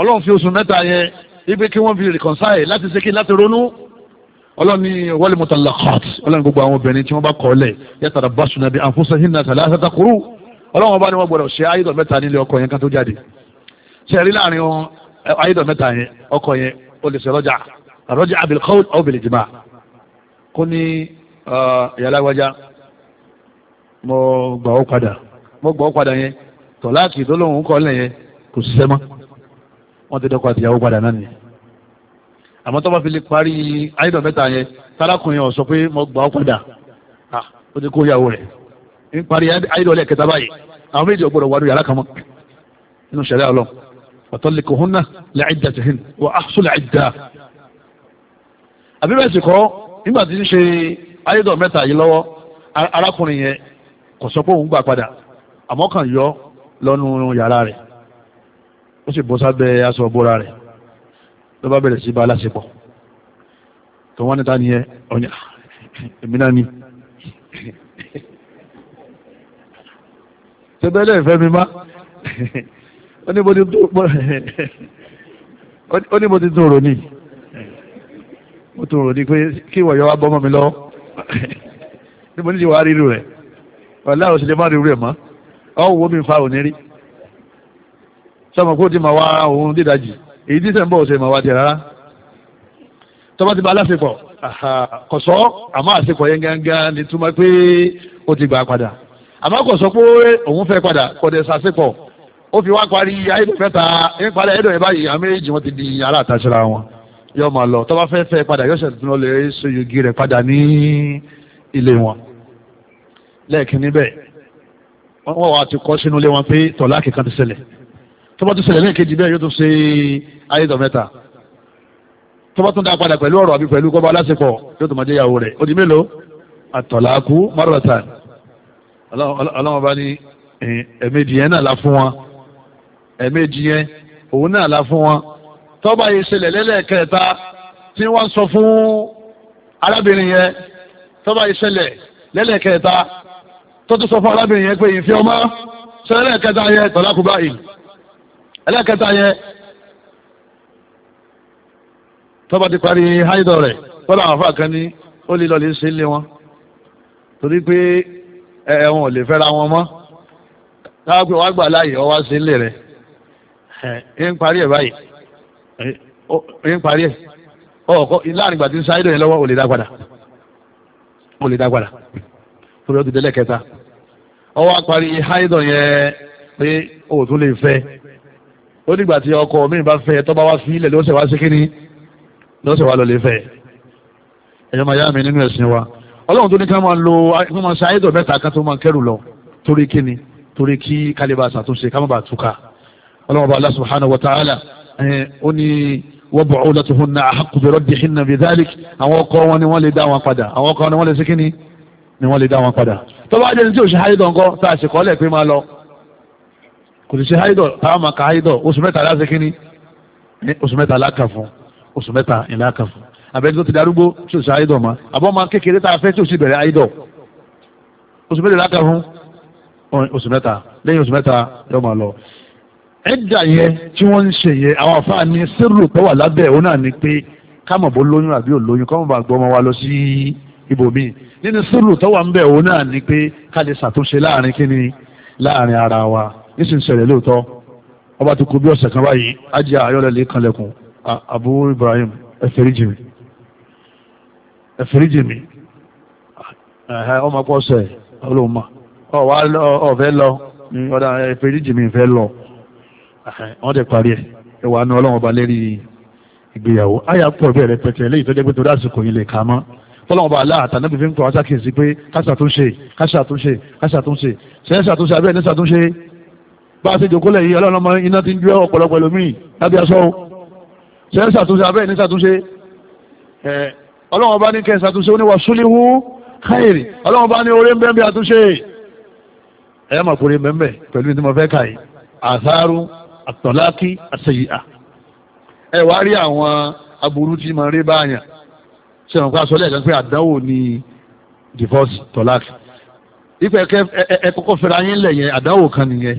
ọlọ́run fi oṣù mẹ́ta yẹn ibi kí wọ́n fi reconcile láti ṣe kí láti ronú ọlọ́run ní wal mutallaqat ọlọ́run gbogbo àwọn obìnrin tí wọ́n bá kọ́ lẹ̀ yatarabbasna bi anfusihinna thalathata quru ọlọ́run bá ní wọ́n gbọ́dọ̀ ṣe ayédọ̀ mẹ́ta nílé ọkọ yẹn kan tó jáde ṣe rí láàrin wọn ayédọ̀ mẹ́ta yẹn ọkọ yẹn ó lè ṣe rọ́jà rọ́jà bil qawl aw kó ní ìyàlágbájá mo gbà ó padà mo gbà ó padà yẹn tọ̀láàkì tó wọ́n ti dọ́kọ̀ àtìyàwó padà náà ni àmọ́ tó bá fi lè parí ayédọ̀ mẹ́ta yẹn tárákùnrin ọ̀ sọ pé mo gbà ọ́ padà ó ti kó ìyàwó rẹ̀ ń parí ayédọ̀ lẹ̀ kẹta báyìí àwọn méjì ọgbọ́dọ̀ wà lórí alákàmọ́ nínú ṣẹ̀rẹ́ ọlọ́ watalliquhunna li'iddatihinna wa ahsul 'iddah àbí bẹ́ẹ̀ sì kọ́ nígbà tí ń ṣe ayédọ̀ mẹ́ta yìí lọ́wọ́ arákùnrin yẹn kò sọ pé òun gbà padà àmọ́ kàn yọ lọ́nu yàrá rẹ̀ ó sì bọ́ sábẹ́ aṣọ ìbora rẹ̀ ló bá bẹ̀rẹ̀ sí bá aláṣepọ̀ tó wọ́n níta nìyẹn ọ̀nà èmi náà ni tẹ́bẹ́lẹ̀ ìfẹ́ mi má ó ní mo ti tún rò ní mo tún rò ní pé kí ìwọ̀ yọ wá bọ́mọ́ mi lọ́wọ́ ní mo ní ti wà á rírù rẹ̀ ọ̀la òsèlè má rírù rẹ̀ mọ́ ọ̀ wo mi fa òní rí sọmọ kó ti máa wá òun dídájì èyí tí sẹ́ńbọ̀ ṣe máa wá ti rárá tọ́ba ti ba aláṣepọ̀ kọ̀sọ́ àmọ́ àṣepọ̀ yẹn gángan ni túmọ̀ pé ó ti gbà padà àmọ́ kọ̀sọ́ pé òun fẹ́ padà kọ̀dẹ̀ ṣàṣepọ̀ ó fi wá parí ayédè mẹ́ta ń parí ayédè yẹn báyìí àmì èjì wọn ti di aláàtàṣẹ́ra wọn yóò máa lọ tọ́ba fẹ́ fẹ́ padà yóò ṣẹ̀tún lọ́ọ́ lè ṣe yogi rẹ̀ padà ní ilé wọn lẹ́ẹ̀kí níbẹ̀ wọ́n wà á ti kọ́ sínú ilé wọn pé tọ̀láàkì kan ti ṣẹlẹ̀ tó bá tún ṣẹlẹ̀ lẹ́ẹ̀kejì bẹ́ẹ̀ yóò tún ṣe ayédọ̀ mẹ́ta tó bá tún dá padà pẹ̀lú ọ̀rọ̀ àbí pẹ̀lú kọ́ba aláṣepọ̀ yóò tún máa jẹ́ ìyàwó rẹ̀ ó di mélòó àtọ̀làkú márùtàn ọlọ́wọ́n bá ní ẹ̀ẹ́mẹ́jì yẹn náà la fún wọn ẹ̀ẹ́mẹ́jì yẹn òun náà la fún wọn tó bá yìí ṣẹlẹ̀ lẹ́lẹ́kẹta tí wọ́n sọ fún arábìnrin yẹn tó yìí ṣẹlẹ̀ lẹ́lẹ́kẹta tó tún sọ fún arábìnrin yẹn pé ìfẹ́ ọmọ ṣẹlẹ̀ lẹ́lẹ́kẹta yẹn tọ̀lákú báyìí ẹlẹ́kẹta yẹn tọ́ba ti parí rẹ rẹ̀ tọ́lá àwọn kan ní ó lè lọ́ọ́ lè ṣe wọn torí pé ẹ̀wọ̀n ò lè fẹ́ra wọn mọ́ táwọn pé wàá gbà láàyè ọ wá sí rẹ̀ ẹ̀ ń parí ẹ̀ báyìí ẹ̀ ń parí ẹ̀ ọ̀kọ́ láàrin ìgbà tí ń sáyé ó dìgbà tí ọkọ mi bá fẹ́ tọ́ bá wá sí ilẹ̀ lọ́sẹ̀ wá sí kíní lọ́sẹ̀ wá lọ́lẹ̀ fẹ́ ẹ̀yọ́ máa yá mi nínú ẹ̀sìn wa ọlọ́run tó ní ká máa lo ká máa ṣe ayédọ̀ mẹ́ta ká tó máa kẹ́rù lọ torí kíní torí kí kálíbà ṣàtúnṣe ká má bàa túká ọlọ́run bá Allah subhanahu wa ta'ala ó ní wa bu'ulatuhunna ahaqqu bi raddihinna bi dhalik àwọn ọkọ wọn ni wọ́n lè dá wọn padà àwọn ọkọ wọn ni wọ́n lè ṣe kíní ni wọ́n lè dá wọn padà tó bá jẹ́ ní tí ò kò sì ṣe haidọ̀ táwọn máa ka láti kíní oṣù láka eh, fún oṣù mẹ́ta ìlàkà tó ti darúgbó ò ma àbọ̀ máa kékeré tá a ò sì bẹ̀rẹ̀ haidọ̀ oṣù mẹ́ta láka fún oṣù lọ. ẹ̀dà tí wọ́n se ṣe yẹn àwọn ni pé wa lọ sí ibòmíì nínú sírù tó wà ń bẹ̀ òun náà ni pé ká lè ṣàtúnṣe láàrin níṣì ń ṣẹlẹ̀ lóòótọ́ ọba ti kú bí ọ̀sẹ̀ kan báyìí ajé ayọ́lẹ̀ lè kanlẹ̀kùn Abu Ibrahim ẹ̀fẹ̀ríjì mi ẹ̀fẹ̀ríjì mi ọmọ pọ̀ sẹ̀ ọlọ́ọ̀ma ọ̀wá ọ̀fẹ́ lọ ní ọ̀dà ẹ̀fẹ̀ríjì mi fẹ́ lọ wọ́n ti parí ẹ̀ ẹ̀wà ní ọlọ́wọ́n ba lérí ìgbéyàwó àyà pọ̀ bẹ́ẹ̀ rẹpẹtẹ lẹ́yìn tó jẹ́ pé torí àsìkò yìí lè kà á mọ́ fọlọ́wọ́n bá aláàtà náà fífi ń pọ̀ wá sákìsì pé káṣàtúnṣe káṣàtúnṣe káṣàtúnṣe ṣẹ́ṣàtúnṣe abẹ́ẹ̀ ní ṣàtúnṣe bá a ṣe jòkó lẹ̀ yìí ọlọ́run ọmọ iná ti ń jẹ́ ọ̀pọ̀lọpọ̀ ẹlòmíì lábẹ́ aṣọ o ṣe ń ṣàtúnṣe abẹ́ ní ṣàtúnṣe ọlọ́run ọba ní kẹ́ ń ṣàtúnṣe ó ní wàsúlíhù káyèrè ọlọ́run ọba ní orí ń bẹ́ẹ̀ bí àtúnṣe ẹ̀ máa kórè mẹ́mẹ́ pẹ̀lú ní mo fẹ́ kà yìí àsáárù àṣeyìá ẹ wá rí àwọn aburú tí mo rí báyà ṣe wọn kó aṣọ lẹ́ẹ̀kan pé àdánwò ni divorce tọ̀láàkì ìfẹ́ ẹ kọ́kọ́ fẹ́ra yín lẹ̀ yẹn àdánwò kan nìyẹn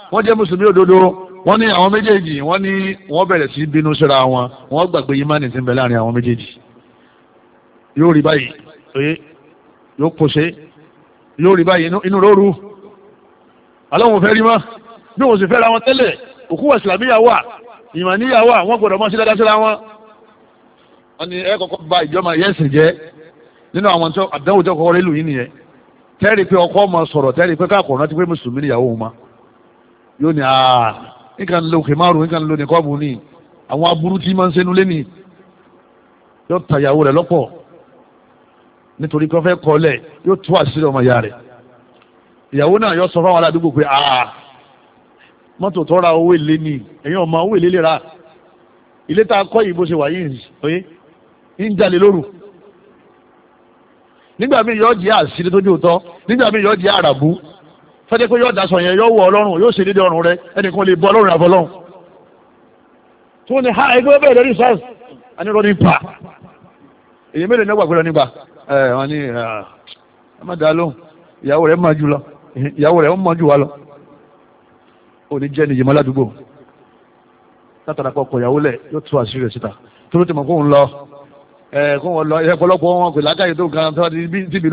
wọ́n jẹ́ mùsùlùmí òdodo wọ́n ní àwọn méjèèjì wọ́n ní wọ́n bẹ̀rẹ̀ sí bínú síra wọn wọ́n gbàgbé yimani ti ń bẹ láàrin àwọn méjèèjì yóò rí báyìí oye yóò pòṣe yóò rí báyìí inú lóru aláwọn fẹ́ rí mọ́ bí wọ́n sì fẹ́ ra wọn tẹ́lẹ̀ òkú wà ìsìlámíyà wà ìmàníyà wà wọ́n gbọ́dọ̀ mọ́ sí dáadáa síra wọn wọ́n ní ẹ kọ́kọ́ bà ìjọba yẹ́sìn jẹ́ nínú àwọn tó àdánwò tó kọ́kọ́ rélù yìí nìyẹn tẹ́rì pé ọkọ ọmọ sọ̀rọ̀ tẹ́rì pé káàkùn rántí pé mùsùlùmí níyàwó wọn máa yóò ní àà ah, nǹkan lo kìmáàrù nǹkan lo nìkọ́ọ̀bù ni àwọn aburú tí máa ń sẹ́nu lé ni yóò ta ìyàwó rẹ̀ lọ́pọ̀ nítorí kí wọ́n fẹ́ kọ́ lẹ̀ yóò tú àṣírí ọmọ ìyá rẹ̀ ìyàwó náà yóò sọ fáwọn aládùúgbò pé àà ah, mọ́tò tọ́ra owó èlé ni ẹ̀yin ọmọ owó èlé lè ra ilé tá a kọ́ yìí bó ṣe wà yìí oyé ń jalè lóru nígbà míì yóò jẹ́ àṣírí tójú òótọ́ nígbà míì yóò jẹ́ àràbù tọ́jú pé yóò daṣọ yẹn yóò wọ ọlọ́run yóò ṣe dédé ọrùn rẹ ẹnìkan lè bọ ọlọ́run àbọ̀ ọlọ́run tí wọ́n ní ha ẹgbẹ́ bẹ́ẹ̀ lórí sars anirọ́ ní pa èyí mélòó ní ọgbàgbọ́dọ̀ nígbà ẹ wọn ní ẹ má dáa lóhùn ìyàwó rẹ̀ máa ju lọ ìyàwó rẹ̀ máa ju wa lọ ò ní jẹ́ nìyí mọ́ládùúgbò látara pọ̀ kọ̀yàwó lẹ̀ yóò tú àṣírí rẹ̀ síta tó ló ti mọ̀ kóhun lọ ẹ̀ kóhun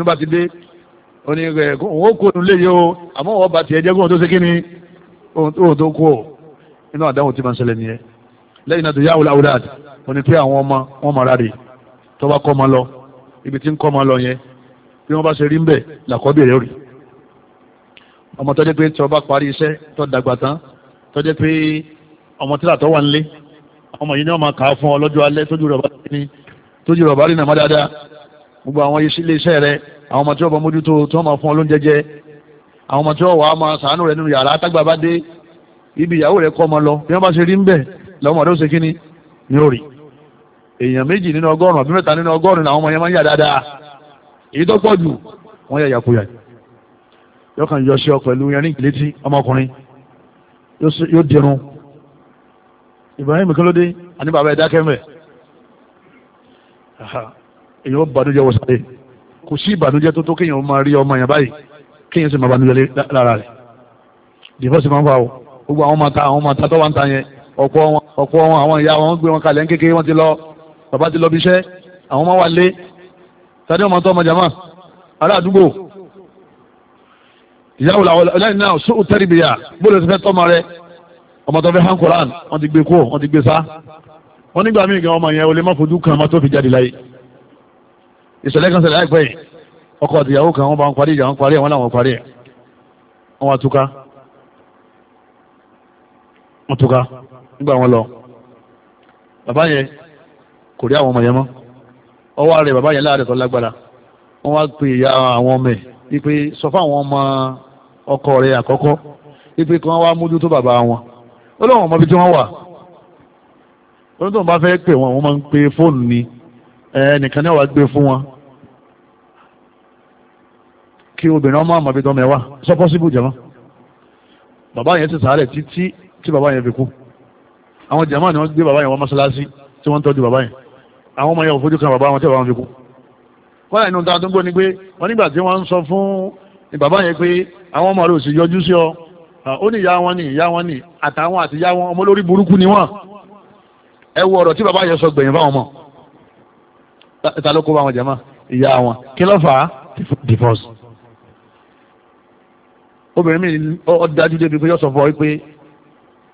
lọ ẹ̀ ó ní ẹ̀ eh, wọ́n kó nulẹ̀ yìí o àmọ́ wọ́n bá tiẹ̀ jẹ́ kó wọn tó ṣe kí ni ohun tó kú o inú àdáhùn tí máa ń ṣẹlẹ̀ nìyẹn lẹ́yìn náà tó yá àwòrán àwòrán wọn ni pé àwọn ọmọ wọn mọ̀ rárẹ̀ tó bá kọ́ ọmọ lọ ibi tí ń kọ́ ọmọ lọ yẹn bí wọ́n bá ṣe rí ń bẹ̀ làkọ́bí rẹ̀ rí ọmọ tó jẹ́ pé tó bá parí iṣẹ́ tó dàgbà tán tó pé ọmọ tíra tó wà nílé ọmọ yìí ni wọ́n máa kà á fún ọ lọ́jọ́ alẹ́ tójú rẹ̀ bá rí náà má dáadáa gbogbo àwọn ilé iṣẹ́ rẹ àwọn ọmọ tí wọ́n bọ mójútó tí wọ́n máa fún ọ lóúnjẹ jẹ àwọn ọmọ tí wọ́n wà á máa sàánú rẹ nínú yàrá tágbà bá dé ibi ìyàwó rẹ kọ́ ọmọ lọ bí wọ́n bá ṣe rí ń bẹ̀ lọ́mọ rẹ ó ṣe kí ni yóò rí èèyàn méjì nínú ọgọ́rùn-ún àbí mẹ́ta nínú ọgọ́rùn-ún làwọn ọmọ yẹn máa ń yà dáadáa èyí tó pọ̀ jù wọ́n yà yàkuyà èyàn ó bànújẹ́ wọ sáré kò sí ìbànújẹ́ tó tó kéèyàn ó máa rí ọmọ yẹn báyìí kéèyàn sì máa bànújẹ́ lára rẹ̀ dìfọ́sì máa ń fa o gbogbo àwọn máa ta àwọn máa ta tó wà ń ta yẹn ọ̀pọ̀ wọn ọ̀pọ̀ wọn àwọn ìyá wọn gbé wọn kalẹ̀ ń kékeré wọn ti lọ bàbá ti lọ bí iṣẹ́ àwọn máa wà lé tàbí ọmọ tó ọmọ jàmá ará àdúgbò ìyáwó làwọn lẹ́yìn náà sóò tẹ́rìbìyà bóòlù ìṣẹ̀lẹ̀ kan ṣẹlẹ̀ láìpẹ́ yìí ọkọ àtìyàwó kan wọ́n bá ń parí ìjà wọ́n parí ẹ̀ wọ́n làwọn parí ẹ̀ wọ́n wá túká wọ́n túká nígbà wọn lọ bàbá yẹn kò rí àwọn ọmọ yẹn mọ́ ọwọ́ rẹ̀ bàbá yẹn láàrẹ̀ tó lágbára wọ́n wá pe ìyá àwọn ọmọ ẹ̀ wípé sọ fáwọn ọmọ ọkọ rẹ̀ àkọ́kọ́ wípé kí wọ́n wá mójútó bàbá wọn ó lọ́wọ́n ọmọ bíi tí wọ́n wà ó ní tó bá fẹ́ pè wọ́n wọ́n máa ń pe fóònù ni ẹnìkan náà wà gbé fún wọn kí obìnrin ọmọ àmọ́ abidjan mẹ́wàá sọ pọ́sibú jẹ̀mọ́ bàbá yẹn ti sàárẹ̀ títí tí bàbá yẹn fi kú àwọn jẹ̀mọ́ ni wọ́n gbé bàbá yẹn wọ́n mọ́ṣáláṣí tí wọ́n ń tọ́jú bàbá yẹn àwọn ọmọ yẹn ò fojú kan bàbá wọn tí bàbá wọn fi kú kọ́lá inú ta tó ń gbọ́ ni pé wọ́n nígbà tí wọ́n ń sọ fún bàbá yẹn pé àwọn ọmọ rẹ̀ ò sì yọjú sí ọ ó ní ìyá wọn ní ìyá wọn ní àtàwọn àti ìyá wọn ọmọ lórí burúkú ni wọn ẹ wo ọ̀rọ̀ tí bàbá yẹn sọ gbẹ̀yìn fáwọn ọmọ ta ló kó bá wọn jẹ mọ́ ìyá wọn kí ló fà á divorce. obìnrin mi ọ dájú débi pé yóò sọ fún ọ pé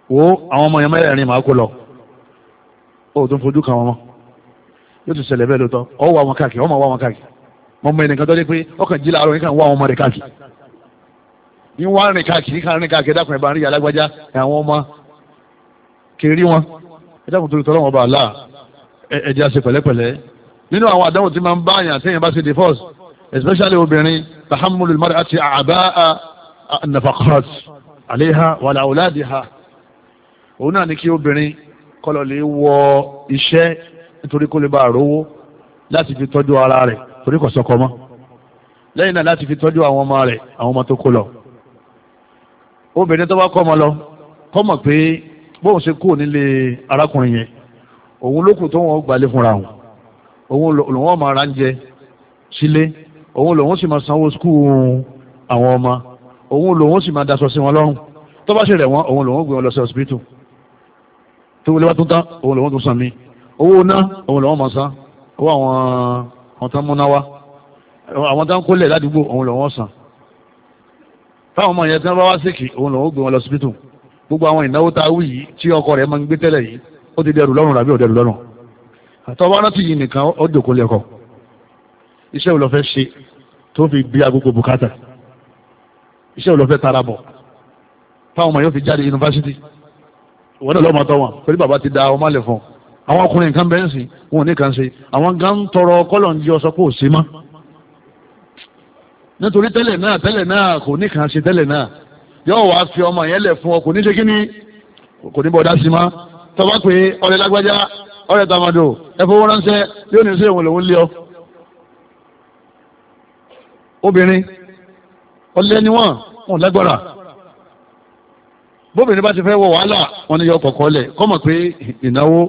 wo àwọn ọmọ yẹn mẹ́rẹ̀ẹ̀rin màá kó lọ ó tún fojú kan wọn mọ́ yóò tún ṣẹlẹ̀ bẹ́ẹ̀ lóòótọ́ ọ wà wọn káàkiri ọmọ wà wọn káàkiri mo mọ ẹnìkan tó dé pé ọkàn jí láàárọ̀ nìkan wà wọn ọmọ rẹ̀ káàkiri ní wọ́n rìn káàkiri kan rìn káàkiri dákùnrin bá ń alágbájá àwọn ọmọ kiri wọn ẹ dákùn torí tọ́lọ́wọ́n ọba àlá ẹ̀jẹ̀ àṣepẹ̀lẹ́pẹ̀lẹ́ nínú àwọn àdánwò tí máa ń báyàn téèyàn bá ṣe divorce especially obìnrin tahammulu al-mar'ati a'ba'a an-nafaqat 'alayha wa 'ala awladiha òun náà ní kí obìnrin kọlọ̀ lè wọ iṣẹ́ nítorí kó lè bá rówó láti fi tọ́jú ara rẹ̀ torí kò sọ́kọ mọ́ lẹ́yìn náà láti fi tọ́jú àwọn ọmọ rẹ̀ àwọn ọmọ tó kó lọ obìnrin tó bá kọ́ ọmọ lọ kọ́ mọ̀ pé bóun ṣe kúrò nílé arákùnrin yẹn òun lókùn tó wọn gbalé fúnra wọn òun lòun ọmọ ara ń jẹ sílé òun lòun sì máa sanwó skúù àwọn ọmọ òun lòun sì máa daṣọ sí wọn lọ́rùn tó bá ṣe rẹ̀ wọ́n òun lòun gbé wọn lọ sí ọsibítù tó wọlé wá tó tán òun lòun tó san mí owó ná òun lòun máa san owó àwọn ọ̀tán múná wá àwọn tán kólẹ̀ ládùúgbò òun lòun san táwọn ọmọ yẹn tí wọ́n bá wá síkì òun lòun gbé wọn lọ sí ọsibítù gbogbo àwọn ìnáwó tá a wù yìí tí ọkọ rẹ̀ máa ń gbé tẹ́lẹ̀ yìí ó ti dẹrù lọ́rùn rà ò dẹrù lọ́rùn àtọ́wọ́ rántí yìí nìkan ó jòkó lẹ́kọ̀ọ́ iṣẹ́ wo lo fẹ́ ṣe tó fi bí agogo bùkátà iṣẹ́ wo lo fẹ́ tara bọ̀ táwọn ọmọ yóò fi jáde yunifásitì ìwọ́n náà lọ́mọ tọ́ wọn pẹ̀lú bàbá ti da ọmọ lẹ̀ fún àwọn ọkùnrin nǹkan bẹ́ẹ̀ sìn wọn ò ní kàn ṣe àwọn gan tọrọ kọ́lọ̀ ń jí ọ sọ pé ò sí mọ́ nítorí tẹ́lẹ̀ náà tẹ́lẹ̀ náà kò ní kàn ṣe tẹ́lẹ̀ náà yóò wá fi ọmọ yẹn lẹ̀ fún ọ kò ní ṣe kí ni kò ní bọ̀ dá sí mọ́ tọ́ bá pé ọlẹ́lágbájá ọ̀rẹ́ tàmàdò ẹ̀fọ́ wọn ránṣẹ́ yóò ní sí ìwọ̀n lòun lé ọ. obìnrin ọlẹ́ ni wọ́n wọn lágbára bóbìnrin bá ti fẹ́ wọ wàhálà wọn ni yọ kọ̀kọ́ lẹ̀ kọ́mọ̀ pé ìnáwó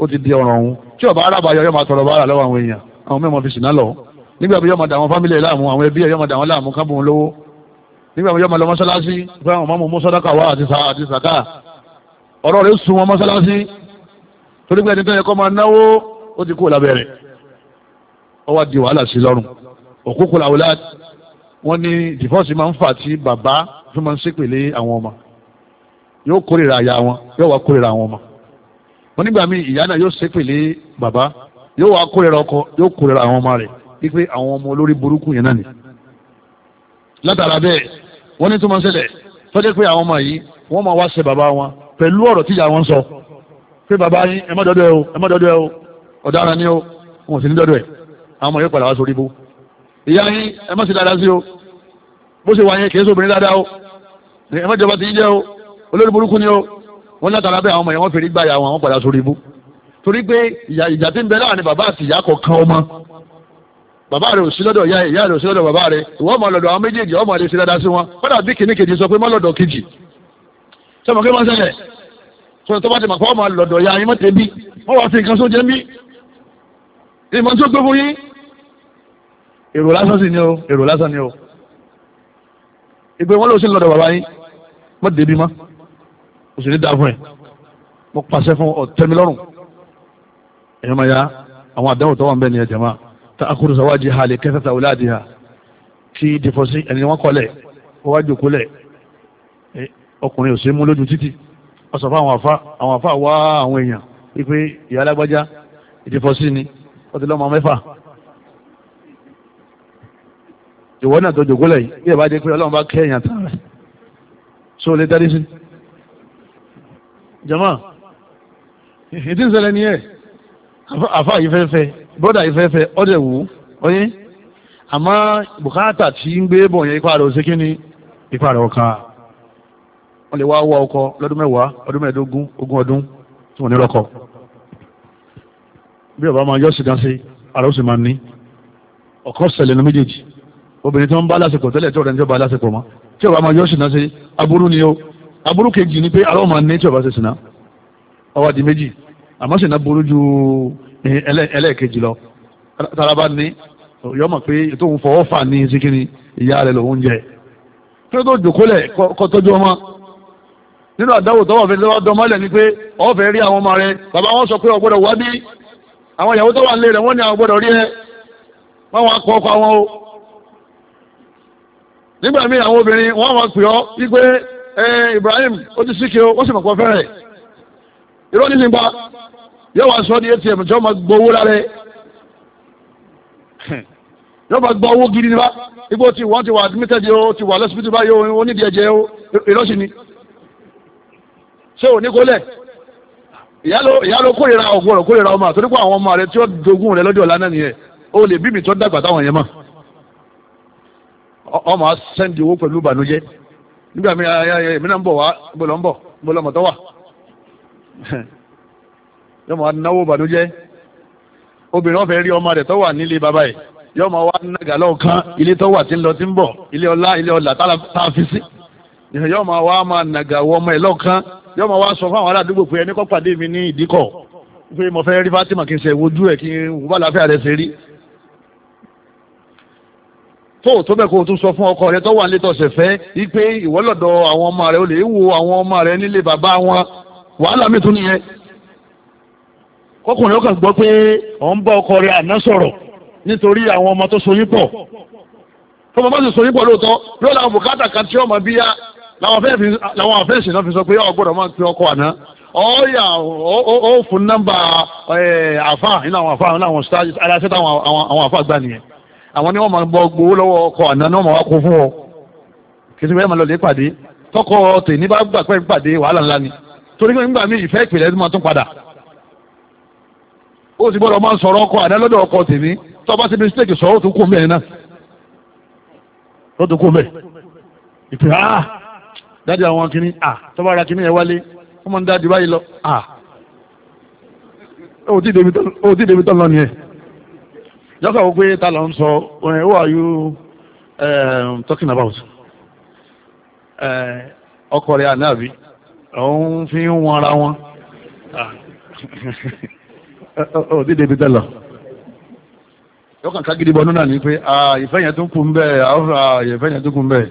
ó ti di ọ̀ràn òun tí ọba arábàáyọ yọ máa tọrọ báárà lọ́wọ́ àwọn èèyàn àwọn mẹ́wọ̀n fi ṣìnà lọ nígbà bí yọ máa dà wọn fámílì ẹ̀ láàmú àwọn ẹbí ẹ̀ yọ máa dà wọn láàmú kábùn lówó nígbà bí yọ máa lọ mọ́sálásí fún àwọn ọmọ mú sọ́dákà wá àti sàkà ọ̀rọ̀ rẹ̀ sun wọn mọ́sálásí torí pé ẹni tó yẹ kó máa náwó ó ti kú lábẹ́rẹ́ ó wá di wàhálà sí lọ́rùn òkúkú làwùlá wọn ní dìfọ́ọ̀sì máa ń fà tí bàbá tó máa ń ṣépèlé àwọn ọmọ yóò kórìíra àyà wọn yóò wá kórìíra àwọn ọmọ wọn nígbà míì ìyá náà yóò ṣépèlé bàbá yóò wá kórìíra ọkọ yóò kórìíra àwọn ọmọ rẹ̀ wípé àwọn ọmọ olórí burúkú yẹn náà ni látara bẹ́ẹ̀ wọ́n ní tó máa ń ṣẹlẹ̀ tọ́jú pé àwọn ọmọ yìí wọ́n máa wá ṣe bàbá wọn pẹ̀lú ọ̀rọ̀ tíjà wọn sọ pé bàbá yín ẹ má o ẹ má o ọ̀daràn ni o wọn sì ní dọ́dọ̀ ẹ àwọn ọmọ yóò padà wá sórí bó ìyá yín ẹ má dáadáa sí o bó ṣe wà yẹn kìí sóbìnrin dáadáa o ẹ má ti yín o olórí burúkú ni o wọn látara bẹ àwọn ọmọ yẹn wọn fèrè gbà yà wọn padà sórí bó torí pé ìyá ìjà tí ń bẹ láàrin bàbá àti ìyá kọ̀ọ̀kan ọmọ bàbá rẹ ò sí lọ́dọ̀ ìyá ìyá rẹ ò sí lọ́dọ̀ bàbá rẹ ìwọ ọmọ lọ́dọ̀ àwọn méjèèjì ọmọ rẹ sí dáadáa sí wọn kódà bí kìnnìkejì sọ pé mọ́ lọ́dọ̀ kejì sọmọ kí wọ́n ṣẹlẹ̀ sọ tó bá ti màkà ọmọ lọ́dọ̀ ya yín mọ́tẹ́ bí wọ́n wá sí nǹkan sóúnjẹ bí ìmọ̀ tó gbé fún yín èrò lásán sì ni o èrò lásán ni o ìgbé wọn ló sì ń lọ́dọ̀ bàbá yín mọ́ o mọ́ òsèré dáa fún ẹ mo pàṣẹ fún ọ̀tẹ́mi lọ́rùn ẹ̀yọ́ máa ya àwọn àdáwò tó wà ń bẹ nìyẹn jẹ̀má tá a kúrò sáwájì ha lè kẹfẹ́ ta wòlá àdìhà kí dìfọ́sí ẹni wọn kọlẹ̀ wọ́n wá jòkó lẹ̀ ọkùnrin ò sí mú lójú títì ọ̀sọ̀ fún àwọn àfa àwọn àfa wá àwọn èèyàn wípé ìyá alágbájá ìdífọ́sí ni ó ti lọ́mọ mẹ́fà ìwọ náà tó jòkó lẹ́yìn bí ẹ bá jẹ́ pé ọlọ́run bá kẹ́ èèyàn tán rẹ̀ so lè dárí sí jama ìdí ìṣẹ̀lẹ̀ ni ẹ̀ àfa ìfẹ́fẹ́ bọ́dà ìfẹ́fẹ́ ọdẹ wù ọyẹ́ àmọ́ bùkátà tí ń gbé bọ̀ yẹn ipa rẹ̀ ò sí kí ni ipa rẹ̀ ọ̀ka wọ́n lè wá wá ọkọ lọ́dún mẹ́wàá ọdún mẹ́ẹ̀ẹ́dógún ogún ọdún tí wọ́n ní lọ́kọ bí ọba máa yọ́ ṣìdán sí ara ó sì máa ní ọkọ ṣẹlẹ̀ ní méjèèjì obìnrin tí wọ́n bá lásìkò tẹ́lẹ̀ tí ọ̀rẹ́ ní ọba lásìkò mọ́ tí ọba máa yọ́ ṣìdán sí aburú ni ó aburú kejì ni pé ara ó máa ní tí ọba ṣe ṣìnà ọwọ́ di méjì àmọ́ ṣìnà burú ju eh, ẹlẹ́ẹ̀kejì lọ tára ní yọ pé ètò òun fọwọ́ fà ní síkíní ìyá rẹ̀ lòun jẹ kí ló tó jòkólẹ̀ kọ́ tọ́jú ọmọ nínú àdáwò tọ́wọ́ fi dán mọ́lẹ̀ ni pé ọ̀fẹ́ rí àwọn ọmọ rẹ bàbá wọn sọ pé ọgbọ́dọ̀ wá bí àwọn ìyàwó tó wà nílé wọ́n ní àwọn gbọ́dọ̀ rí ẹ wọ́n wá kọ́ ọkọ àwọn o nígbà míì àwọn obìnrin wọ́n wá pè ọ́ wípé ẹ Ibrahim ó ti síkè ó wọ́n máa gbowó lára yóò máa owó gidi ṣé ò ní kólẹ̀ ìyá ló kórìíra ọ̀gbọ̀rọ̀ kórìíra ọmọ àtúndínpọ̀ àwọn ọmọ rẹ tí ó dogun rẹ lọ́jọ́ ọ̀la náà nìyẹn o lè bíbí tó dàgbà táwọn yẹn mọ̀ ọmọ á sẹ́ndì owó pẹ̀lú ìbànújẹ́ nígbà mi èmi náà ń bọ̀ wá gbọ́dọ̀ ń bọ̀ gbọ́dọ̀ mọ̀tọ́ wà yọmọ anáwó ìbànújẹ́ obìnrin ọ̀fẹ́ rí ọmọ rẹ̀ tó wà nílé bàbá yìí yọmọ wa nàgà lọ́ọ̀kan ilé tó wà tí ń lọ tí ń bọ̀ ilé ọlá ilé ọlà tá a fi sí yọmọ wa máa nàgà wọ ọmọ ẹ̀ lọ́ọ̀kan yóò máa wá sọ fún àwọn aládùúgbò pé ẹni kọ́ pàdé mi ní ìdíkọ̀ pé mo fẹ́ rí Fatima kí n ṣe wojú ẹ̀ kí n wò bá láfíà rẹ̀ ṣe rí tó tó bẹ́ẹ̀ kó o tún sọ fún ọkọ rẹ tó wà nílé tọ̀sẹ̀ fẹ́ wípé ìwọ́lọ̀dọ̀ àwọn ọmọ rẹ o lè wo àwọn ọmọ rẹ nílé bàbá wọn wàhálà mi tún nìyẹn kọkùnrin ọkàn gbọ́ pé òun bá ọkọ rẹ àná sọ̀rọ̀ nítorí àwọn ọmọ tó soyún pọ̀ tó bàbá sì soyún pọ̀ lóòótọ́ lọ́la àwọn bùkátà kan tí ọmọ bíyá làwọn àfẹ́sì náà fi sọ pé ọgbọ́dọ̀ máa ń pe ọkọ àná ọ̀ọ́yà ó fún nọ́mbà àfà nínú àwọn àfà nínú àwọn stars aláṣẹ́tà àwọn àfà gbà nìyẹn àwọn ni wọ́n máa gbọ́ gbowó lọ́wọ́ ọkọ àná náà máa wá kó fún ọ kí ni wọ́n máa lọ lè pàdé tọkọ tè ní bá gbà pẹ́ pàdé wàhálà ńlá ni torí pé nígbà míì ìfẹ́ ìpìlẹ̀ máa tún padà ó sì gbọ́dọ̀ máa ń sọ̀rọ̀ ọkọ àná lọ́dọ̀ ọkọ tèmi tó bá ti mistake sọ̀rọ̀ tó kún bẹ́ẹ̀ náà tó tó kún bẹ́ẹ̀ ìpè áà ah, dáàdì àwọn kìíní à tọ́ba ara kìíní yẹn wálé wọ́n máa ń dáàdì báyìí lọ à ó ti débi tán lọ nìyẹn jọ́kọ̀ wọ́n pé ta ló ń sọ orin who are you um, talking about ọkọ rẹ̀ ànáàbí òun fi ń wọn ara wọn ó ti débi tán lọ yọ́kàn ká gidi bọ́ nínú àná ni pé ìfẹ́ yẹn tó kù ń bẹ́ẹ̀ àwọn ìfẹ́ yẹn tó kù ń bẹ́ẹ̀.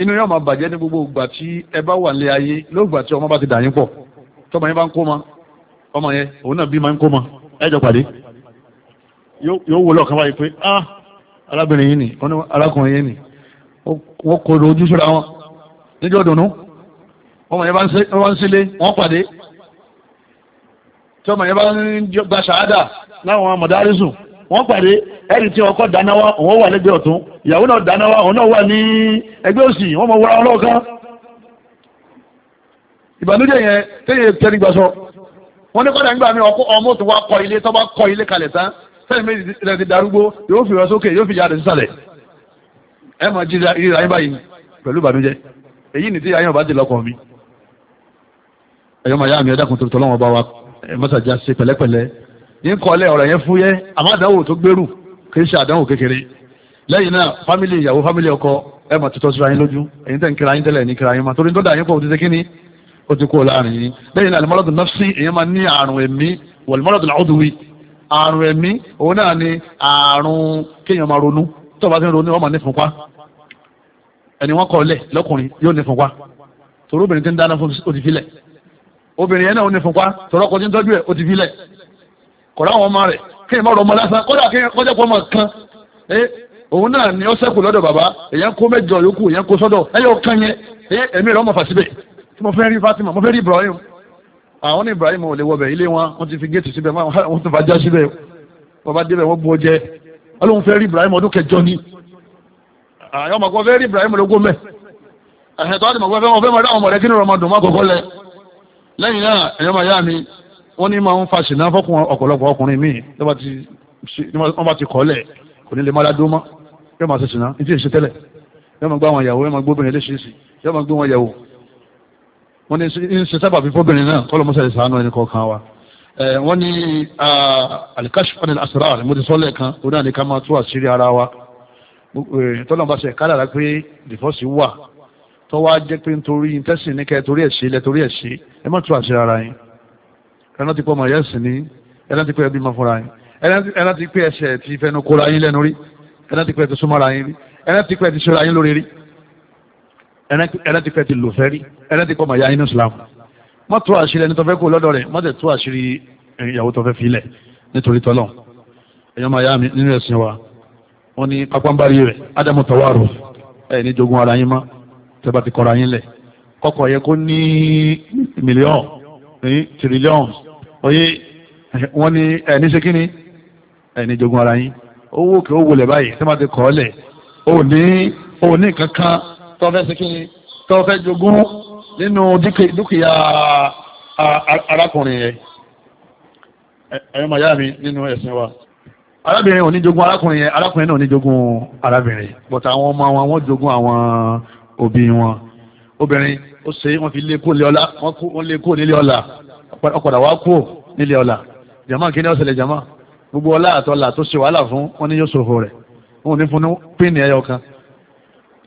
inú yóò máa bàjẹ́ ní gbogbo ìgbà tí ẹ bá wà nílé ayé lóògbà tí ọmọ bá ti dà yín pọ̀ tọmọ yẹn bá ń kó ma ọmọ yẹn òun náà bí máa ń kó ma ẹ jọ pàdé yóò wọlé ọ̀kan báyìí pé ah arábìnrin yìí ni arákùnrin yìí ni wọ́n kó lọ ojú síra wọn níjọ́ dùnú ọmọ yẹn bá ń sílé wọ́n pàdé tọmọ yẹn bá ń gba ṣàádà láwọn mọ̀dárísùn wọ́n pàdé ẹni tí ọkọ dáná wá òun wà lẹ́gbẹ̀ẹ́ ọ̀tún ìyàwó náà dáná wá òun náà wà ní ẹgbẹ́ òsì wọ́n mọ̀ wúra ọlọ́ọ̀kan ìbànújẹ́ yẹn téye tẹ́ni gbà sọ wọ́n ní kọ́dà nígbà mi ọkọ ọmọ tó wá kọ́ ilé tó bá kọ́ ilé kalẹ̀ tán sẹ́yìn méjì rẹ̀ ti darúgbó yóò fi rẹ̀ sókè yóò fi yára sísàlẹ̀ ẹ máa jí ìrà yín báyìí pẹ̀lú ìbànújẹ́ èyí ni tí ayọ̀ bá ti lọ́kọ̀ mi ẹ̀yọ́ máa yá mi ẹ̀dá kan tó tọ́lọ́wọ́n bá wa mọ́sàájá ṣe pẹ̀lẹ́pẹ̀lẹ́ yín kọ́lé ọ̀rọ̀ yẹn fúyẹ́ àmọ́ àdáwò tó gbèrú kìí ṣe àdánwò kékeré lẹ́yìn náà fámìlì ìyàwó fámìlì ọkọ ẹ mà tuntun síra yín lójú èyí tẹ̀ ń kíra yín tẹ́lẹ̀ ní kíra yín mà torí tó yín pọ̀ òtítẹ́ kíní ó ti kú láàrin yín lẹ́yìn náà alimọ́lọ́dún nafsi èyí máa ní àrùn ẹ̀mí wọ̀lmọ́lọ́dún àwọ̀dùwì àrùn ẹ̀mí òun náà ni àrùn kéèyàn máa ronú tó bá ti ń ronú wọ́n máa ní fúnpá ẹni wọ́n kọ́ lẹ̀ lọ́kùnrin yóò ní fúnpá torí obìnrin ti ń dáná fún ó ti filẹ̀ obìnrin yẹn náà ó ní fúnpá torí ọkọ ti ń tọ́jú ẹ̀ ó ti filẹ̀ kọ̀dá àwọn ọmọ rẹ̀ kí ẹ má rọmọ lásán kódà kí kọjá pọ́ ọmọ kan òun náà ni ó sẹ́kù lọ́dọ̀ bàbá èyàn kó mẹ́jọ yòókù èyàn kó sọ́dọ̀ ẹ̀yọ́ kan yẹn èmi rẹ̀ ọmọ fàṣíbẹ̀ tí mo fẹ́ rí Fatima mo fẹ́ rí Ibrahim àwọn ní Ibrahim ò lè wọbẹ̀ ilé wọn wọ́n ti fi géètì síbẹ̀ wọ́n ti fàájá síbẹ̀ bàbá débẹ̀ wọ́n bu ọjẹ́ ọlọ́run fẹ́ rí Ibrahim ọdún kẹjọ ni àwọn ọmọ kan fẹ́ rí Ibrahim lógún mẹ́ ẹ̀sẹ̀ tó wá wọ́n ní máa ń fa ṣìnà fọ́kùn ọ̀pọ̀lọpọ̀ ọkùnrin míì wọ́n bá ti kọ́lẹ̀ kò ní lè máa dádó mọ́ yóò máa ṣe ṣìnà ní tí ì ṣe tẹ́lẹ̀ yóò máa gbá àwọn ìyàwó yóò máa gbóbìnrin léṣeéṣì yóò máa gbé wọn yẹ̀wò wọ́n ní ń ṣe sábà fífọ́ náà kọ́ lọ́mọ́sẹ̀ ìṣàánú ẹni kọ̀ọ̀kan wa wọ́n ní alikashu anil asrar mo ti sọ lẹ́ẹ̀kan ó náà ní ká máa tú àṣírí ara wa tọ́lọ́n bá ṣe kádàrá pé dìfọ́sì wà tọ́wọ́ á jẹ́ pé nítorí tẹ́sìn ní kẹ́ torí ẹ̀ ṣe lẹ́ torí ẹ̀ ṣe ẹ má tú àṣírí ara yín ẹran ti pọ̀ ọmọ yẹ́sìn ní ẹran ti pẹ́ ẹbí máa fúnra yín ẹran ti pẹ́ ẹsẹ̀ ti fẹnu kóra yín lẹ́nu rí ẹran ti pẹ́ ti súnmọ́ra yín rí ẹran ti pẹ́ ti ṣọ́ra yín lórí rí ẹran ti pẹ́ ti lòfẹ́ rí ẹran ti pọ̀ ọmọ yá yín ní Islam má tú àṣírí ẹni tó fẹ́ kó lọ́dọ̀ rẹ̀ má tẹ̀ tú àṣírí ìyàwó tó fẹ́ filẹ̀ nítorí tọ́lọ̀ ẹ̀yọ́ ní trillion oye, wọ́n ní ẹni ṣe kíni ẹni jogun ara yín owó òkè owó lẹ̀ báyìí tí wọ́n ti kọ́ lẹ̀ ò ní ò ní kankan tó fẹ́ ṣe kíni tó fẹ́ jogun nínú dúkìá arákùnrin yẹn ẹ̀yọ́ màá yára mi nínú ẹ̀sìn wa arábìnrin ò ní jogun arákùnrin yẹn arákùnrin náà ò ní jogun arábìnrin bọ̀tà àwọn ọmọ wọn wọ́n jogun àwọn òbí wọn obìnrin ó ṣe wọ́n fi lé kó lé ọlá wọ́n lé kó nílé ọlá ọ̀padà wá kó nílé ọlá jama kí ni ó ṣẹlẹ̀ jama gbogbo ọlá àtọ́là tó ṣe wàhálà fún wọn ní yóò ṣòfò rẹ̀ wọn ò ní fún pín ẹyọ kan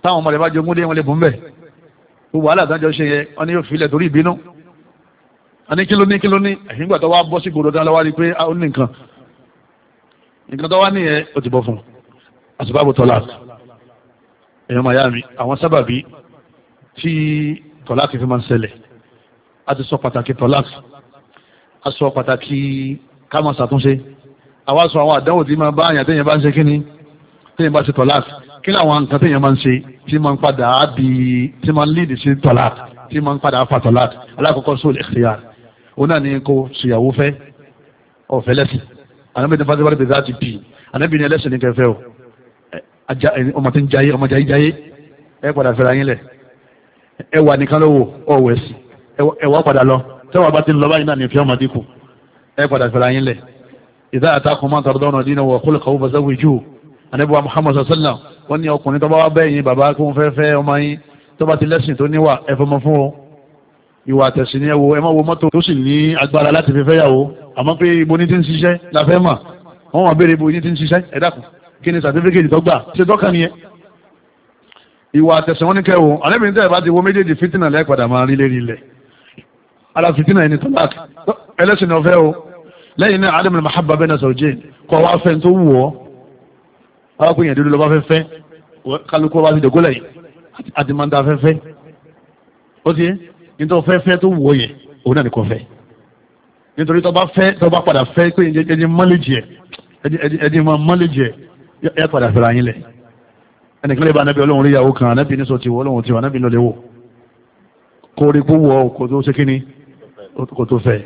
táwọn ọmọ rẹ̀ bá jogún lé wọn lè bùn bẹ̀ gbogbo wàhálà tó ń jọ ṣe yẹ wọn ní yóò filẹ̀ torí ìbínú wọn kí ló ní kí ló ní ìgbà tó wá bọ́ sí gbòdò dán lọ́wọ́ rí pé ó ní nǹkan nǹkan tó wá nìyẹn ó ti bọ́ fún àtibábò tọ́lá èèyàn màyà mi àwọn sábàbí tí tọ́láàkì fi máa ń ṣẹlẹ̀ a ti sọ pàtàkì tọ́láàkì a sọ pàtàkì kámọ̀ ṣàtúnṣe àwa sọ àwọn àdánwò tí máa bá àyàn téèyàn bá ń ṣe kí ni téèyàn bá ṣe tọ́láàkì kí ni àwọn nǹkan téèyàn máa ń ṣe tí máa ń padà á di tí máa ń líìdì sí tọ́láàkì tí máa ń padà á fa tọ́láàkì alákọ̀ọ́kọ́ sóòlù ikhtiyar òun náà ni kò ṣèyàwó fẹ́ ọ̀fẹ́ lẹ́sìn ànábì ní fásitì bá ti bì ànábì ní ẹlẹ́sìn o ọmọ tí ń jayé ọmọ jayé ẹ padà fẹ́ra yín lẹ̀ ẹwà nìkan lówó ọ̀wẹ̀ sí ẹwà padà lọ tẹwà bá ti lọ báyìí náà ní fi ọmọ dínkù ẹ padà fẹ́ra yín lẹ̀ ìdá àtàkùn máa tọ̀rọ̀ dọ́nà dínà wọ̀ kólùkà ó fẹsẹ̀ wíjú anábíwá Muhammad sọ́sẹ́lá wọ́n ní ọkùnrin tó bá wá bẹ́yìn bàbá kó ń fẹ́ fẹ́ ọmọ yín tó bá ti lẹ́sìn tó níwà ẹ fọmọ fún o ìwà àtẹ̀sìn ni ẹ wo ẹ má wo mọ́tò tó sì ní agbára láti fi fẹ́yàwó àmọ́ pé ibo ní ti ń ṣiṣẹ́ la fẹ́ mà wọ́n wà béèrè ibo ní ti ń ṣiṣẹ́ ẹ dákun kí ni sàtífíkèjì tó ṣe tọ́ka nìyẹn ìwà àtẹ̀sán wọn ní kẹwò àlẹ́bìn tẹ́ ẹ̀ bá ti wo méjèèjì fìtínà lẹ́ẹ̀padà máa rí lérí ilẹ̀ ala fìtínà ẹni tó láti ẹlẹ́sìn ọ̀fẹ́ o lẹ́yìn náà adam mahabba bẹ́ẹ̀ náà sọ̀rọ̀ jẹ́ kọ́ wá fẹ́ tó wù ọ́ wá pé yẹn dúdú lọ́ba fẹ́ fẹ́ kálukú wá ti dògó lẹ́yìn àti máa ń ta fẹ́fẹ́ ó ti nítorí fẹ́fẹ́ tó wù ọ́ yẹ òun náà ní kò fẹ́ nítorí tó bá fẹ́ tó bá padà fẹ́ pé ẹni mọ́lẹ́jì ẹ̀ ẹni mọ́lẹ́jì ẹ̀ ẹ ẹnìkan lè bá anábì ọlọ́run rí ìyàwó kan anábì ní sọ tiwọ́ ọlọ́run tiwọ́ anábì lọ́lẹ̀ wò kó rí gbówó kò tó ṣe kíní kò tó fẹ́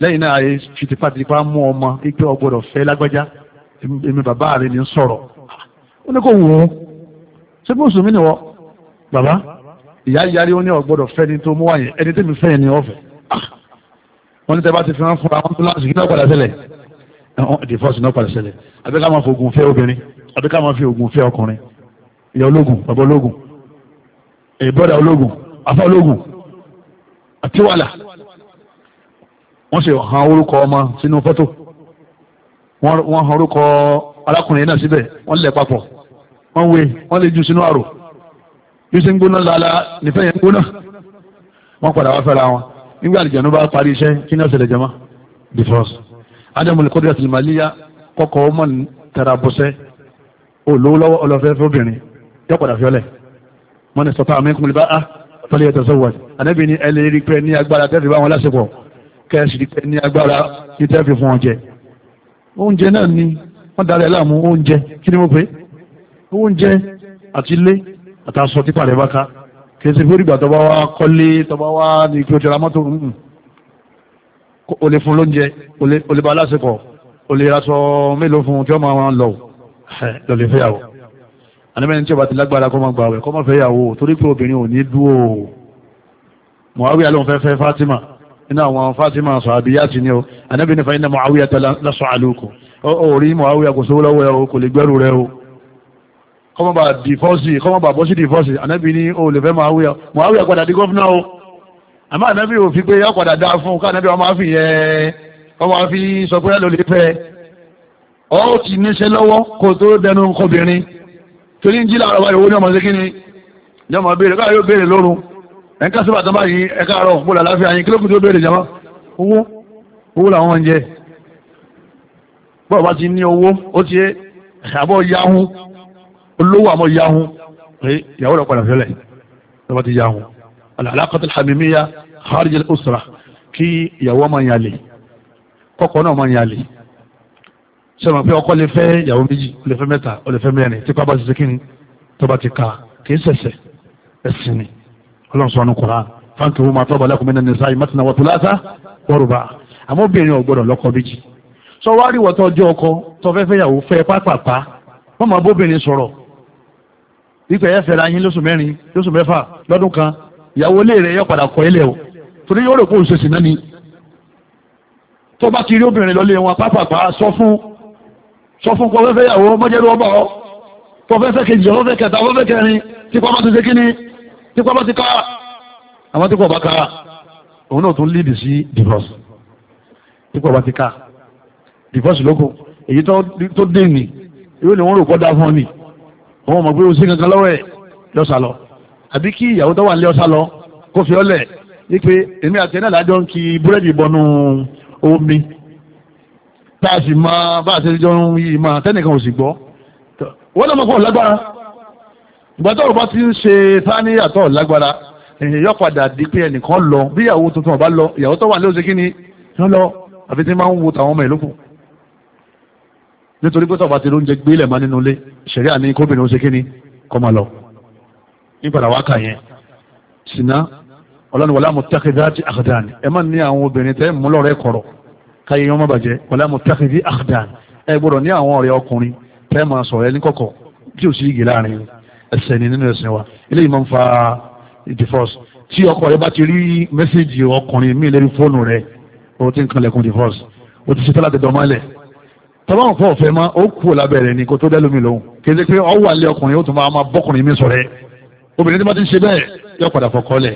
lẹ́yìn náà ayé fìtìpátìpá mú ọmọ ipe ọgbọ́dọ̀ fẹ́ lágbájá èmi bàbá rẹ̀ ní sọ̀rọ̀ ó ní kò wù ú ṣé bí mùsùlùmí ni wọ́ bàbá ìyá yarí ó ní ọgbọ́dọ̀ fẹ́ ni tó mú wáyé ẹni tẹ́mi fẹ́ ni ọ̀fẹ́ ah! wọ́n ní tẹ́bá ti fi wọ́n fún àwọn tó láti kíkọ́ padà sẹ́lẹ̀ ẹ̀hún ìdìfọ́sùn náà padà sẹ́lẹ̀ àbíká máa fi oògùn fẹ́ obìnrin àbíká máa fi oògùn fẹ́ ọkùnrin ìyá ológun bàbá ológun ìbọ́dà ológun afá ológun àti wàhálà wọ́n ṣe han orúkọ ọmọ sínú fọ́tò wọ́n han orúkọ arákùnrin náà síbẹ̀ wọ́n lẹ̀ papọ̀ wọ́n wé wọ́n lè ju sínú àrò bí ṣe ń gbóná lálá nífẹ̀ẹ́ yẹn ń gbóná wọ́n padà wá fẹ́ra wọn nígbà àlìjẹ̀nu bá parí iṣẹ́ kí ní ọ̀sẹ̀ lè jẹ́ mọ́ divorce adamu lè kọ́dọ̀ àtìlímàlíyà kọ́kọ́ ọmọ tẹ̀ra bọ́sẹ́ olówó lọ́wọ́ ọlọ́fẹ́ fẹ́ yọ padà fiọ́lẹ̀ wọ́n ní sọ́tà àmì kùnlẹ̀ bá a tọ́lẹ̀ yẹ tẹ̀sán wọ̀d ànábì ní ẹlẹ́ rí pé ní agbára tẹ́fì bá wọn lásìkò kẹ́ẹ̀sì rí pé ní agbára ní tẹ́fì fún oúnjẹ oúnjẹ náà ni wọ́n darí aláàmú oúnjẹ kí ni mo pè oúnjẹ àti ilé àtàsọ tí pàrẹ̀ bá ká kèsì fún ìgbà tọba wa kọ́lé tọba wa ní kí o jẹra mọ́tò ń o lè fún lóúnjẹ o lè ba lásìkò o lè raṣọ mélòó fún tí wọ́n máa lọ lọ́lẹ́fẹ́yàwó anamẹ́ni tí ó bá ti lágbára kọ́ máa gbàwẹ̀ kọ́ máa fẹ́ yàwó torí pé obìnrin ò ní dúó Muawiya ló ń iná àwọn Fatima sahabiyati ni ó Ànábì ní fa inna Muawiya lásọ àlùkù ó rí Muawiya kò sówó lọ́wọ́ ẹ̀rọ kò lè gbẹ́rù rẹ̀ o kọ́mọ́ bá dìfọ́sì kọ́mọ́ bá bọ́sì dìfọ́sì Ànábì ní ó lè fẹ́ Muawiya Muawiya padà o àmọ́ Ànábì ò fi pé yá padà dá fún ká Ànábì ọmọ àfi yẹ ọmọ àfi sọ pé ẹ lò lè fẹ́ ọ ti níṣẹ́ lọ́wọ́ kó tó dẹnu torí ń jí láàárọ̀ báyìí owó ní ọmọ sí kíni jọmọ béèrè káà yóò béèrè lórun ẹ̀ka sí bàtà báyìí ẹ̀ka àárọ̀ bó làlàáfíà yín kílókù tó béèrè jama owó owó làwọn ń jẹ bọ́ọ̀ bá ti ní owó ó ti àbọ̀ yahun olówó àmọ́ yahun ìyàwó rẹ̀ padà sọ̀rọ̀ pé ọkọ lè fẹ́ ìyàwó méjì ó lè fẹ́ mẹ́ta ó lè fẹ́ mẹ́rin tí pápá ti ṣe kíni tó bá ti ka kì í ṣẹ̀ṣẹ̀ ẹ̀sìn ni ọlọ́run sọ̀rọ̀ Kùránì fáńkì wọn máa tọ́ balẹ̀ kùnmí nínú sáyé mẹ́tìnà wọ́n tó láta wọ́rùbá àmọ́ obìnrin ò gbọ́dọ̀ lọ́kọ méjì sọ wá rí wọ́tọ́ ọjọ́ ọkọ tó fẹ́ fẹ́ ìyàwó fẹ́ pápápá wọ́n máa bóbìnrin sọ̀rọ̀ wípé ẹ fẹ́ ra yín lóṣù mẹ́rin lóṣù mẹ́fà lọ́dún kan ìyàwó ilé rẹ̀ yọ padà kọ ilé o torí yóò rò pé òṣèṣì náà ni tó bá ti rí obìnrin lọ́lé wọn pápápá sọ fún sọ fún kọ́ fẹ́fẹ́ yàwó mọ́jẹ́rú ọba ọ kọ́ fẹ́fẹ́ kejì ọfẹ́ kẹta ọfẹ́ kẹrin típa bá ti ṣe kíni típa bá ti ká àwọn típa bá ká òun náà tún lídì sí divorce típa bá ti ká divorce lóko èyí tó dé mi yóò ní wọ́n rò kọ́dá fún mi wọ́n mọ̀ pé o sí kankan lọ́wọ́ ẹ̀ lọ́sà lọ àbí kí ìyàwó tó wà ní ọ̀sà lọ kó fi ọlẹ̀ wípé èmi àti ẹ̀ náà lájọ ń ki búrẹ́dì bọnú omi tá a sì máa bá a ṣe jọ ń yí máa tẹ́nìkan ò sì gbọ́ wọ́n lọ́mọ kọ́ lágbára ìgbà tó o bá ti ń ṣe sáníyà àtọ̀ lágbára èyàn yọ padà di pé ẹnìkan lọ bí ìyàwó tuntun ọba lọ ìyàwó tó wà ní oṣù kínní lọ lọ àfi tí máa ń wo tàwọn ọmọ ìlú nítorí pé tọ́ba ti lóúnjẹ gbé ilẹ̀ máa nínú ilé ṣẹ̀rí àní kóbìnrin oṣù kínní kọ́ máa lọ nígbàdà wá kà yẹn ṣìnà ọlọ́ni wàlámù tẹ́kẹ̀dá ti àkàdá ni ẹ má ní àwọn obìnrin tẹ́ mú lọ́rẹ́ kọ̀rọ̀ káyé yọ́n má bàjẹ́ wọlé mo tẹ́ fi àkàdà ẹ gbọ́dọ̀ ní àwọn ọ̀rẹ́ ọkùnrin tẹ́ máa sọ̀rọ̀ ẹni kọ̀kọ̀ tí ò sí igi láàrin ẹsẹ̀ ni nínú ẹ̀sìn wa eléyìí máa ń fa divorce tí ọkọ rẹ bá ti rí mẹ́sẹ̀gì ọkùnrin míì lórí fóònù rẹ o ti ń kanlẹ̀kùn divorce o ti ṣe tọ́lá tẹ̀dọ̀ mọ́lẹ̀ tọ́lọ́wọ́n fọ́ ọ̀fẹ́ mọ́ ó kú lábẹ́rẹ́ ni kò tó dẹ́lómi lòun mi sọ̀rẹ́ obìnrin tí wọ́n ti ń ṣe bẹ́ẹ̀ yọ padà fọkọ́ lẹ̀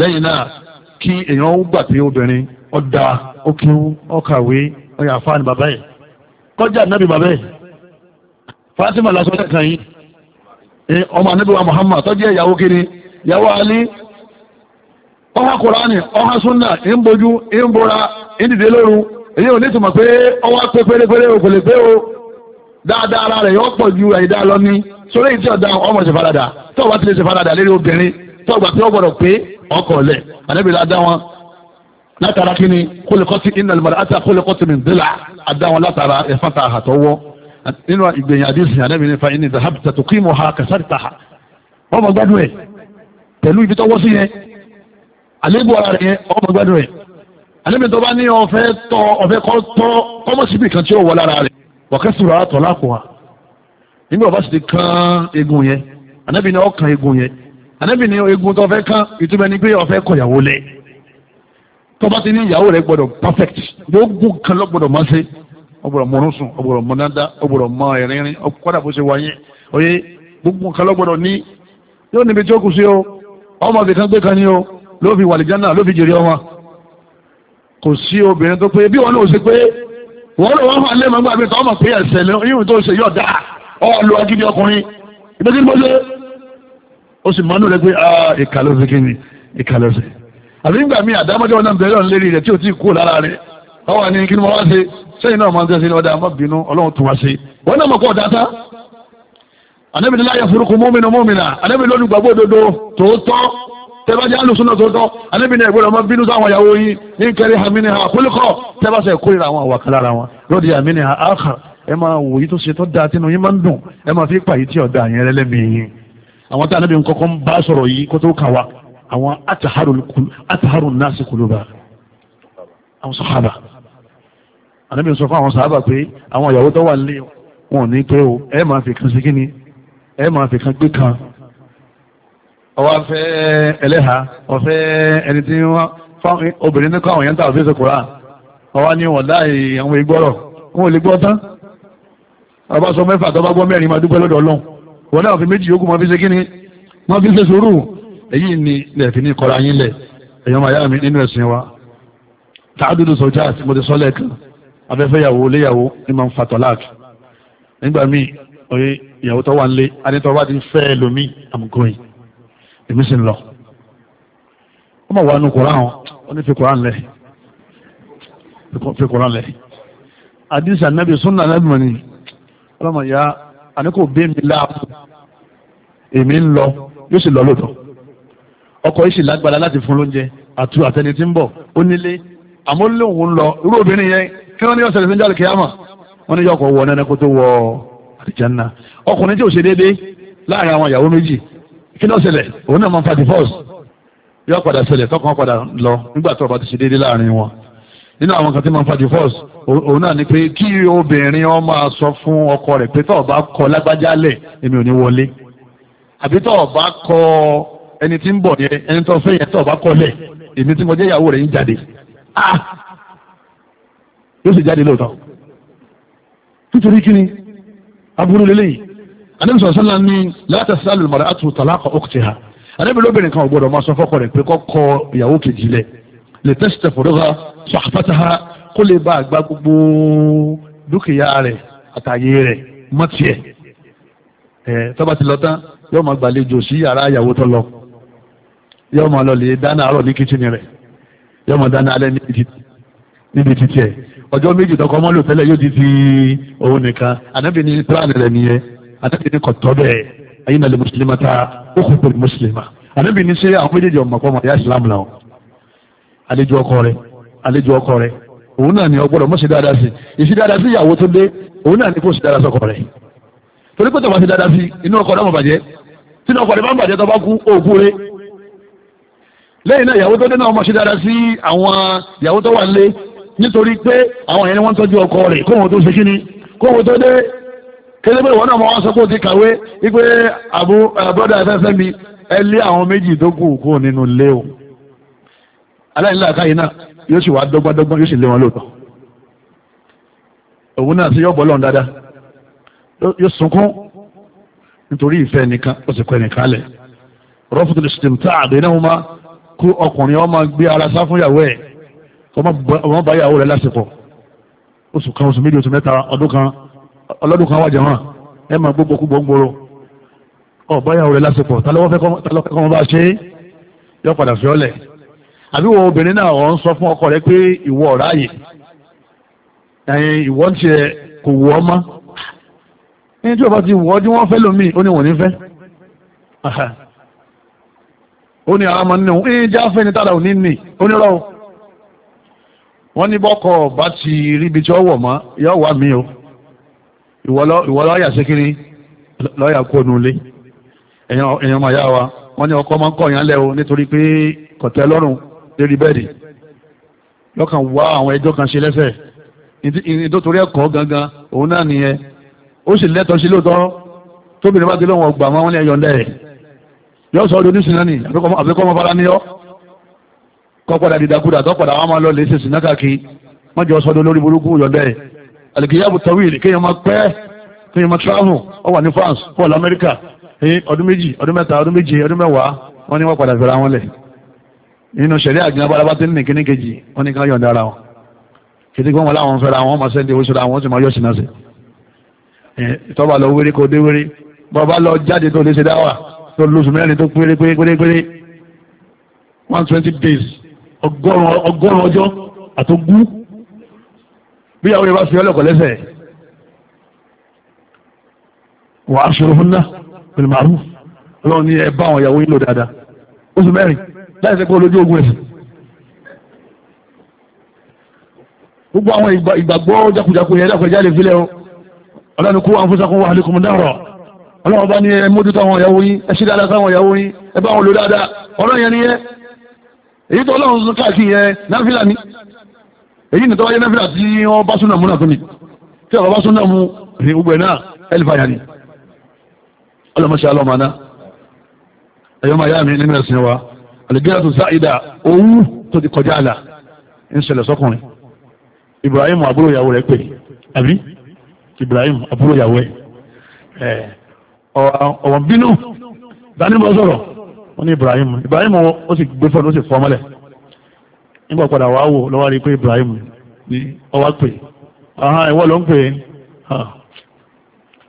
lẹ́yìn náà kí ọ̀dà okìwú ọkàwé ọyàn àfáàní bàbá ẹ̀ kọjá ànábì bàbá ẹ̀ Fatima lásán yìí ọmọ ànábì wa Muhammad tó ìyàwó kiri ìyàwó Ali ọha kùránì ọha súnà ń bojú ń bora ń lóru èyí ò ní tùmọ̀ pé ọwọ́ pé pérépéré ò kò pé o dáadáa ara rẹ̀ yọ pọ̀ ju lọ ní ọ pé látara kí ni kólekọ́tì iná lùmọ̀rẹ́ àti àkólekọ́tì mi dìlà àdáwọn látara ẹ̀fọ́ta àhàtọ́wọ́ nínú ìgbẹ̀yìn àdìsí àdẹ́mi nífa iná ìdáhàbì tètè kí mo ha kẹsàrì ta ha wọ́n mọ̀ gbádùn ẹ̀ pẹ̀lú ibi tọ́wọ́ sí yẹn àlébù ara rẹ̀ yẹn wọ́n mọ̀ gbádùn ẹ̀ àlébù tó bá ní ọ̀fẹ́ tọ́ ọ̀fẹ́ kọ́ tọ́ kọ́mọ̀síbì kan tí ó wọ lára rẹ̀ wọ̀kẹ́sùrọ̀ àtọ̀ lákùnwá nígbà bá sì ti kan tó bá ti ní ìyàwó rẹ̀ gbọ́dọ̀ perfect gbogbo kan ló gbọ́dọ̀ máa ṣe ọgbọ́dọ̀ mọ̀rún sùn ọgbọ́dọ̀ mọ̀dáńdá ọgbọ́dọ̀ mọ ẹ̀rínrín kọ́dà bó ṣe wáyé oyè gbogbo kan ló gbọ́dọ̀ ní yóò níbi tí ó kù sí o ọmọ ibì kan gbé kan ní o ló fi wàlìjá náà ló fi jèrè ọmọ kò sí obìnrin tó pé bí wọn náà ṣe pé wọn lọ wọn fà lẹ́mọ̀ gbàgbé tó ọmọ pé ẹ̀sẹ̀ lẹ́yìn tó ṣe yọ̀ dáa ọ lọ agídí ọkùnrin ìgbésí ni mo ṣe ó sì mọ́nú rẹ pé ah, ìkàlọ́sẹ̀ kí ni ìkàlọ́sẹ̀ àbí nígbà míì àdámọ́jọ́ náà bẹ̀rẹ̀ ọ̀n lérí rẹ̀ tí ò tí kú lára rẹ̀ ọwọ́ ni kí ni mo wá ṣe sẹ́yìn náà máa ń tẹ́sí ọ̀dà àmọ́ bínú ọlọ́run tún wá ṣe wọ́n náà mọ̀ kọ́ ọ̀dá tá ànábì ní láyé forúkú múmínú múmínà ànábì lónìí gbàgbọ́ òdodo tòótọ́ tẹ́bájá lùsùn náà tòótọ́ ànábì ní ìgbọ́dọ̀ máa bínú sáwọn ìyàwó yín ní kẹrí hamini ha kólíkọ́ tẹ́báṣẹ́ kórìíra àwọn àwàkà lára wọn lóde hamini ha áàkà ẹ máa wò yí tó ṣe tó dáa tínú yín máa ń dùn ẹ máa fi pàyí tí ọ̀dà yẹn lẹ́lẹ́mìí yín àwọn tá ànábì ń kọ́kọ́ ń bá sọ̀rọ̀ yìí kó tó kà wá àwọn ataharu nasi kuluba àwọn sahaba anabi sọ fún àwọn sahaba pé àwọn ìyàwó tó wà nílé wọn ní pé o ẹ máa fi kan sí kíni ẹ máa fi kan gbé kan ọwọ́ afẹ́ ẹlẹ́ha ọ̀fẹ́ ẹni tí wọ́n fáwọn obìnrin ní kọ́ àwọn yẹn tàbí fẹ́sẹ̀ kura ọwọ́ ni wọ́n láì àwọn ìgbọ́rọ̀ wọn ò lè gbọ́ tán ọba sọ mẹ́fà tó bá gbọ́ mẹ́rin máa dúpẹ́ lọ́dọ̀ ọlọ́run wọn náà fi méjì yókù máa fi ṣe kíni máa fi ṣe sùúrù èyí ni lẹ́ẹ̀fì ní kọ́ra yín lẹ̀ èyàn máa yá mi nínú ẹ̀sìn wa tààdúdú sọjá àti mo ti sọ lẹ́ẹ̀kan afẹ́fẹ́ yàwó léyàwó ní máa ń fa tọ́láàkì nígbà míì oye ìyàwó tó wà nílé anítọ́ wá ti fẹ́ ẹlòmíì àmúgọ́yìn èmi sì ń lọ ó mọ̀ wá nu kùrán ó ní fi kùrán lẹ̀ fi kùrán lẹ̀ àdìsí ànábì súnà ànábì mọ̀ ni ọlọ́mọ ìyá àníkò bí mi láàbù èmi ń lọ yóò sì lọ lóòótọ́ ọkọ yìí sì lágbára láti fún lóúnjẹ àti àtẹni tí ń bọ̀ ó nílé àmọ́ lé òun lọ irú obìnrin yẹn kí wọ́n ní ọ̀sẹ̀ lẹ́sìn jáde kíámà wọ́n ní yọ ọkọ̀ wọ nẹ́nẹ́ kó tó wọ àlìjáná ọkùnrin tí ò ṣe déédé láàrin àwọn ìyàwó méjì kí ló ṣẹlẹ̀ òun náà máa ń fa divorce yọ padà ṣẹlẹ̀ tọkàn padà lọ nígbà tó bá ti ṣe déédé láàrin wọn nínú àwọn kan tí máa ń fa divorce òun náà ni pé kí obìnrin ó máa sọ fún ọkọ rẹ̀ pé tó bá kọ lágbájálẹ̀ èmi ò ní wọlé àbí tó bá kọ ẹni tí ń bọ̀ yẹn ẹni tó fẹ́ yẹn tó bá kọ́lẹ̀ èmi tí mo jẹ́ ìyàwó rẹ̀ ń jáde ah yóò sì jáde lóòótọ́ nítorí kí ni aburú lélẹ́yìn anabi sọ̀rọ̀ sálà ní látà sálù mọ̀rẹ́ àtúntò tàlákà ọ̀kùtì ha anabi lóbìnrin kan ò gbọ́dọ̀ máa sọ fọ́kọ rẹ̀ pé kọ́kọ́ ìyàwó kejì lẹ̀ lè tẹ́sítẹ̀ fòdóga sọ àpátáha kó lè bá àgbá gbogbo dúkìá rẹ̀ àtàyè rẹ̀ mọ́tì ẹ̀ tọ́ba ti lọ tán yóò máa gbàlejò sí yàrá ìyàwó tó lọ yóò máa lọ lè dáná àárọ̀ ní kíchìnì rẹ̀ yóò máa dáná alẹ́ níbi títí ẹ̀ ọjọ́ méjì tọkọ ọmọ lò tẹ́lẹ̀ yóò di ti òun nìkan ànábì ní plan rẹ̀ nìyẹn ànábì ní kọ̀tọ́ bẹ́ẹ̀ ayé nàlẹ́ mùsùlùmá ta ó kò pè mùsùlùmá ànábì ní ṣe àwọn méjèèjì ọmọ pọ̀ mọ̀ ìyá ìsìlámù làwọn àlejò ọkọ rẹ̀ àlejò ọkọ rẹ̀ òun náà ni ọgbọ́dọ̀ mọ́ sí dáadáa sí ìsí dáadáa sí ìyàwó tó dé òun náà ni kò sí dáadáa sọkọ rẹ̀ torí pé tọ́ba sí dáadáa sí inú ọkọ rẹ̀ mọ̀ bàjẹ́ sínú ọkọ rẹ̀ bá ń bàjẹ́ tọ́ba kú òkú rẹ̀ lẹ́yìn náà ìyàwó tó dé náà ọmọ ṣe dára sí àwọn ìyàwó tó wà nílé nítorí pé àwọn yẹn ni wọ́n tọ́jú ọkọ rẹ̀ kóhun tó ṣe kí ni kóhun tó dé kélébé ìwọ náà wọ́n sọ pé ó ti kàwé wípé àbú eh, brọ́dà ẹ̀fẹ́fẹ́ mi ẹ lé àwọn méjì tó kù kú nínú ilé o aláìníla àkáyé náà yóò sì wá dọ́gbádọ́gbọ́n yóò sì lé wọn lóòótọ́ òun náà sí yọ́ bọ́lọ́n dáadáa yóò sunkún kí ọkùnrin ọmọ gbé ara sá fún ìyàwó ẹ̀ ọmọ bá ìyàwó rẹ̀ lásìkò oṣù kan oṣù méjì oṣù mẹ́ta ọdún kan ọlọ́dún kan wájà hàn ẹ máa gbogbo kú gbogbooro ọba ìyàwó rẹ̀ lásìkò talọ́wọ́ fẹ́ kọ́ ọmọ bá ṣe é yọ padà fi ọlẹ̀ àbí wo obìnrin náà ọ̀ ń sọ fún ọkọ rẹ pé ìwọ ọ̀ráyè ẹ̀yìn ìwọ ti ẹ̀ kò wù ọ́ mọ́ ẹni tí ọba ti wù ọ́ tí wọ́n fẹ́ lómi ó ní wọ́n ní fẹ́ ó ní àmọ́ nínú ẹ̀yìn já fẹ́ ní tàdà òní nì onírọ̀ o wọ́n ní bọ́kọ̀ bá ti rí ibi tí ó wọ̀ mọ́ yóò wá mi o ìwọ lọ́ọ̀yà sékiri lọ́ọ̀yà kó nu ilé èèyàn máa yá wa wọ́n ní ọkọ máa ń kọ̀ yán lẹ́ o nítorí pé kọ̀tẹ́ lọ́rùn lérí bẹ́ẹ̀dì lọ́kàn wá àwọn ẹjọ́ kan ṣe lẹ́sẹ̀ nítorí ẹ̀kọ́ gangan òun náà nìyẹn ó sì lẹ́tọ̀ọ́ sí lóòótọ́ tóbi ní bá ti lóun ọgbà máa wọ́n ní ẹ̀yọ̀ ńlẹ̀ yóò sọ ọdún oníṣìnà ni àbíkọ́ ọmọ fara níyọ́ kọ́ padà dìdàkudà tó padà wọn máa lọ lè ṣe sìnà káàkiri wọ́n jọ sọ́dọ̀ lórí burúkú yọ̀dẹ́ ẹ̀ àlìkìyàbù tọ́wìlì kéèyàn máa pẹ́ kéèyàn máa travel ó wà ní France paul America ẹ̀yìn ọdún méjì ọdún mẹ́ta ọdún méje ọdún mẹ́wàá wọ́n ní wọ́n padà fẹ́ra wọn lẹ̀ nínú sẹ̀rí àgbìn abárábá tí ní kíní kejì wọ́n ní ká yọ̀ǹda ara wọn kìtì pé wọn láwọn fẹ́ra wọn tó lóṣù mẹ́rin tó péré péré péré péré one twenty days ọgọ́rùn ọjọ́ àtúgbú bí àwọn ìbá fi ọlọ́kọ̀ lẹ́sẹ̀ wà á ṣòro fún náà pẹ̀lú màrú ọlọ́run ní ẹ bá àwọn ìyàwó yín lò dáadáa oṣù mẹ́rin láì sẹ́kọ̀ọ́ lójú ogun ẹ̀sìn gbogbo àwọn ìgbàgbọ́ jákujàku yẹn dákọjá lè filẹ̀ o ọlọ́run kú àwọn fúnṣakún wà á lè kún un dáhùrọ̀ ọlọ́wọ́ bá ní ẹ mójútó àwọn ìyàwó yín ẹ ṣe dáadáa sáwọn ìyàwó yín ẹ bá wọn lò dáadáa ọ̀rọ̀ yẹn nìyẹn èyí tó ọlọ́run sún káàkiri yẹn náfìlà ni èyí nìtọ́ wáyé náfìlà tí wọ́n bá súnà mú náà tó ni tí ọ̀rọ̀ bá súnà mú ní gbogbo ẹ̀ náà ẹlẹ́fà yà ni ọlọ́mọṣẹ́ alọ́mọaná ẹ̀yọ́ máa yá mi nínú ẹ̀sìn wa àlùgẹ́rẹ́ sáìdà owó tó ti kọjá àlà ń ṣẹlẹ̀ sọ́kùnrin Ibrahim àbúrò ìyàwó rẹ̀ pè ẹ̀ ọ̀wọ̀n bínú dání bọ́ sọ̀rọ̀ wọ́n Ni Ibrahim Ibrahim ó sì gbé fọ́ọ̀nù ó sì fọ́ mọ́lẹ̀ nígbà padà wàá wò lọ́wọ́ rí pé Ibrahim ni ọwá pè ahán ìwọ́ ló ń pè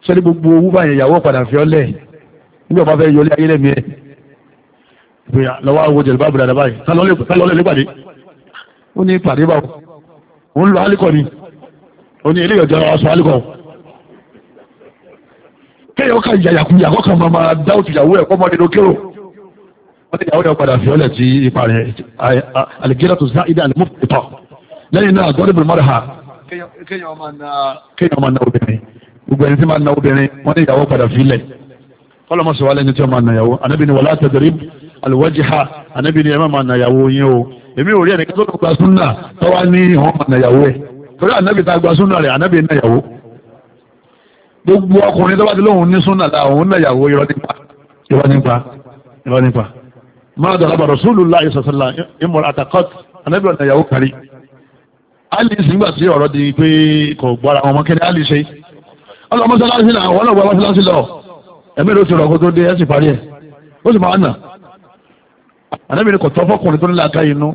sọ́dí gbogbo owó báyìí ìyàwó padà fi ọ́lẹ̀ nígbà bá fẹ́ yọlé ayé lẹ́mìí ẹ̀ pé lọ́wọ́ àwọn jẹ̀lú bá bùrẹ̀ àdábáyé sálọ́lẹ̀ nípàdé ó ní pàdé báwo òun lọ alíkọ̀ ni ó ní ilé ìjọba aṣọ kéèyàn kan yàyàkuyà kọ́ kan máa dá òtù ìyàwó ẹ̀ kọ́ mọ́tò lókèrò wọ́n ti ìyàwó rẹ̀ fi ọlẹ̀ tí ipa rẹ̀ àlìgẹ́rẹ́ tó sáà ilé àlùmọ́ ìtọ̀ lẹ́yìn náà gbọ́dọ̀ bẹ̀rẹ̀ mọ́ra ha kéèyàn máa na obìnrin gbogbo ẹni tí máa na obìnrin wọ́n ní ìyàwó padà fi ilẹ̀ kọ́lọ́ mọ́ sọ wá lẹ́ni tí wọ́n máa na ìyàwó anábìnrin wàlá tẹ̀dẹ̀rí àlùwájì ha anábìnrin ẹ̀ máa máa na ìyàwó yín o èmi ò rí ẹnìkan na ìyàwó ẹ̀ torí ànábì tá a gba súnà rẹ̀ ànábì ń ìyàwó gbogbo ọkùnrin tó bá ti lóhun ní súnà la òun náà yàwó irọ́ nípa irọ́ nípa irọ́ nípa máa dọ̀rọ̀ bàrọ̀ sólùlá ìsọ̀sọ̀lá ìmọ̀ràn àtàkọ́t anábì ìyàwó kárí ali nígbà tí ọ̀rọ̀ di pé kò gbọ́ra ọmọ kẹ́ni ali ṣe ọlọ́ mọ́sálásí náà wọ́n náà gba mọ́sálásí lọ ẹ̀mí ló ti rọ̀ kó tó dé ẹ̀sìn parí ẹ̀ ó sì máa nà anábì ni kò tọ́ fọkùnrin tó ní láàká inú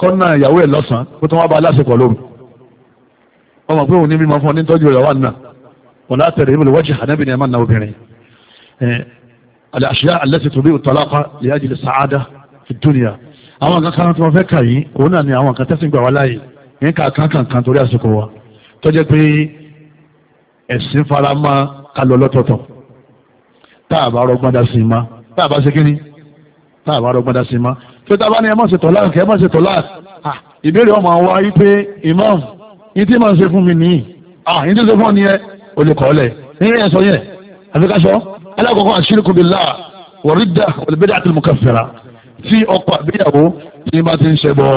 kọ́nà ìyàwó ẹ̀ lọ́sàn-án kó tó wá bá aláṣepọ̀ lóru ọmọ pé òun ní mímọ fún ọ ní tọ́jú rẹ̀ wà náà wọ́n láti rẹ̀ ìbìlẹ̀ wọ́jì hànábì ni ẹ máa na obìnrin àṣìyá alẹ́sì tó bí ìtọ́lápá lèyájì lè sàádà fi dúnìyà àwọn nǹkan kan tó wọ́n fẹ́ kà yìí òun náà ni àwọn nǹkan tẹ́sìn gbà wá láàyè ní kàkan kankan torí àsìkò wa tó jẹ́ pé ẹ̀sìn fara máa kalọ̀ lọ́tọ̀ọ̀tọ̀ tá a bá rọgbọ́n dá sí i má tá a bá ṣe kíní tá a bá rọgbọ́n dá sí i má tó tá a bá ní ẹ má ṣe tọ́láàkì ẹ má ṣe tọ́láàkì ìbéèrè ọmọ wa yí pé imam yìí tí màá ṣe fún mi nìyí ah yìí tí ó ṣe fún ọ nìyẹn o lè kọ́lẹ̀ nínú ẹ̀ sọ yẹn àfikàṣọ alákọ̀ọ́kọ́ àṣírikù billah wọ̀rídà olùbẹ́dà àti mukaffira tí ọkọ àbíyàwó tí bá ti ń ṣe bọ́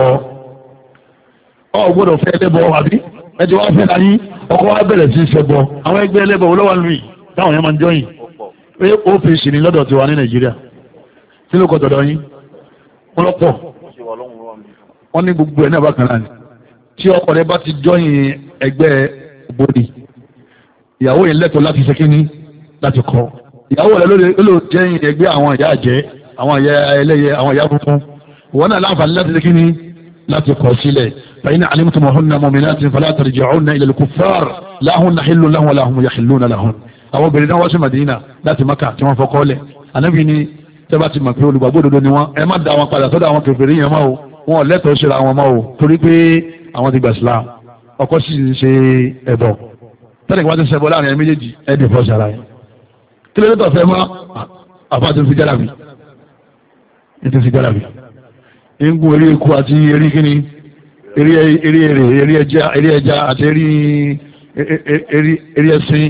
ọ gbọ́dọ̀ fẹ́ ẹlẹ́bọ àbí ẹ ti wá fẹ́ ra yín ọkọ wa bẹ̀rẹ̀ sí ṣe bọ́ àwọn ẹgbẹ́ ẹlẹ́bọ olówó lùmí táwọn yẹn máa ń jọyìn pé ó fi ṣì ní lọ́dọ̀ ní nàìjíríà tí ló kọ́ tọ̀dọ̀ wọ́n lọ́pọ̀ wọ́n ní gbogbo ẹ̀ náà bákan náà tí ọkọ rẹ bá ti jọyìn ẹgbẹ́ bòdì ìyàwó yẹn lẹ́tọ̀ọ́ láti ṣe kíní láti kọ́ ìyàwó rẹ ló jẹ́ ẹgbẹ́ àwọn ìyá àjẹ́ àwọn ìyá ẹlẹ́yẹ àwọn ìyá funfun wọn náà láǹfààní láti ṣe kíní láti kọ́ sílẹ̀ fàyínà alimtumahunna mu'minatin fala tarji'unna ila al-kuffar lahunna hillun lahum wa lahum yahilluna lahun àwọn obìnrin náà wá sí Madina láti Maka tí wọ́n fọkọ́ lẹ̀ ànábì ni tẹ́bà ti mọ̀ pé olùgbàgbọ́ òdodo ni wọ́n ẹ má da tẹ́lẹ̀ wá ti sẹ́bọ̀ láàrin ẹ̀ méjèèjì ẹ̀ dì fọ́ṣà ara yẹn kí ló dé tọ̀ fẹ́ mọ́ àfa ti fi jálàbí ètò fi jálàbí ingun eré eku àti eré kíni eré eré eré eré ẹja àti eré eré ẹsìn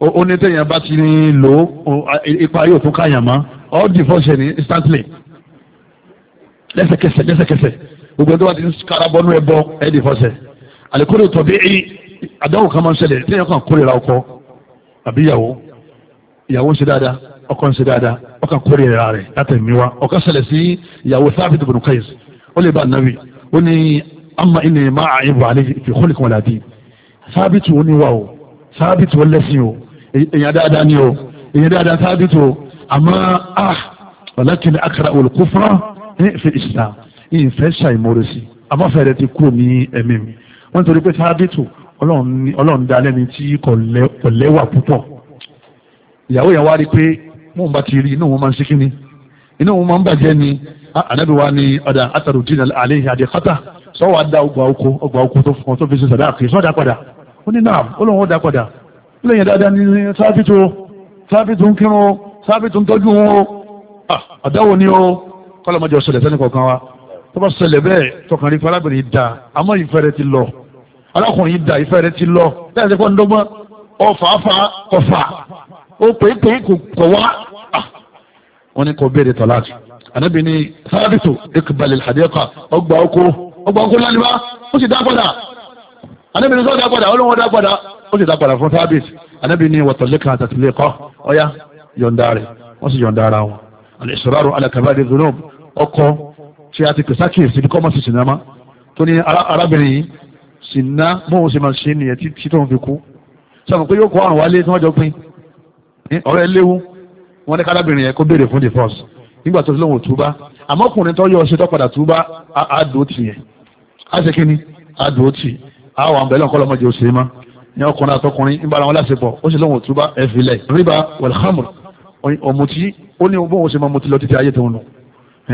ó ní tẹ̀yìn bá ti lò ó ipa yóò tún káyàn mọ́ all the force ni instantly lẹ́sẹ̀kẹsẹ̀ lẹ́sẹ̀kẹsẹ̀ gbogbo ẹni tó bá ti ń karabọ́nú ẹ bọ́ ẹ di force àlékún ètò bí i àdáwò kan máa ń ṣẹlẹ̀ téèyàn kan kórìíra ọkọ àbí ìyàwó ìyàwó ń ṣe dáadáa ọkọ ń ṣe dáadáa ọkọ kórìíra rẹ̀ látẹ̀mí wa ọkọ ṣẹlẹ̀ sí ìyàwó Thabit bin Qais ó lè bá nàbì ó ní ama ìní máa àyìnbó àlẹ́ fi kọ́lì kan làdí Thabit ó ní wa o Thabit ó lẹ́sìn o èèyàn dáadáa ni o èèyàn dáadáa Thabit o àmọ́ a ah, walakin akara olùkófra fi Islam ìfẹ́ ṣàìmọ́rẹ́sì àmọ́fẹ́ ọlọ́run dá lẹ́ni tí kò lẹ́wà púpọ̀ ìyàwó yẹn wá rí pé mò ń bá ti rí inú wọn máa ń ṣe kíni inú wọn máa ń bàjẹ́ ni ah, ànábì wa ni ọ̀dà àtàrùdín àlẹ́ àdìkátà sọ́wọ́ adá ọgbà oko ọgbà oko tó fún ọ tó fi ṣe sàdá àkè sọ́dà padà ó ní náà ó lóun ó dá padà ó lè yẹn dáadáa ní sáfìtò sáfìtò ń kírun sáfìtò ń tọ́jú wọn o ah, àdáwò ni o kọ́lọ́mọdé ọ̀sẹ̀lẹ̀ sẹ́ni kọ̀ọ̀kan wa tó bá ṣẹlẹ̀ bẹ́ẹ̀ tọkànrí farábìnrin da àmọ́ ìfẹ́rẹ́ ti lọ alákùnrin yìí da ìfẹ́ rẹ ti lọ láti kọ́ ńdọ́gbọ́n ọ̀fàáfà kọfà ó pè é pè é kò wá ah! wọn ni kò béèrè tọ́láàtì ànábì ni sábàbìtò ìkùbalè àdéhùkà ọgbà oko ọgbà oko lálẹ́wà ó sì dá padà ànábì ni sọ́ọ́ dá padà olóhùn dá padà ó sì dá padà fún sábàbìtì ànábì ni wọ̀tọ̀lẹ́kàn àtàtìlẹ́kọ́ ọ̀yá yọ̀ǹda rẹ̀ wọ́n sì yọ̀ǹda ara wọn alẹ́sọ̀rọ̀ alákàbáde zonob ọkọ tí a ti pèsè àkíyèsí bí kọ́mọ́sì sinamá tó ní arábìnrin yìí sìnà bóun ṣe máa ṣe nìyẹn títí tóun fi kú sọ̀rọ̀ pé yóò kọ́ àrùn wálé tí wọ́n jọ pín ọ̀rẹ́ léwu wọ́n ní kárábìnrin yẹn kó béèrè fún divorce nígbà tó lóun ò túbá àmọ́ ọkùnrin tó yọ ọṣẹ tó padà túbá àádó tì yẹn á ṣe kínní àádó tì àwọn àbẹ̀lẹ̀ ọ̀kọ́ lọ́mọdé ò ṣe é má ní ọkùnrin àtọkùnrin ń bára wọn láṣepọ̀ ó sì lóun ò túbá ẹ̀ filẹ̀ ríbà wẹ̀lhámù ọ̀mùtí ó ní bóun ṣe máa mutí lọ títí ayé tó ń lò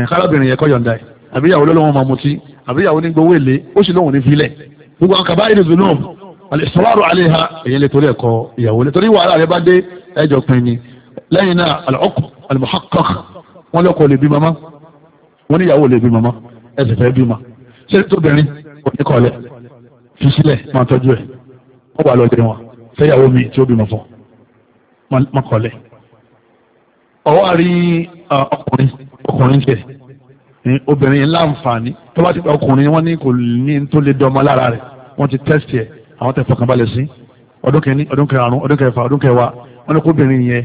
kárábìnrin yẹn kọ́ yọ̀ǹda ẹ̀ àbíyàwó lọ́wọ́ máa mutí àbíyàwó ní gbowó èlé ó sì lóun ní filẹ̀ gbogbo àwọn kàbáyé nìzú náà alìsọ́wárò àléha èyí lè torí ẹ̀kọ́ ìyàwó lè torí wàhálà rẹ bá dé ẹjọ́ pin ni lẹ́yìn náà alọ́kù alimuhakak wọ́n lọ́kọ̀ lè bí mama wọ́n ní ìyàwó lè bí mama ẹsẹ̀ fẹ́ bí ma ṣé tóbìnrin oníkọ̀ọ́lẹ̀ fi sílẹ̀ máa tọ́jú ẹ̀ ó wà lọ́jọ́ wọn fẹ́yàwó mi tí ó bímọ fún mọ́kọ̀ọ́lẹ̀ ọwọ́ àrí ọkùnrin ọkùnrin jẹ́ obìnrin yẹn láǹfààní tó bá ti pa ọkùnrin wọn ní kò ní tó lè dọmọ lára rẹ̀ wọ́n ti tẹ́sítì ẹ̀ àwọn tẹ fọkànbalẹ̀ sí ọdún kẹni ọdún kẹrànún ọdún kẹfà ọdún kẹwàá wọ́n ní kóbìnrin yẹn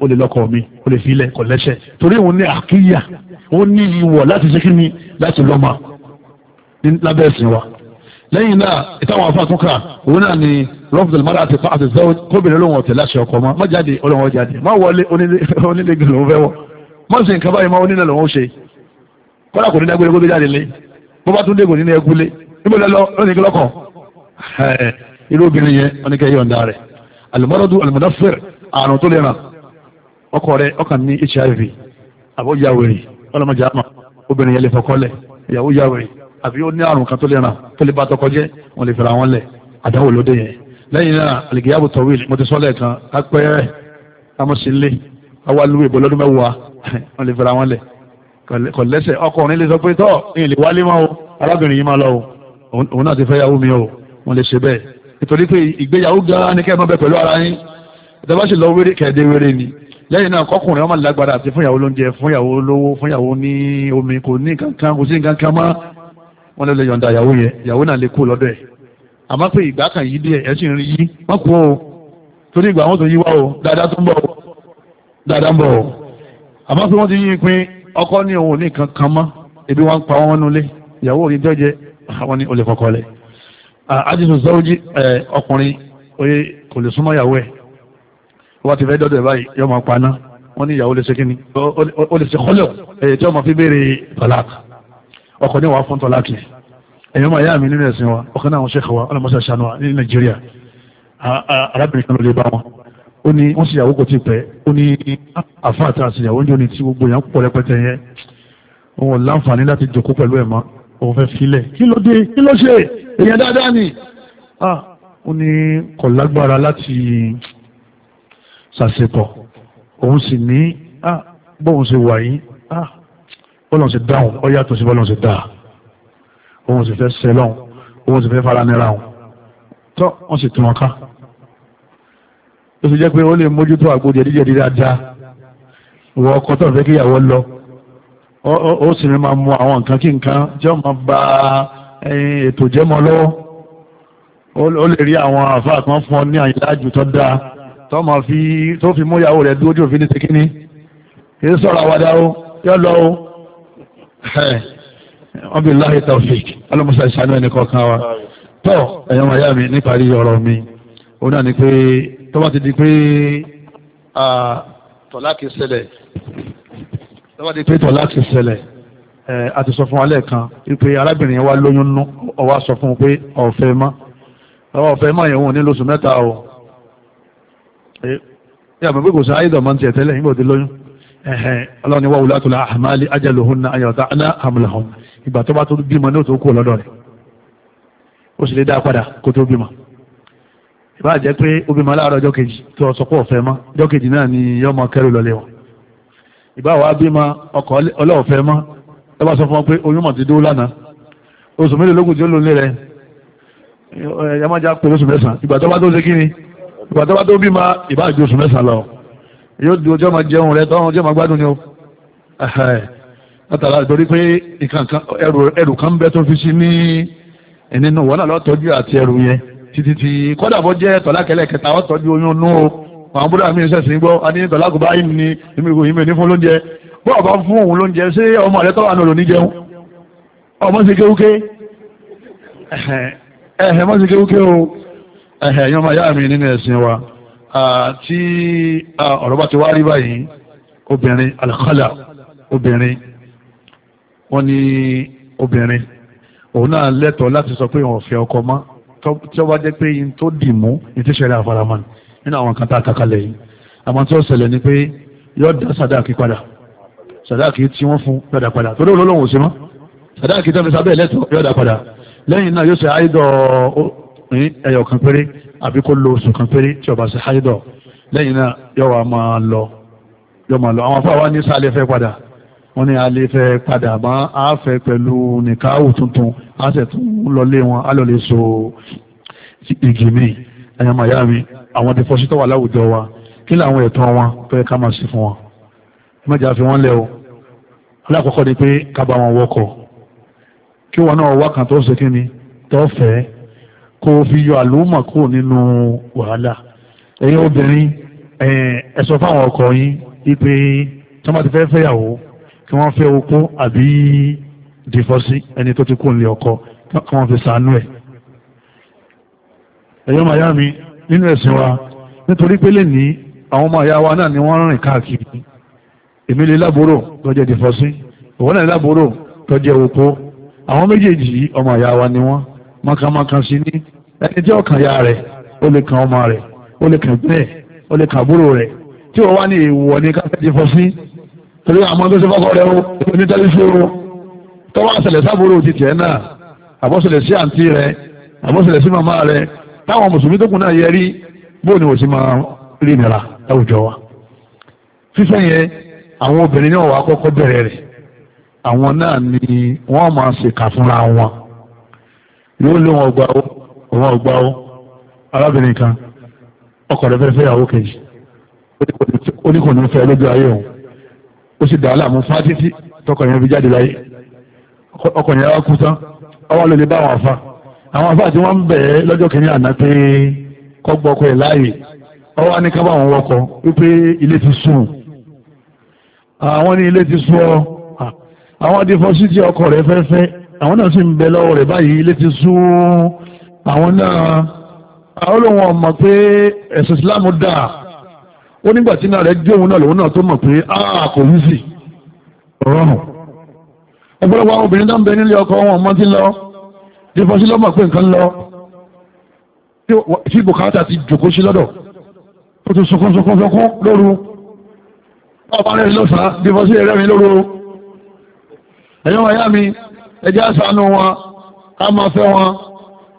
ó lè lọ́kọ mi ó lè filẹ̀ kò lẹ́sẹ̀ torí òun ní àkíyà ó ní ìwọ̀ láti ṣe kí ni láti lọ́mọ lábẹ́ ẹ̀sìn wa lẹ́yìn náà ìtàwọn afa tún kà òun náà ni rọ́fùdùl mara àti pa àti zẹ́wọ́ kóbìnrin olóhùn ọ̀tẹ̀ láṣẹ ọkọ ma má jáde olóhùn ọ̀jáde má wọlé onílé gẹ̀lẹ́ òun fẹ́ wọ̀ má sì ń kábàáyé má onílé lòun ṣe kọ́lá kò ní dágbére kó tó jáde lé bó bá tún dé kò ní ẹkú lé níbo lọ lọ́nà ìkí lọ́kọ̀ irú obìnrin yẹn wọn ni kẹ́ yọ̀ǹda rẹ̀ alimọ́rọ́dù alimọ́dáfẹ́r àrùn tó lè ràn rẹ̀ ọkàn ní hiv àbó yàwèrè ọlọ́mọdé àmà obìnrin yẹn lè fọkọ́lẹ̀ ìyàwó yàwèrè àbí ó ní àrùn kan tó lè ràn tó lè bá tọkọ jẹ́ wọn lè fẹ́ra wọn lẹ̀ àdánwò lóde yẹn lẹ́yìn náà àlìkìyàbò tọ̀wìl mo ti sọ lẹ́ẹ̀kan kápẹ́rẹ́ kámọ́sílẹ̀ awálúwẹ̀ bọ́lọ́dún mẹ́wàá wọn lè fẹ́ra wọn lẹ̀ kọ̀lẹ́sẹ̀ ọkùnrin lè sọ pé tọ́ ìyìn lè wálé máa o arábìnrin yìí máa lọ o òun náà ti fẹ́ yàwó mi o wọ́n lè ṣe bẹ́ẹ̀ nítorí pé ìgbéyàwó gan-an ni kẹ́ẹ̀ máa bẹ pẹ̀lú ara yín ìtẹ́fàṣì lọ wéré kẹ́ẹ̀dé wéré ni lẹ́yìn náà kọkùnrin ọmọ lágbára àti fúnyàwó lóúnjẹ fúnyàwó lówó fúnyàwó ní omi kò ní kankan kò sí kankan mọ́ wọ́n lè yọ̀ǹda ìyàwó yẹn ìyàwó náà lè kú lọ́dọ̀ ẹ̀ àmọ́ pé ìgbà kan yìí díẹ̀ ẹ̀ sì ń rí yí wọ́n kú o torí ìgbà wọn tó yí wá o dáadáa tó bọ̀ o dáadáa ń bọ̀ o àmọ́ pé wọ́n ti yí pin ọkọ ní òun ní kankan mọ́ ebi wọn pa wọn nulẹ̀ ìyàwó òní jọ́jẹ́ àwọn ní olè kọ̀kọ́ lẹ̀ ajísù sọ́wọ́jì ọkùnrin oye kò lè súnmọ́ ìyàwó ẹ̀ wọ́n ti fẹ́ dọ́dọ̀ ẹ̀ báyìí yọ máa paná wọ́n ní ìyàwó lè ṣe kíni ó lè ṣe kọ́lẹ̀ èyí tí ọmọ fi béèrè tọ́láàkì ọkọ̀ ní wàá fún tọ́láàkì ẹ̀yọ́ máa yá mi nínú ẹ̀sìn wa ọkàn náà wọ́n ṣe ó ní wọ́n ṣèyàwó kò ti pẹ́ ó ní àfáà tá a ṣèyàwó ní oní tí gbogbo yẹn pọ̀ rẹpẹtẹ yẹn òun láǹfààní láti jòkó pẹ̀lú ẹ̀ mọ́ òun fẹ́ filẹ̀ kí ló dé kí ló ṣe èèyàn dáadáa ni ah! ó ní kò lágbára láti ṣàṣepọ̀ òun sì ní ah! bóun ṣe wà yìí ah! bọ́lọ̀n ṣe dáhùn ó yàtọ̀ sí bọ́lọ̀n ṣe dáa òun sì fẹ́ ṣẹlọ́hùn òun sì fẹ́ faranira hùn tó wọ́n sì tún wọn ká ó sì jẹ́ pé ó lè mójútó àgbo jẹ̀díjẹ̀dí dáadáa wọ ọkọ tó ń fẹ́ kíyàwó lọ ó sì ní máa mu àwọn nǹkan kí nǹkan jẹ́ máa ba ètò jẹ́mọ́ lọ́wọ́ ó lè rí àwọn àfáà kan fún ọ ní àyíláàjù tó dáa tó máa fi tó fi mú ìyàwó rẹ̀ dúró jòfin ní sekínì kì í sọ̀rọ̀ àwàdà o yọ lọ o wọ́n bí láyé taofik alamusa ìṣàánú ẹnì kọ̀ọ̀kan wa tọ́ ẹ̀yọ́mọ̀ ayá mi níparí ọ̀rọ̀ mi ó náà ni pé tó bá ti di pé tọ́lá kìí ṣẹlẹ̀ tó bá ti di pé tọ́lá kìí a ti sọ fún alẹ́ kan wípé arábìnrin wa lóyún nú ó wá sọ fún un pé ọ̀fẹ́ mọ́ ọwọ́ ọ̀fẹ́ mọ́ yẹn òun ní lóṣù mẹ́ta o yà mọ̀ pé kò sí ayédọ̀ mọ́ ti ẹ̀ tẹ́lẹ̀ nígbà tí lóyún ọlọ́run ni wọ́n wùlá tó la àmàlí ajaluhunna ayọ̀tá aná àmàlàhùn ìgbà tó bá tó bímọ ní òtò kú ọlọ́dọ̀ rẹ̀ ó sì lè dá padà kó tó bímọ ìbá jẹ́ pé obìnrin aláàrọ̀ ọjọ́ kejì tó ọ̀sọ̀ pọ̀ ọ̀fẹ́ mọ́ ọjọ́ kejì náà ni yọ́ máa kẹ́rù lọlé wọn ìbá wa bí ma ọkọ̀ ọlọ́ọ̀fẹ́ mọ́ ẹ bá sọ fún wọn pé oyún mọ̀ ti dúró lánàá oṣù mélòó lókùn tí ó lò nílẹ̀ ẹ má oṣù mẹ́sàn-án ìgbà tó bá tó ṣe ni ìgbà tó bá tó bí ma títí tí kọ́dà bọ́ jẹ́ tọ́lákẹ́lẹ́ kẹta ó tọ́jú oyún nú o àwọn búrọ́dà mi ṣẹ̀ṣẹ̀ gbọ́ a ní tọ́lákù báyìí ni èmi kò yìnbọn ní fún lóúnjẹ bọ́ ọ̀bá fún òun lóúnjẹ ṣé ọmọ rẹ tọ́wà náà lò ní jẹun ọmọ ṣe kéwúké ẹ̀hẹ̀ mọ́ ṣe kéwúké o ẹ̀hẹ̀ yan máa yá mi nínú ẹ̀sìn wa tí ọ̀rọ̀ bá ti wá rí báyìí obìnrin alkhala obìnrin wọ́n ní obìnrin òun náà lẹ́tọ̀ọ́ láti sọ pé òun ò fẹ́ ọkọ mọ́ tí ó bá jẹ́ pé yín tó dì mú ní tí ṣẹlẹ̀ àfaramọ́ ni nínú àwọn kan tá a kàkalẹ̀ yìí àmọ́ tí ó ṣẹlẹ̀ ni pé yóò dá sàdáàkì padà sàdáàkì tí wọ́n fún yóò dá padà torí olólùwọ̀n ò sí mọ́ sàdáàkì tó fi sábẹ́ lẹ́tọ̀ yóò dá padà lẹ́yìn náà yóò ṣe àìdọ̀ ẹyọ kan péré àbí kó lo oṣù kan péré tí ó bá ṣe àìdọ̀ lẹ́yìn náà yóò wá máa lọ yóò máa lọ àwọn afáwa ní sálẹ̀ fẹ́ padà wọ́n ní a lè fẹ́ padà mọ́ a fẹ́ pẹ̀lú nìkáwù tuntun a sì tún lọlé wọn a lọlé so igi mi ẹ̀yàn màyá mi àwọn ti fọṣítọ́ wà láwùjọ wa kí làwọn ẹ̀tọ́ wọn fẹ́ ká máa sí fún wọn mẹ́jà fi wọ́n lẹ̀ o alákọ̀ọ́kọ́ ni pé ká bá wọn wọkọ̀ kí wọn náà wákàn tó ṣe kíni tó fẹ́ kó o fi yọ àlùmọ̀ kúrò nínú wàhálà ẹ̀yin obìnrin ẹ̀ ẹ̀ sọ fáwọn ọkọ yín wípé tí wọ́n fẹ́ fẹ́yàwó kí wọ́n fẹ́ okó àbí dìfọ́sí ẹni tó ti kó nílé ọkọ kí wọ́n fi sànú ẹ̀ ẹ̀yọ́ màá yá mi nínú ẹ̀sìn wa nítorí pé lè ní àwọn ọmọ àyà wa náà ni wọ́n rìn káàkiri èmi lè lábúrò tó jẹ́ dìfọ́sí òwò náà lábúrò tó jẹ́ okó àwọn méjèèjì ọmọ àyà wa ni wọ́n mọ̀kànmọ̀kàn sí ní ẹni tí ọkàn ya rẹ̀ ó lè kan ọmọ rẹ̀ ó lè kàn bẹ́ẹ̀ ó lè kàn àbúrò rẹ̀ tí wọ́n wá ní èèwọ̀ ní káfẹ́ dìfọ́sí torí àwọn tó ṣe fọ́kọ rẹ̀ o ní tẹ́lifí o tọ́wọ́ àṣẹlẹ̀ sábúrò ti tẹ̀ náà àbọ̀ṣẹlẹ̀ sí àǹtí rẹ̀ àbọ̀ṣẹlẹ̀ sí màmá rẹ̀ táwọn mùsùlùmí tó kù náà yẹ rí bóun ni wò sí máa rí nira láwùjọ wa fífẹ́ yẹn àwọn obìnrin náà wà kọ́kọ́ bẹ̀rẹ̀ rẹ̀ àwọn náà ni wọ́n máa ṣèkà fúnra wọn yóò lé wọn gbà ó wọn gbà ó arábìnrin kan ọkọ rẹ̀ fẹ́ fẹ́ yàwó kejì ó fẹ́ lójú ayé òun ó sì dà á láàmú fún títí tọkọ yẹn fi jáde láyé ọkọ yẹn wá kú tán ọwọ́ ló lè bá àwọn àfa àwọn àfa tí wọ́n ń bẹ̀ ẹ́ lọ́jọ́ kìíní àná pé kọ́gbọ́ ọkọ ẹ̀ láàyè ọwọ́ á ní ká bá àwọn wọkọ̀ wípé ilé ti sùn àwọn ní ilé ti sùn ọ àwọn adìfọ́sí tí ọkọ rẹ̀ fẹ́fẹ́ àwọn náà sì ń bẹ lọ́wọ́ rẹ̀ báyìí ilé ti sùn àwọn náà àwọn olóhùn ọmọ pé ẹ̀sìn Islam dáa ó nígbà tí náà rẹ̀ jó òun náà lòun náà tó mọ̀ pé áà ah, kò rí sí ọ̀rọ̀hùn ọgbọ́lọpọ̀ àwọn obìnrin náà ń bẹ nílé ọkọ wọn ọmọ tí ń lọ tí fọ́sí lọ́mọ̀ pé nǹkan lọ tí bùkátà ti jòkó sí lọ́dọ̀ tó ti sunkún sunkún sunkún lóru ọba rẹ̀ lọ́sàn bí fọ́sí rẹ̀ mi lóru ẹ̀yọ́ wọn yá mi ẹjẹ́ àṣà nù wọn ká máa fẹ́ wọn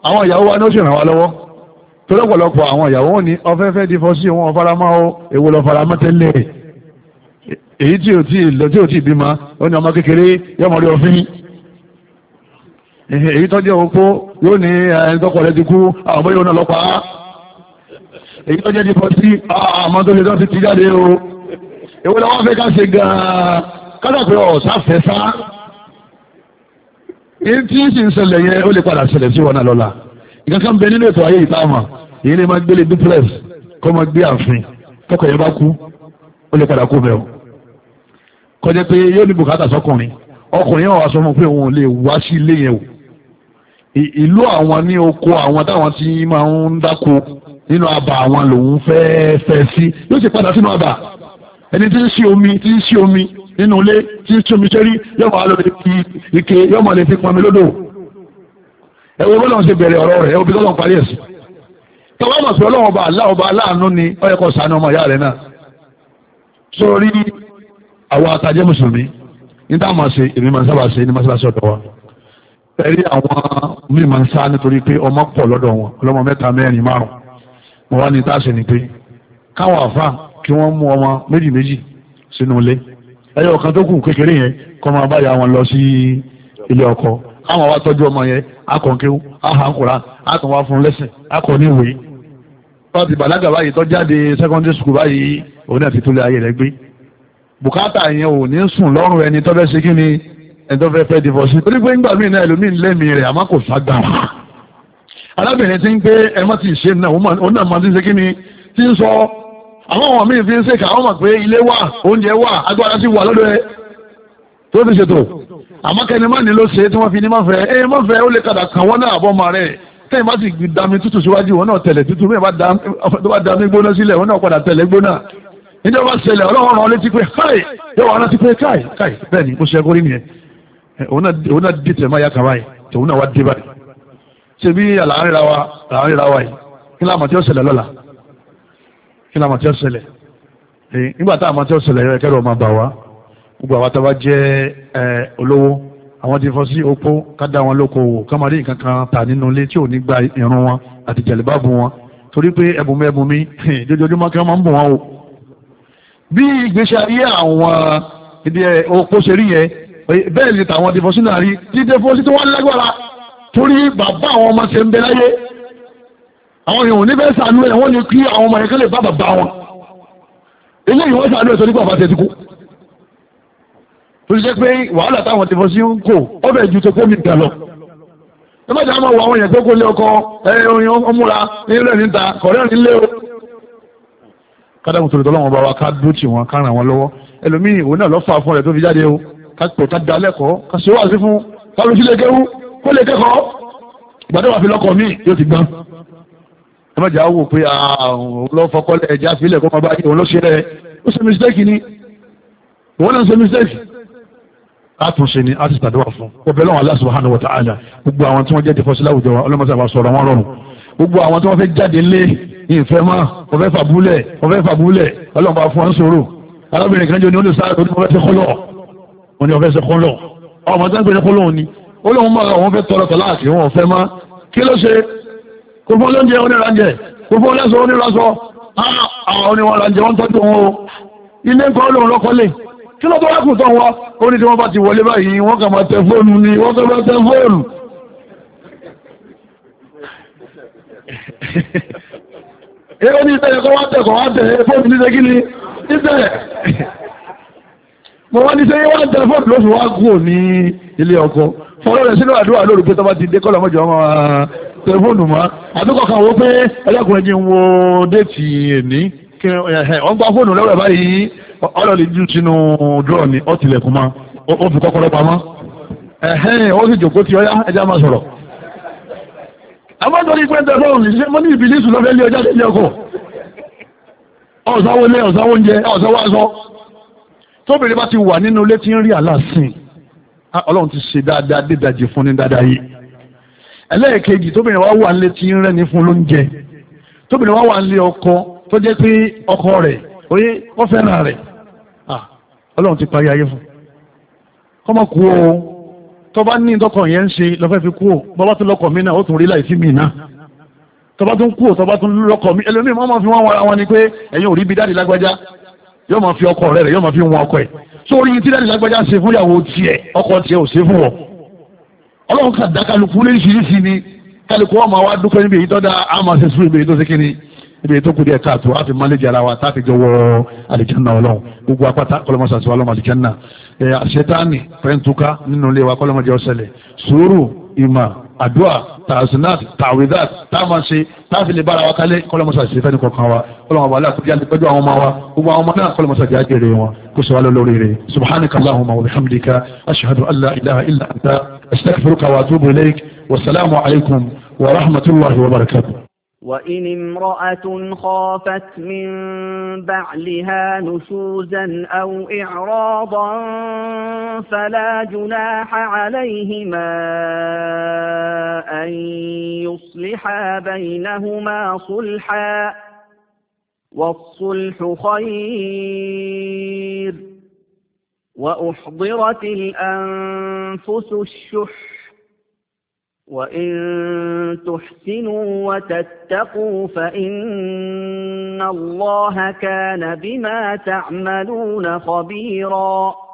àwọn ìyàwó wa ni ó sì ràn wá lọ́wọ́ torí ọ̀pọ̀lọpọ̀ àwọn ìyàwó ní ọfẹ́fẹ́ di fọ́ sí wọn ọfaramọ́ o èwo lọ faramọ́ tẹ́lẹ̀ èyí tí ò tí ì lọ tí ò tí ì bímọ ó ní ọmọ kékeré yọmọ rí òfin èyí tọ́jú òpó yóò ní ẹni tọ́kọ̀ rẹ ti kú àwọn bóyá ọ̀nà ọlọ́pàá èyí tọ́jú ẹni fọ́ sí àmọ́ tó lè tọ́ ti jáde o èwo lọ́wọ́ fẹ́ ká ṣe gan-an kọ́dà pé ọ̀sá fẹ́ sá èyí tí ń sì ń ṣẹlẹ̀ yẹn ó lè padà ṣẹlẹ̀ sí wọn náà lọ́la ìkankan bẹ nínú ètò ayé ìtaàmà èyí lè máa gbélé duplex kọ́ máa gbé ààfin tọkọ yẹn bá kú ó lè padà kú bẹ́ẹ̀ o kọjá pé yóò ní bùkátà sọkùnrin ọkùnrin yẹn wà sọ fún pé òun lè wá sí ilé yẹn o ìlú àwọn ní oko àwọn táwọn ti máa ń dáko nínú abà àwọn lòun fẹ́ẹ́ fẹ́ sí yóò sì padà sínú abà ẹni tí ń sí omi tí ń sí omi nínú ilé tí ń sí omi sẹ́rí yóò máa lọ ike yóò máa lè fi pọnmi lódò ẹ wo bọ́lá wọn ṣe bẹ̀rẹ̀ ọ̀rọ̀ rẹ̀ obì lọ́wọ́ parí ẹ̀sìn tọ́wọ́ mọ̀ sí ọlọ́wọ́ ọba àlá ọba aláàánú ni ó yẹ kó ṣàánú ọmọ ìyá rẹ̀ náà sórí àwọn atajẹ́ mùsùlùmí ní tá a máa ṣe èmi máa ń sábà ṣe ní mọ́ṣáláṣí ọ̀dọ́ wa ẹ̀rí àwọn mí máa ń sá nítorí pé ọmọ pọ̀ lọ́dọ̀ wọn ọlọ́mọ mẹ́ta mẹ́rin márùn mo wá ní táṣe ni pé káwọn àfa kí wọ́n mú ọmọ méjì méjì sínú ilé ẹyọ kan tó kù kékeré yẹn kọ́ máa báyà wọn lọ sí ilé ọkọ àwọn wa tọ́jú ọmọ yẹn akọ̀ǹkéwú ahàǹkùrá àtàwọn afún lẹ́sìn akọ̀ níwèé wọ́n ti bàlágà báyìí tó jáde secondary school báyìí òun náà ti tó lé ayé rẹ̀ gbé bùkátà yẹn ò ní sùn lọ́rùn ẹni tó fẹ́ ṣe kí ni ẹni tó fẹ́ fẹ́ divorce torí pé ńgbà míì náà ẹlòmíì lẹ́mìí rẹ̀ àmọ́ kò fagbára arábìnrin ti ń gbé ẹmọ́ ti ṣe náà òun náà máa ti ṣe kí ni ti ń sọ àwọn ọmọ mi fi ń ṣèkà àwọn mọ̀ pé ilé wà oúnjẹ wà agbára sì wà lọ́dọ̀ ẹ tó ti ṣètò àmọ́ kẹ́ni má ní ló ṣe tí wọ́n fi ní má fẹ́ ẹ má fẹ́ ó lè kadà kàn wọ́n náà àbọ̀ ọmọ rẹ̀ tẹ́yìn bá sì dami tútù síwájú wọn náà tẹ̀lẹ̀ tútù bí wọ́n bá dami gbóná sílẹ̀ wọn náà padà tẹ̀lẹ̀ gbóná níjọ́ bá ṣẹlẹ̀ ọlọ́run rán létí pé káì yóò wá rántí pé káì káì bẹ́ẹ̀ ni mo ṣe ẹkọ rí nìyẹn òun náà dìtẹ̀ máa yá kàwá yìí tòun náà wá dé báyìí ṣe bí àlàárín ra wa àlàárín ra wa wá gbogbo àwọn tó bá jẹ́ olówó àwọn ti fọ́ sí opó kádà wọn lókoòwò kámárì nǹkan kan tà nínú ilé tí ò ní gba irun wọn àti jẹ̀lẹ́bàbù wọn torí pé ẹ̀bùn mi ẹ̀bùn mi jojoojúmọ́ kí wọ́n máa ń bùn wọn o bí ìgbésí ayé àwọn ibi opó ṣe rí yẹn bẹ́ẹ̀ ni tàwọn ti fọ́ sínú àrí tí ti fọ́ sí tí wọ́n lágbára torí bàbá àwọn ọmọ ṣe ń bẹ láyé àwọn èèyàn ní bẹ́ẹ̀ sànú ẹ̀ wọ́n ní kí àwọn ọmọ yẹn kán bá bàbá wọn eléyìí wọ́n sànú ẹ̀ torí pé bàbá tẹ̀ ó ti jẹ́ pé wàhálà táwọn ti fọ́ sí ń kò ọbẹ̀ ju tó kómi gà lọ. ẹ má dáa máa wọ àwọn èèyàn tó kó lé ọkọ ẹyìn ọmúra nílẹ̀ níta kọ̀rẹ́ nílé o. kádàmù tó lè tọ́lọ́ wọn bá wa ká dúró tì wọn ká ràn wọn lọ́wọ́ ẹlòmíì òun náà lọ́ fà fún rẹ̀ tó fi jáde o ká pè ká da lẹ́kọ̀ọ́ ká ṣe wá sí fún ká lójú lè kéwú kó lè kẹ́kọ̀ọ́ ìgbàdàn wà fi lọ́kọ̀ míì yóò ti gbọ́n ẹ má jà wò pé àwọn olófọkọlẹ ẹja filẹ kó máa bá yìí òun ló ṣe rẹ ó ṣe mistake ni òun náà ṣe mistake àtúnṣe ni a ti ṣàdúrà fún ọbẹ̀ lọ́wọ́ Allah subhanahu wa ta'ala gbogbo àwọn tí wọ́n jẹ́ tẹ̀fọ́sí láwùjọ wa ọlọ́mọṣẹ́ àbá sọ̀rọ̀ wọn rọrùn gbogbo àwọn tí wọ́n fẹ́ jáde lé ìfẹ́ mọ́ ọbẹ̀ fàbúlẹ̀ ọbẹ̀ fàbúlẹ̀ ọlọ́mọba fún wọn sọ̀rọ̀ arábìnrin kan jẹ́ ní olùsáà tó ní wọ́n fẹ́ ṣe kọ́lọ̀ wọn ni wọ́n fẹ́ ṣe kọ́lọ̀ ọmọ tí wọ́n fẹ́ ṣe kọ́lọ̀ ni olóhùn mọ́ra wọn fẹ́ tọrọ tọ́lá àti wọn fẹ́ mọ́ kí ló kí ló tó wá kù tán wá ó ní tí wọ́n bá ti wọlé báyìí wọ́n kàn máa tẹ fóònù ni wọ́n kàn máa tẹ fóònù. èyí ó ní ìtẹ̀yẹ kọ́ wá tẹ̀ kọ́ wá tẹ̀ fóònù ní sẹ́kí ni ìtẹ̀. mo wá ní sẹ́yìn wá tẹ fóònù ló fi wá kú ní ilé ọkọ fọlọ́ rẹ̀ sínú àdúrà lóru pé tọ́ba ti dé kọ́lọ̀ mọ́jọ́ máa tẹ fóònù mọ́ àdúgbò kan wo pé ẹlẹ́kùnrin jí ń wo déètì èní kí wọ́n gbá fóònù lọ́wọ́ báyìí ọlọ́ọ̀lì jù sínú dúrọ̀ ni ó tilẹ̀kùn ma ó fi kọ́kọ́rọ́ pamọ́ ẹ̀hẹ́n ó sì jòkó ti ọyá ẹja máa sọ̀rọ̀ abọ́dọ̀rí pẹ́ntẹ́ fóònù ṣe mọ́ ní ìbílí sùn lọ́fẹ́ lé ọjà lé ọkọ̀ ọ̀sáwó lé ọ̀sáwó oúnjẹ ọ̀sáwó aṣọ tóbìnrin bá ti wà nínú ilé tí ń rí aláàsìn ọlọ́run ti ṣe dáadáa dédajì fún ní dáadáa yìí ẹlẹ́ẹ̀kejì tóbìnrin wá tó jẹ́ pé ọkọ rẹ̀ oyé ó fẹ́ràn rẹ̀ ọlọ́run ti parí ayé fún kọ́mọ kú o tó bá ní ìdọ́kọ̀ yẹn ń ṣe lọ́fẹ́ fi kú o bọ́bá tó lọ́kọ̀ mí náà ó tún rí láì sí mi náà tó bá tún kú o tó bá tún lọ́kọ̀ mí ẹlòmíì wọ́n máa fi wọ́n wara wọn ni pé ẹ̀yin ò rí bí dáàdì lágbájá yóò máa fi ọkọ rẹ̀ rẹ̀ yóò máa fi wọn ọkọ ẹ̀ sórí yìí tí dáàdì lágbájá ṣe fún ìyàwó tiẹ̀ ọkọ tiẹ̀ ò ṣe fún wọn ọlọ́run kà dá kálukú léṣiríṣi ni kálukú wọn máa dúpẹ́ níbi èyí tó dáa á máa ṣe sùn níbi èyí tó ṣe kíni ibi tó kù díẹ̀ káàtó àfi máléjì ara wa táàfi jọ wọ àlìjánná ọlọ́run gbogbo apáta kọlọmọsàsì wa lọ́mọ àlìjánná ẹ̀ àṣetáàní pẹ́ntúká nínú ilé wa kọlọmọjọ ṣẹlẹ̀ sùúrù ìmà àdúà tààsínàt tàwídàt táàmàṣe táàfi lè bára wa kálẹ̀ kọlọmọsàsì fẹ́ni kọ̀ọ̀kan wa kọlọmọba aláàkúndí àti pẹ́jọ́ àwọn ọmọ wa gbogbo àwọn ọmọ náà kọlọmọsàsì àjèrè wọn kó sọ wà lórí wa bihamdika ashhadu an la wa atubu wa salaamu وإن امرأة خافت من بعلها نشوزا أو إعراضا فلا جناح عليهما أن يصلحا بينهما صلحا والصلح خير وأحضرت الأنفس الشح وإن تحسنوا وتتقوا فإن الله كان بما تعملون خبيراً